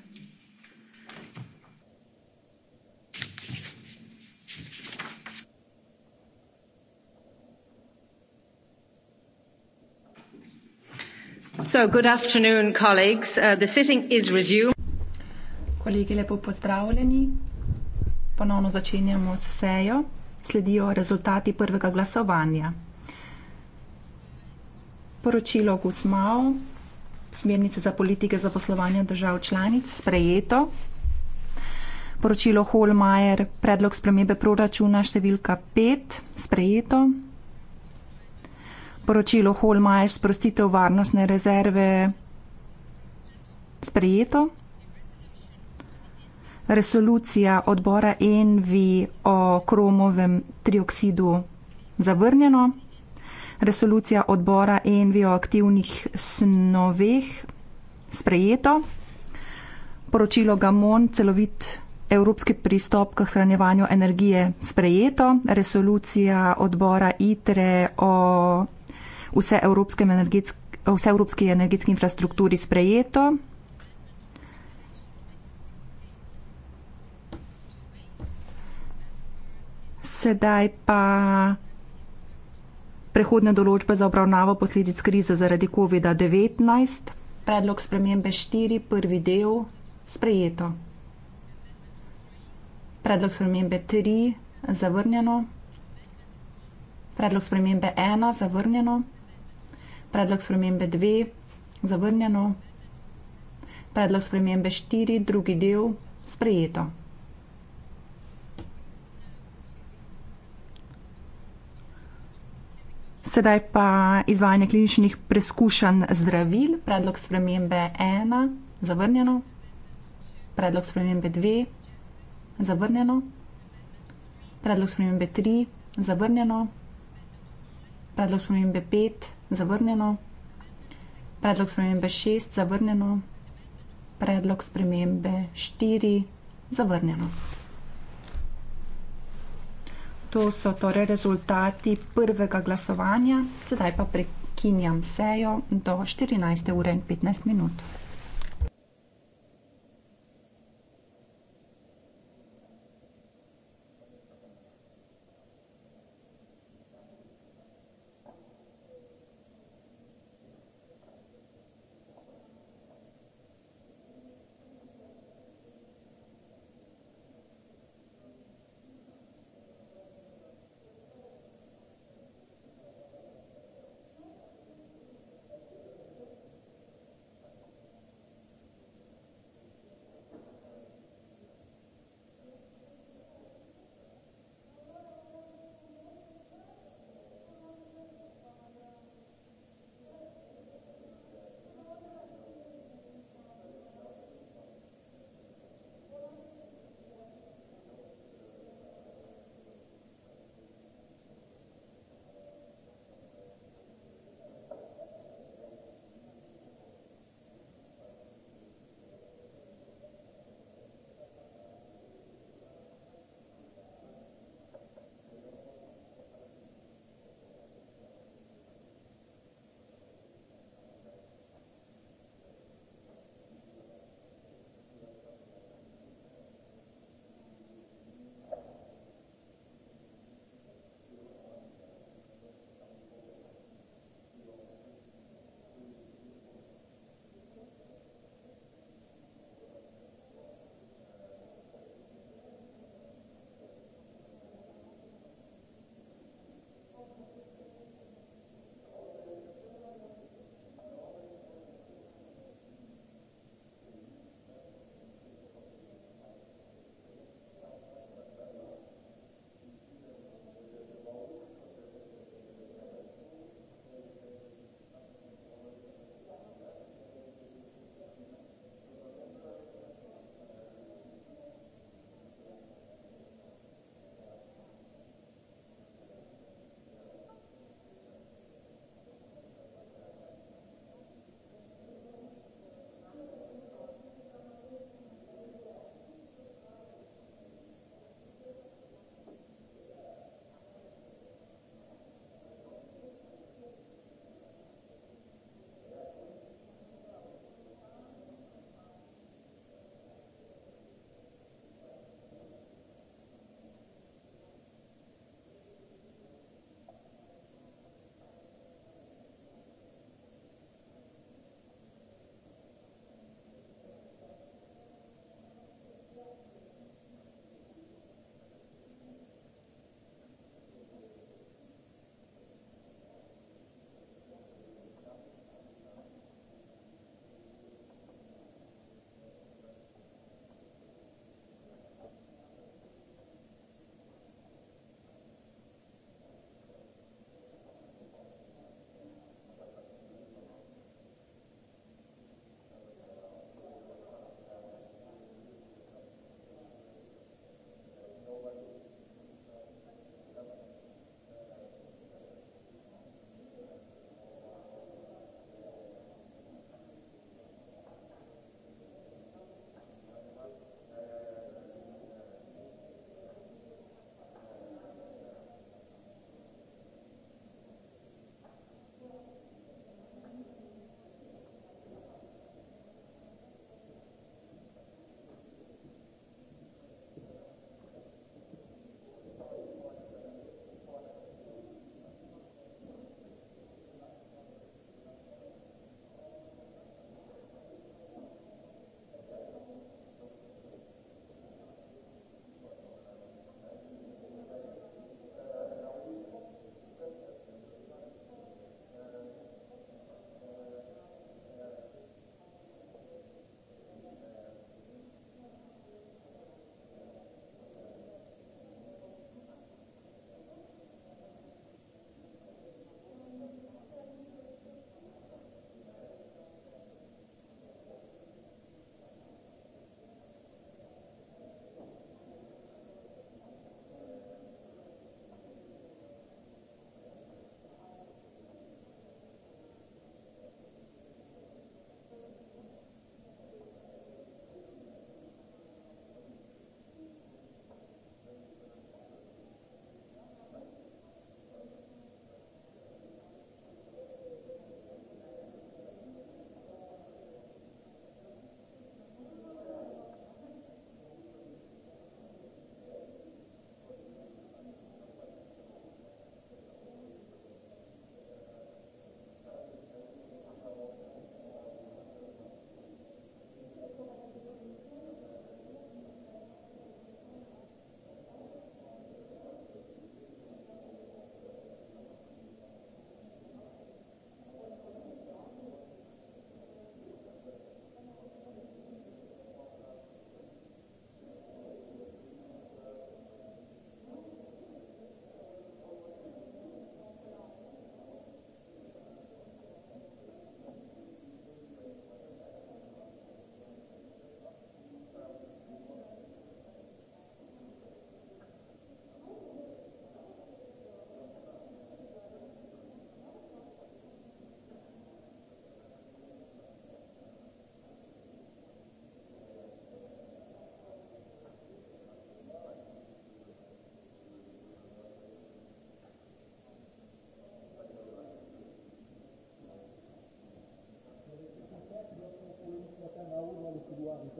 So, good afternoon, colleagues. Uh, the sitting is resumed. Kolegi, lepo pozdravljeni. Ponovno začenjamo s sejo. Sledijo rezultati prvega glasovanja. Poročilo Gusmao, smernice za politike zaposlovanja držav članic sprejeto. Poročilo Holmajer, predlog spremembe proračuna številka 5 sprejeto. Poročilo Holmajer, sprostitev varnostne rezerve sprejeto. Resolucija odbora ENVI o kromovem trioksidu zavrnjeno resolucija odbora ENVI o aktivnih snoveh sprejeto. Poročilo Gamon, celovit evropski pristop k hranjevanju energije sprejeto. Resolucija odbora ITRE o vse evropskem energetskem vse evropski energetski infrastrukturi sprejeto. Sedaj pa prehodne določbe za obravnavo posledic krize zaradi COVID-19. Predlog spremembe 4, prvi del, sprejeto. Predlog spremembe 3, zavrnjeno. Predlog spremembe 1, zavrnjeno. Predlog spremembe 2, zavrnjeno. Predlog spremembe 4, drugi del, sprejeto. Sedaj pa izvajanje kliničnih preskušanj zdravil. Predlog spremembe 1, zavrnjeno. Predlog spremembe 2, zavrnjeno. Predlog spremembe 3, zavrnjeno. Predlog spremembe 5, zavrnjeno. Predlog spremembe 6, zavrnjeno. Predlog spremembe 4, zavrnjeno. To so torej rezultati prvega glasovanja. Sedaj pa prekinjam sejo do 14.15 minut.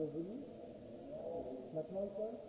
Bogu, na koncu.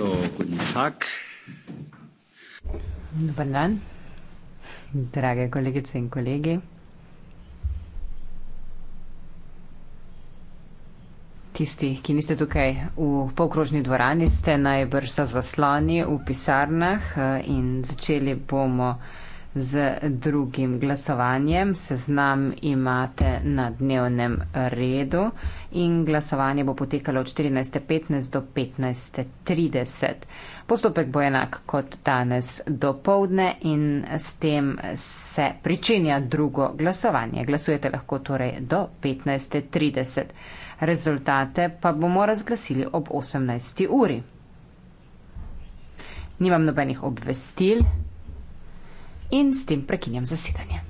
So, guten Tag. Dober dan, drage kolegice in kolegi. Tisti, ki niste tukaj v polkrožni dvorani, ste najbrž za zasloni v pisarnah eh, in začeli bomo uh, z drugim glasovanjem. Seznam imate na dnevnem redu in glasovanje bo potekalo od 14.15 do 15.30. Postopek bo enak kot danes do povdne in s tem se pričenja drugo glasovanje. Glasujete lahko torej do 15.30. Rezultate pa bomo razglasili ob 18. uri. Nimam nobenih obvestil in s tem prekinjam zasedanje.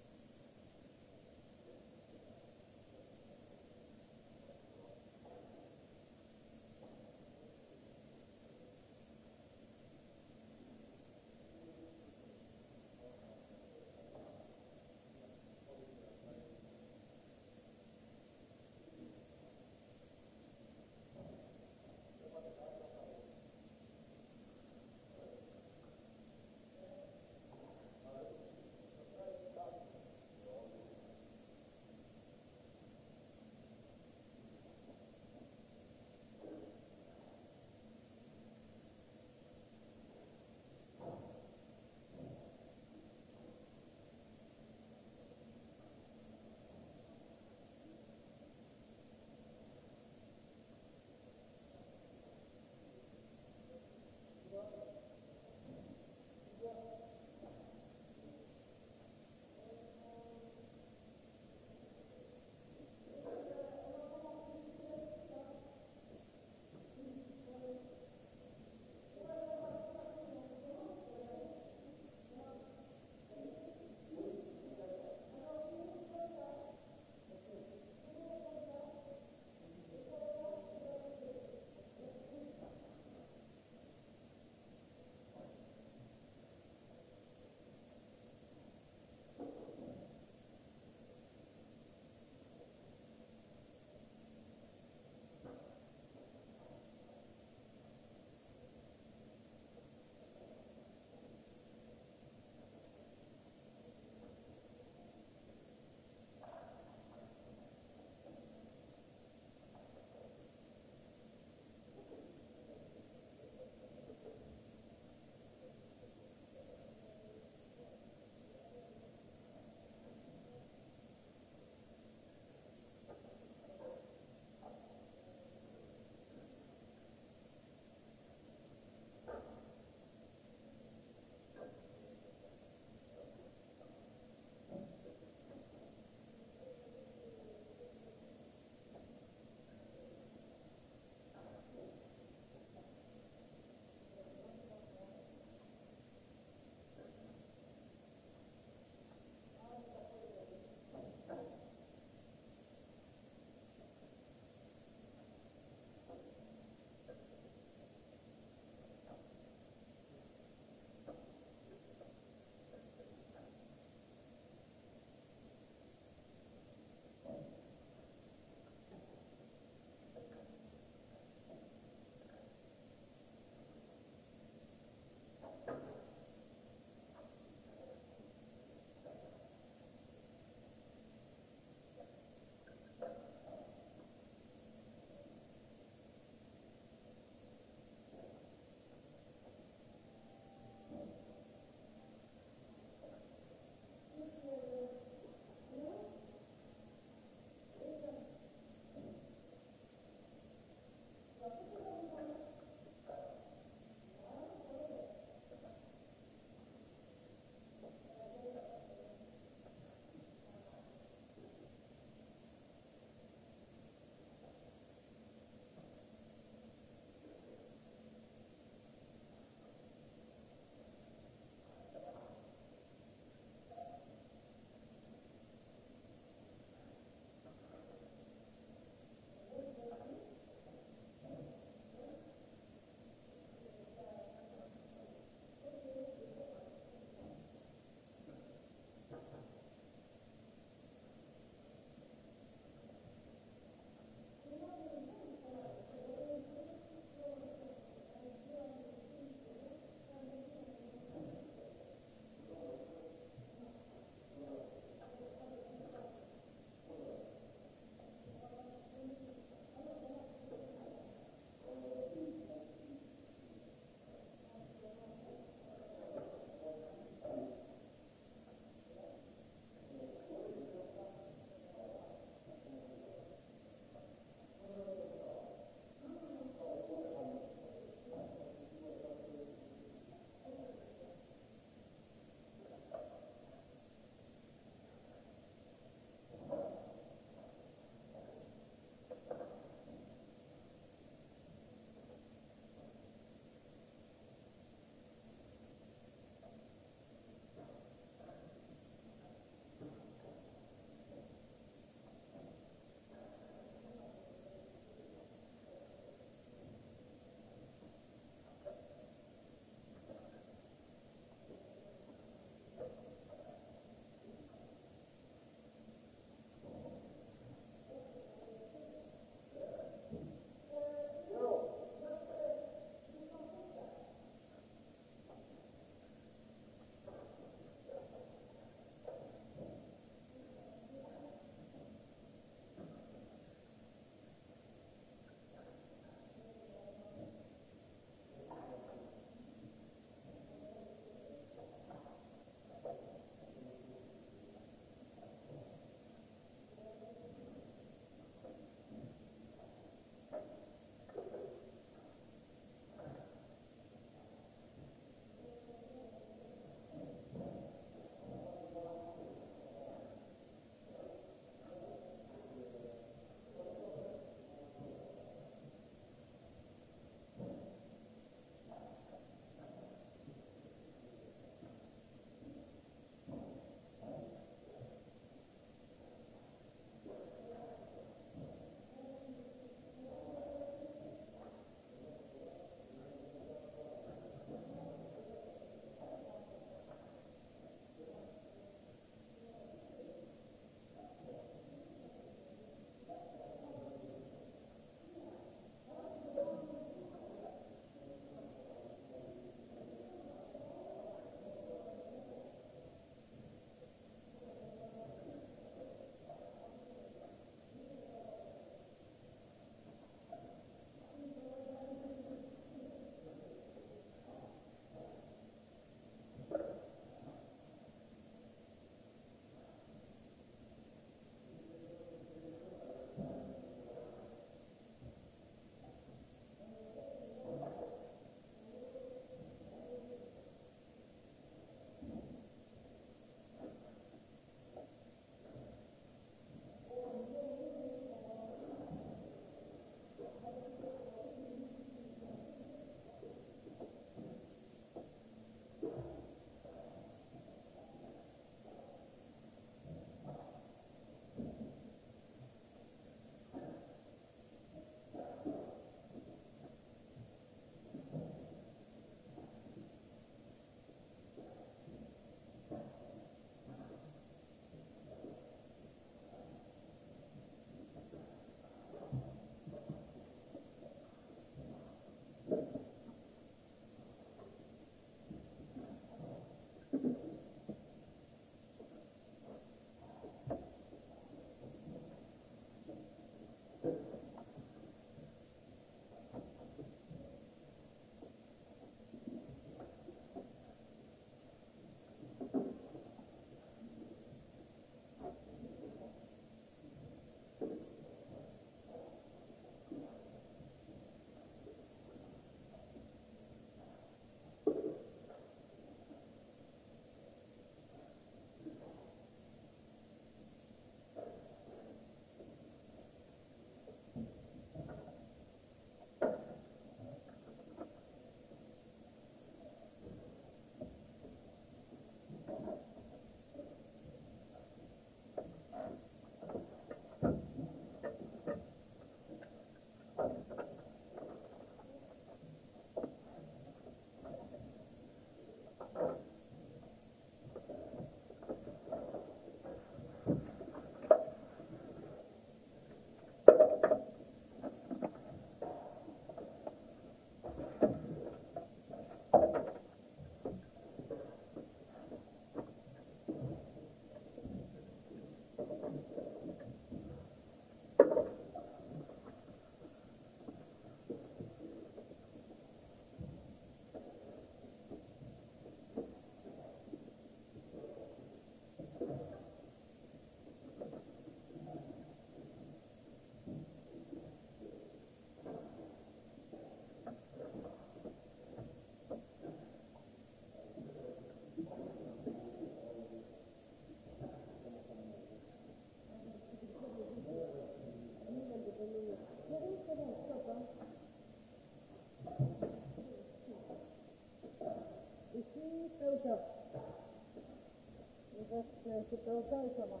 Jag ska ta upp det här.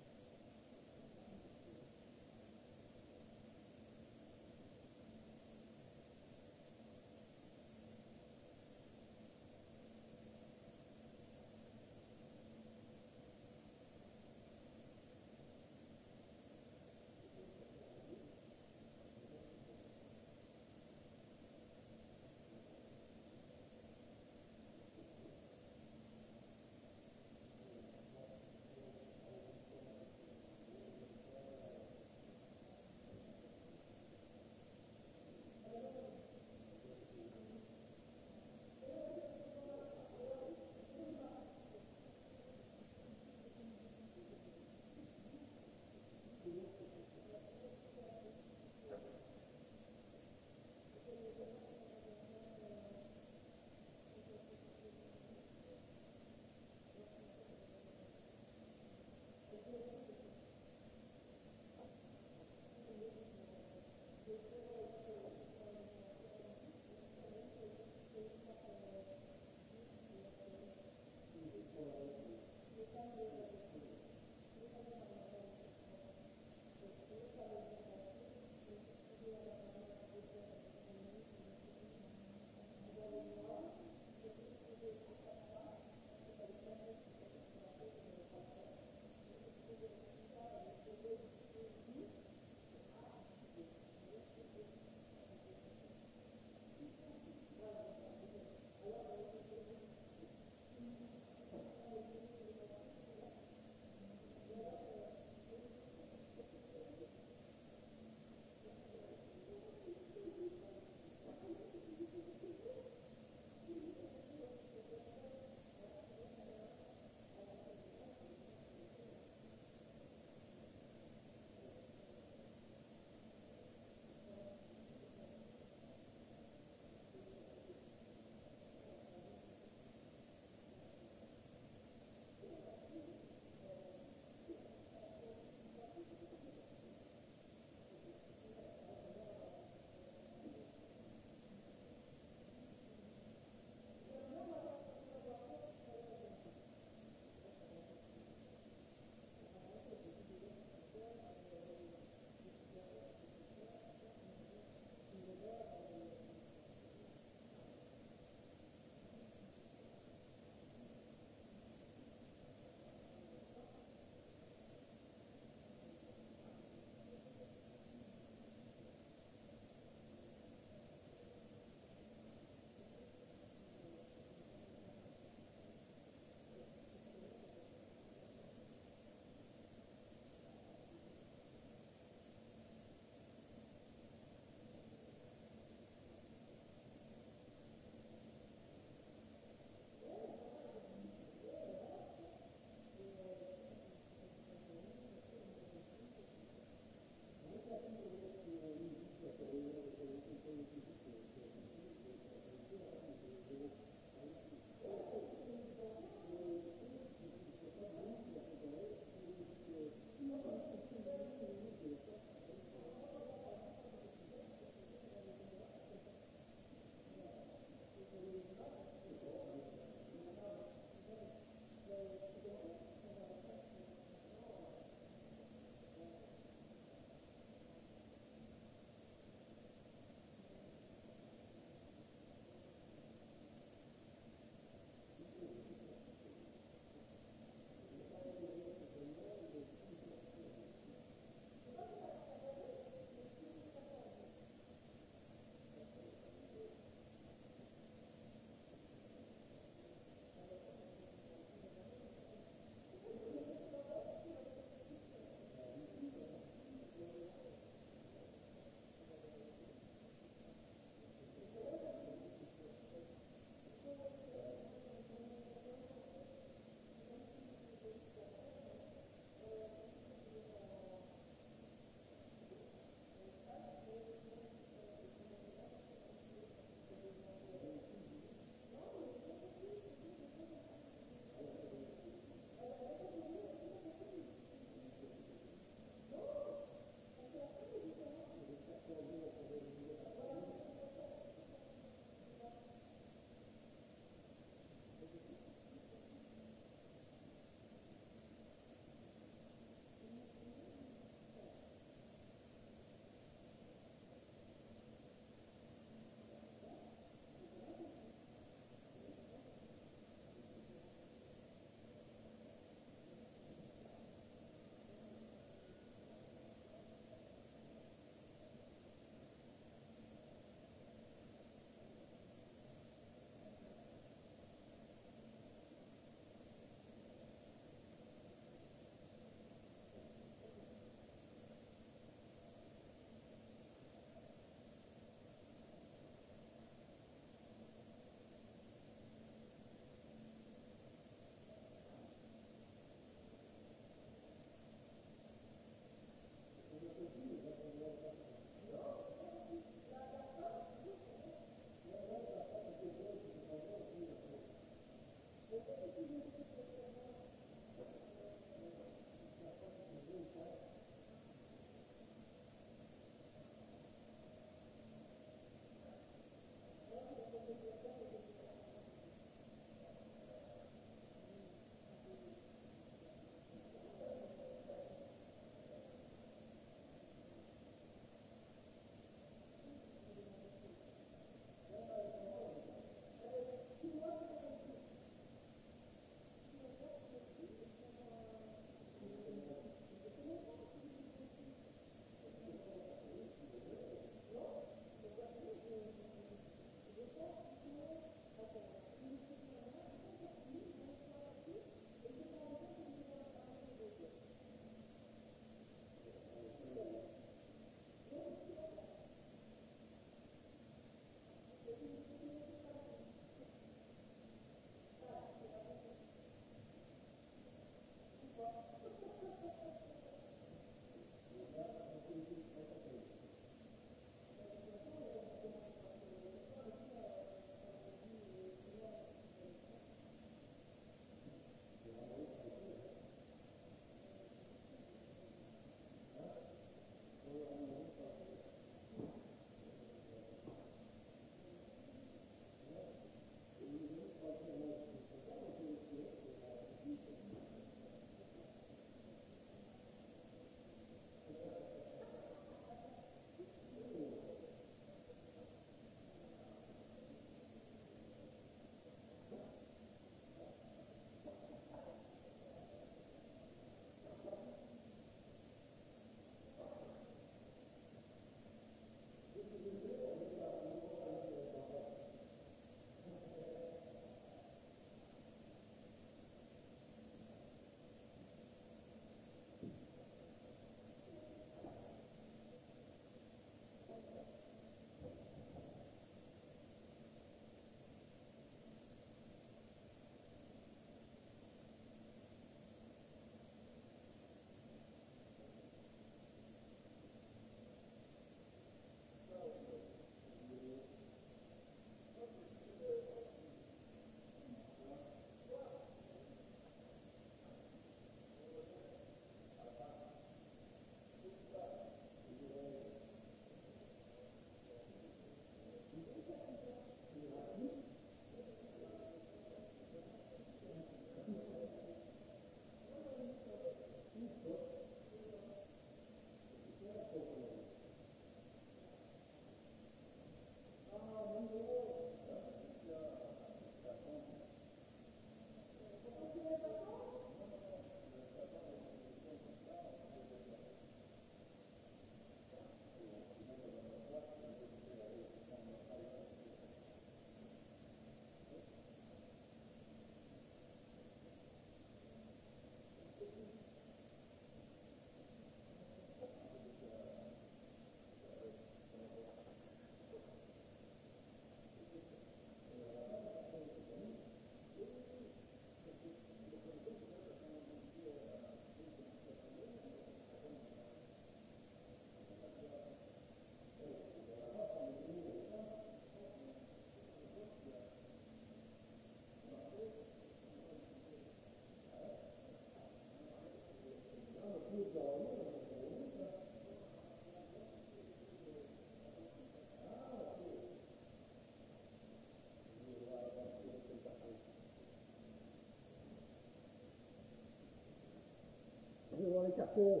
tako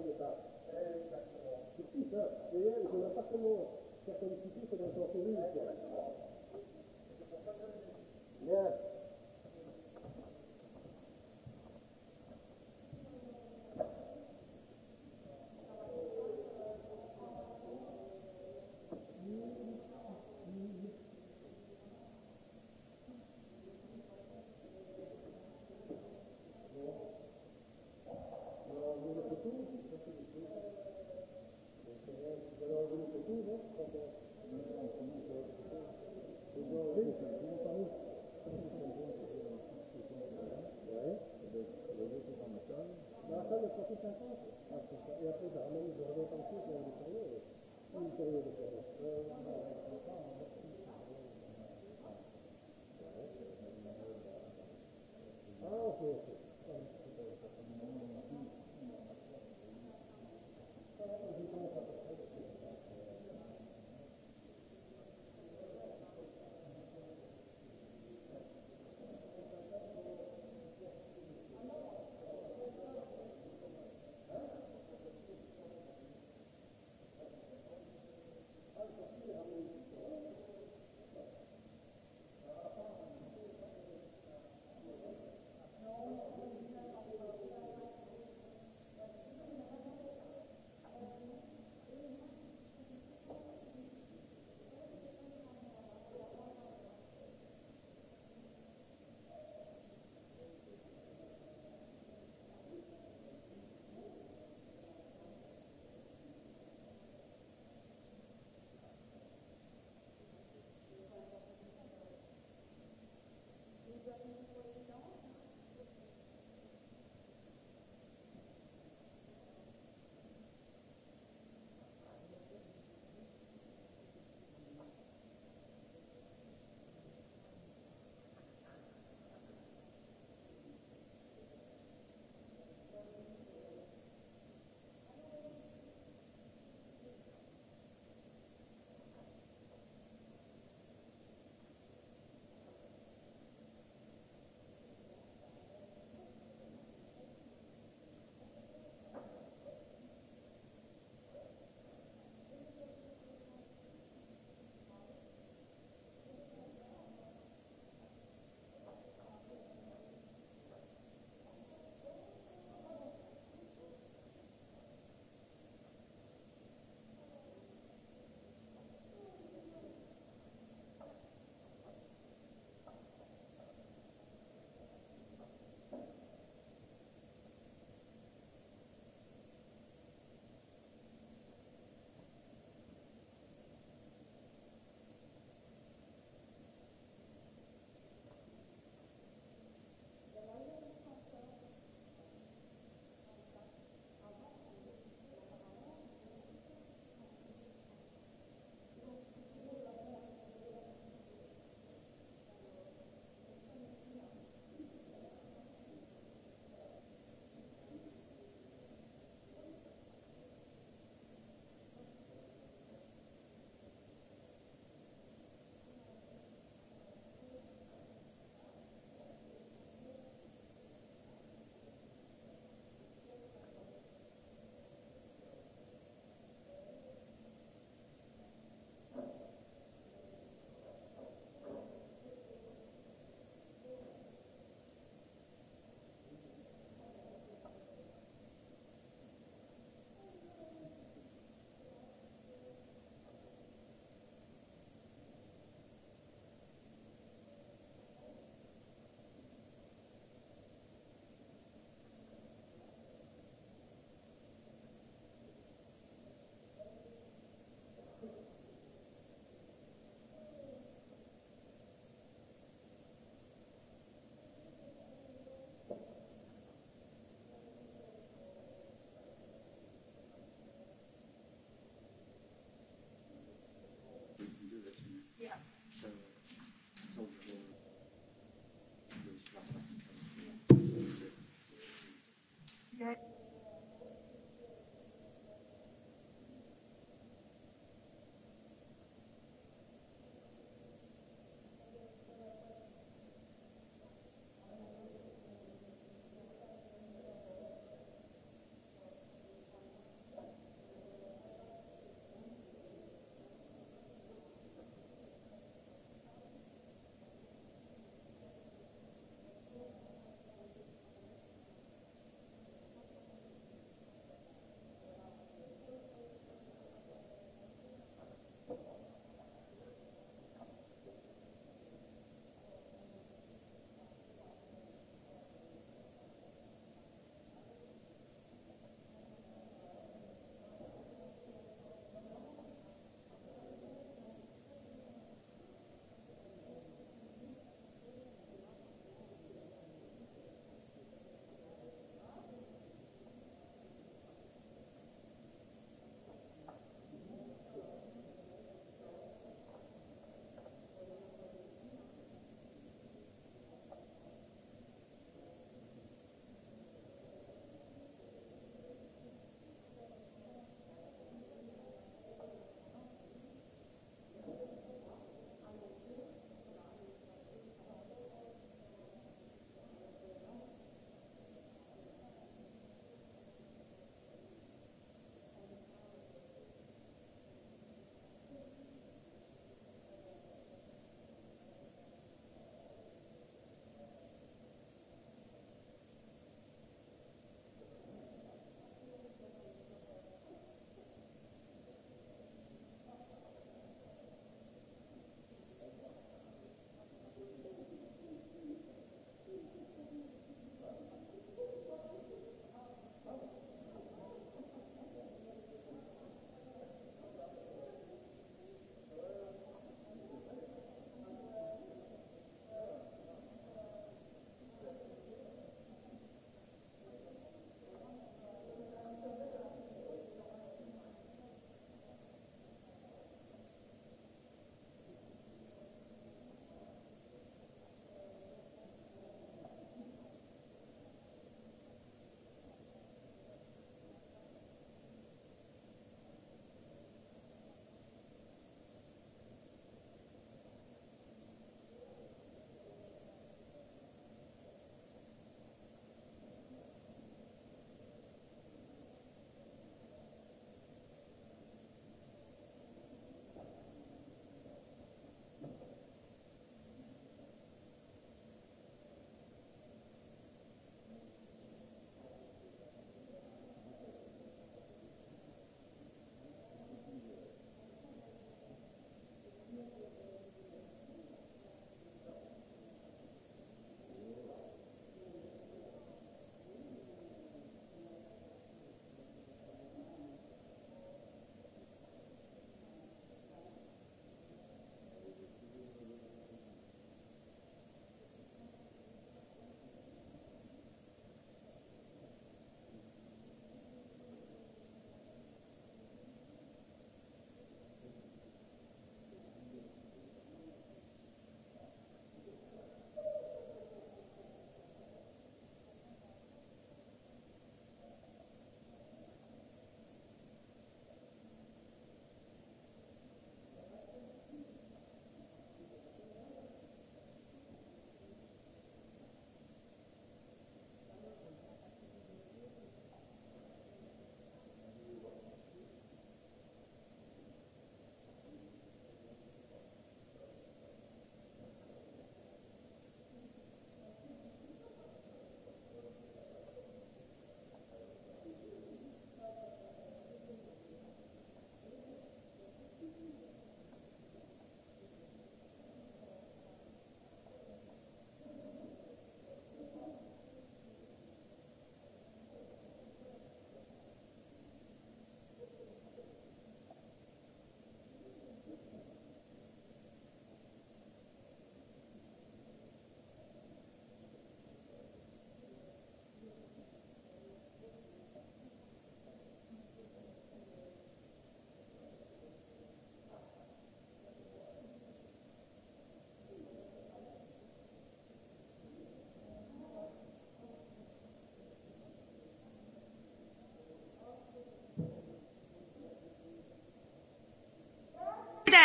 Ça, c'est ça. C'est tout ça. D'ailleurs, je n'ai pas comment certaines petites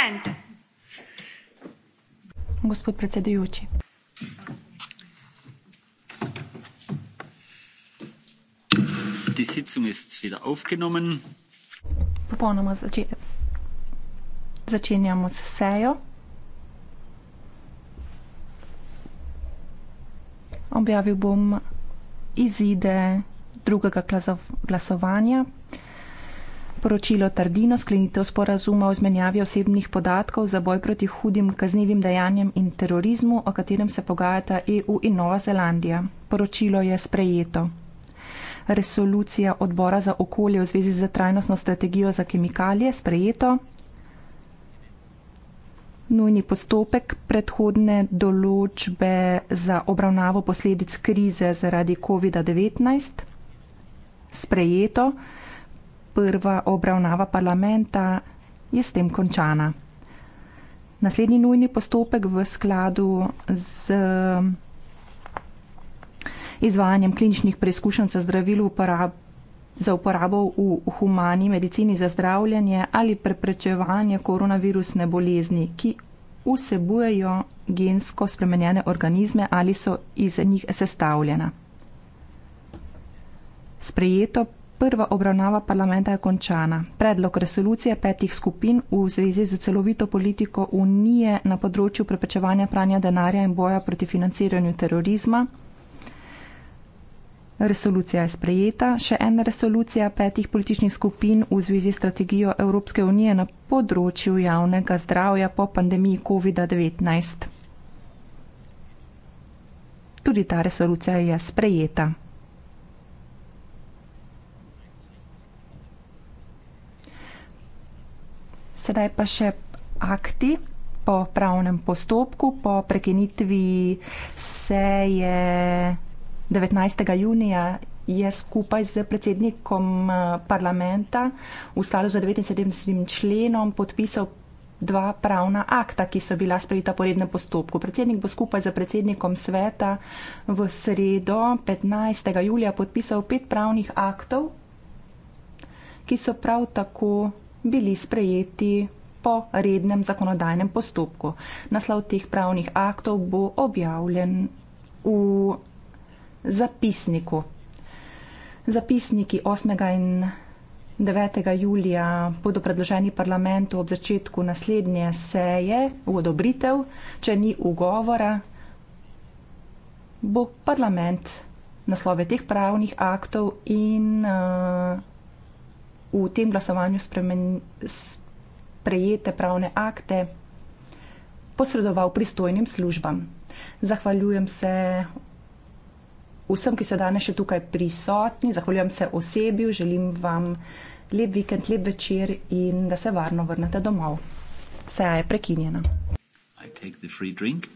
argumente. Gospod predsedujoči. Die Sitzung ist wieder aufgenommen. Popolnoma zači začenjamo s sejo. Objavil bom izide drugega glasov glasovanja poročilo trdino sklenitev sporazuma o izmenjavi osebnih podatkov za boj proti hudim kaznivim dejanjem in terorizmu, o katerem se pogajata EU in Nova Zelandija. Poročilo je sprejeto. Resolucija odbora za okolje v zvezi z trajnostno strategijo za kemikalije sprejeto. Nujni postopek predhodne določbe za obravnavo posledic krize zaradi COVID-19 sprejeto prva obravnava parlamenta je s tem končana. Naslednji nujni postopek v skladu z izvajanjem kliničnih preizkušenj za zdravil uporab, za uporabo v humani medicini za zdravljanje ali preprečevanje koronavirusne bolezni, ki vsebujejo gensko spremenjene organizme ali so iz njih sestavljena. Sprejeto Prva obravnava parlamenta je končana. Predlog resolucije petih skupin v zvezi z celovito politiko Unije na področju preprečevanja pranja denarja in boja proti financiranju terorizma. Resolucija je sprejeta. Še ena resolucija petih političnih skupin v zvezi s strategijo Evropske unije na področju javnega zdravja po pandemiji COVID-19. Tudi ta resolucija je sprejeta. Sedaj pa še akti po pravnem postopku. Po prekinitvi se je 19. junija je skupaj z predsednikom eh, parlamenta v skladu z 79. členom podpisal dva pravna akta, ki so bila sprejeta po rednem postopku. Predsednik bo skupaj z predsednikom sveta v sredo 15. julija podpisal pet pravnih aktov, ki so prav tako bili sprejeti po rednem zakonodajnem postopku. Naslov teh pravnih aktov bo objavljen v zapisniku. Zapisniki 8. in 9. julija bodo predloženi parlamentu ob začetku naslednje seje v odobritev. Če ni ugovora, bo parlament naslove teh pravnih aktov in uh, v tem glasovanju sprejete pravne akte posredoval pristojnim službam. Zahvaljujem se vsem, ki so danes še tukaj prisotni, zahvaljujem se osebju, želim vam lep vikend, lep večer in da se varno vrnete domov. Seja je prekinjena. I take the free drink.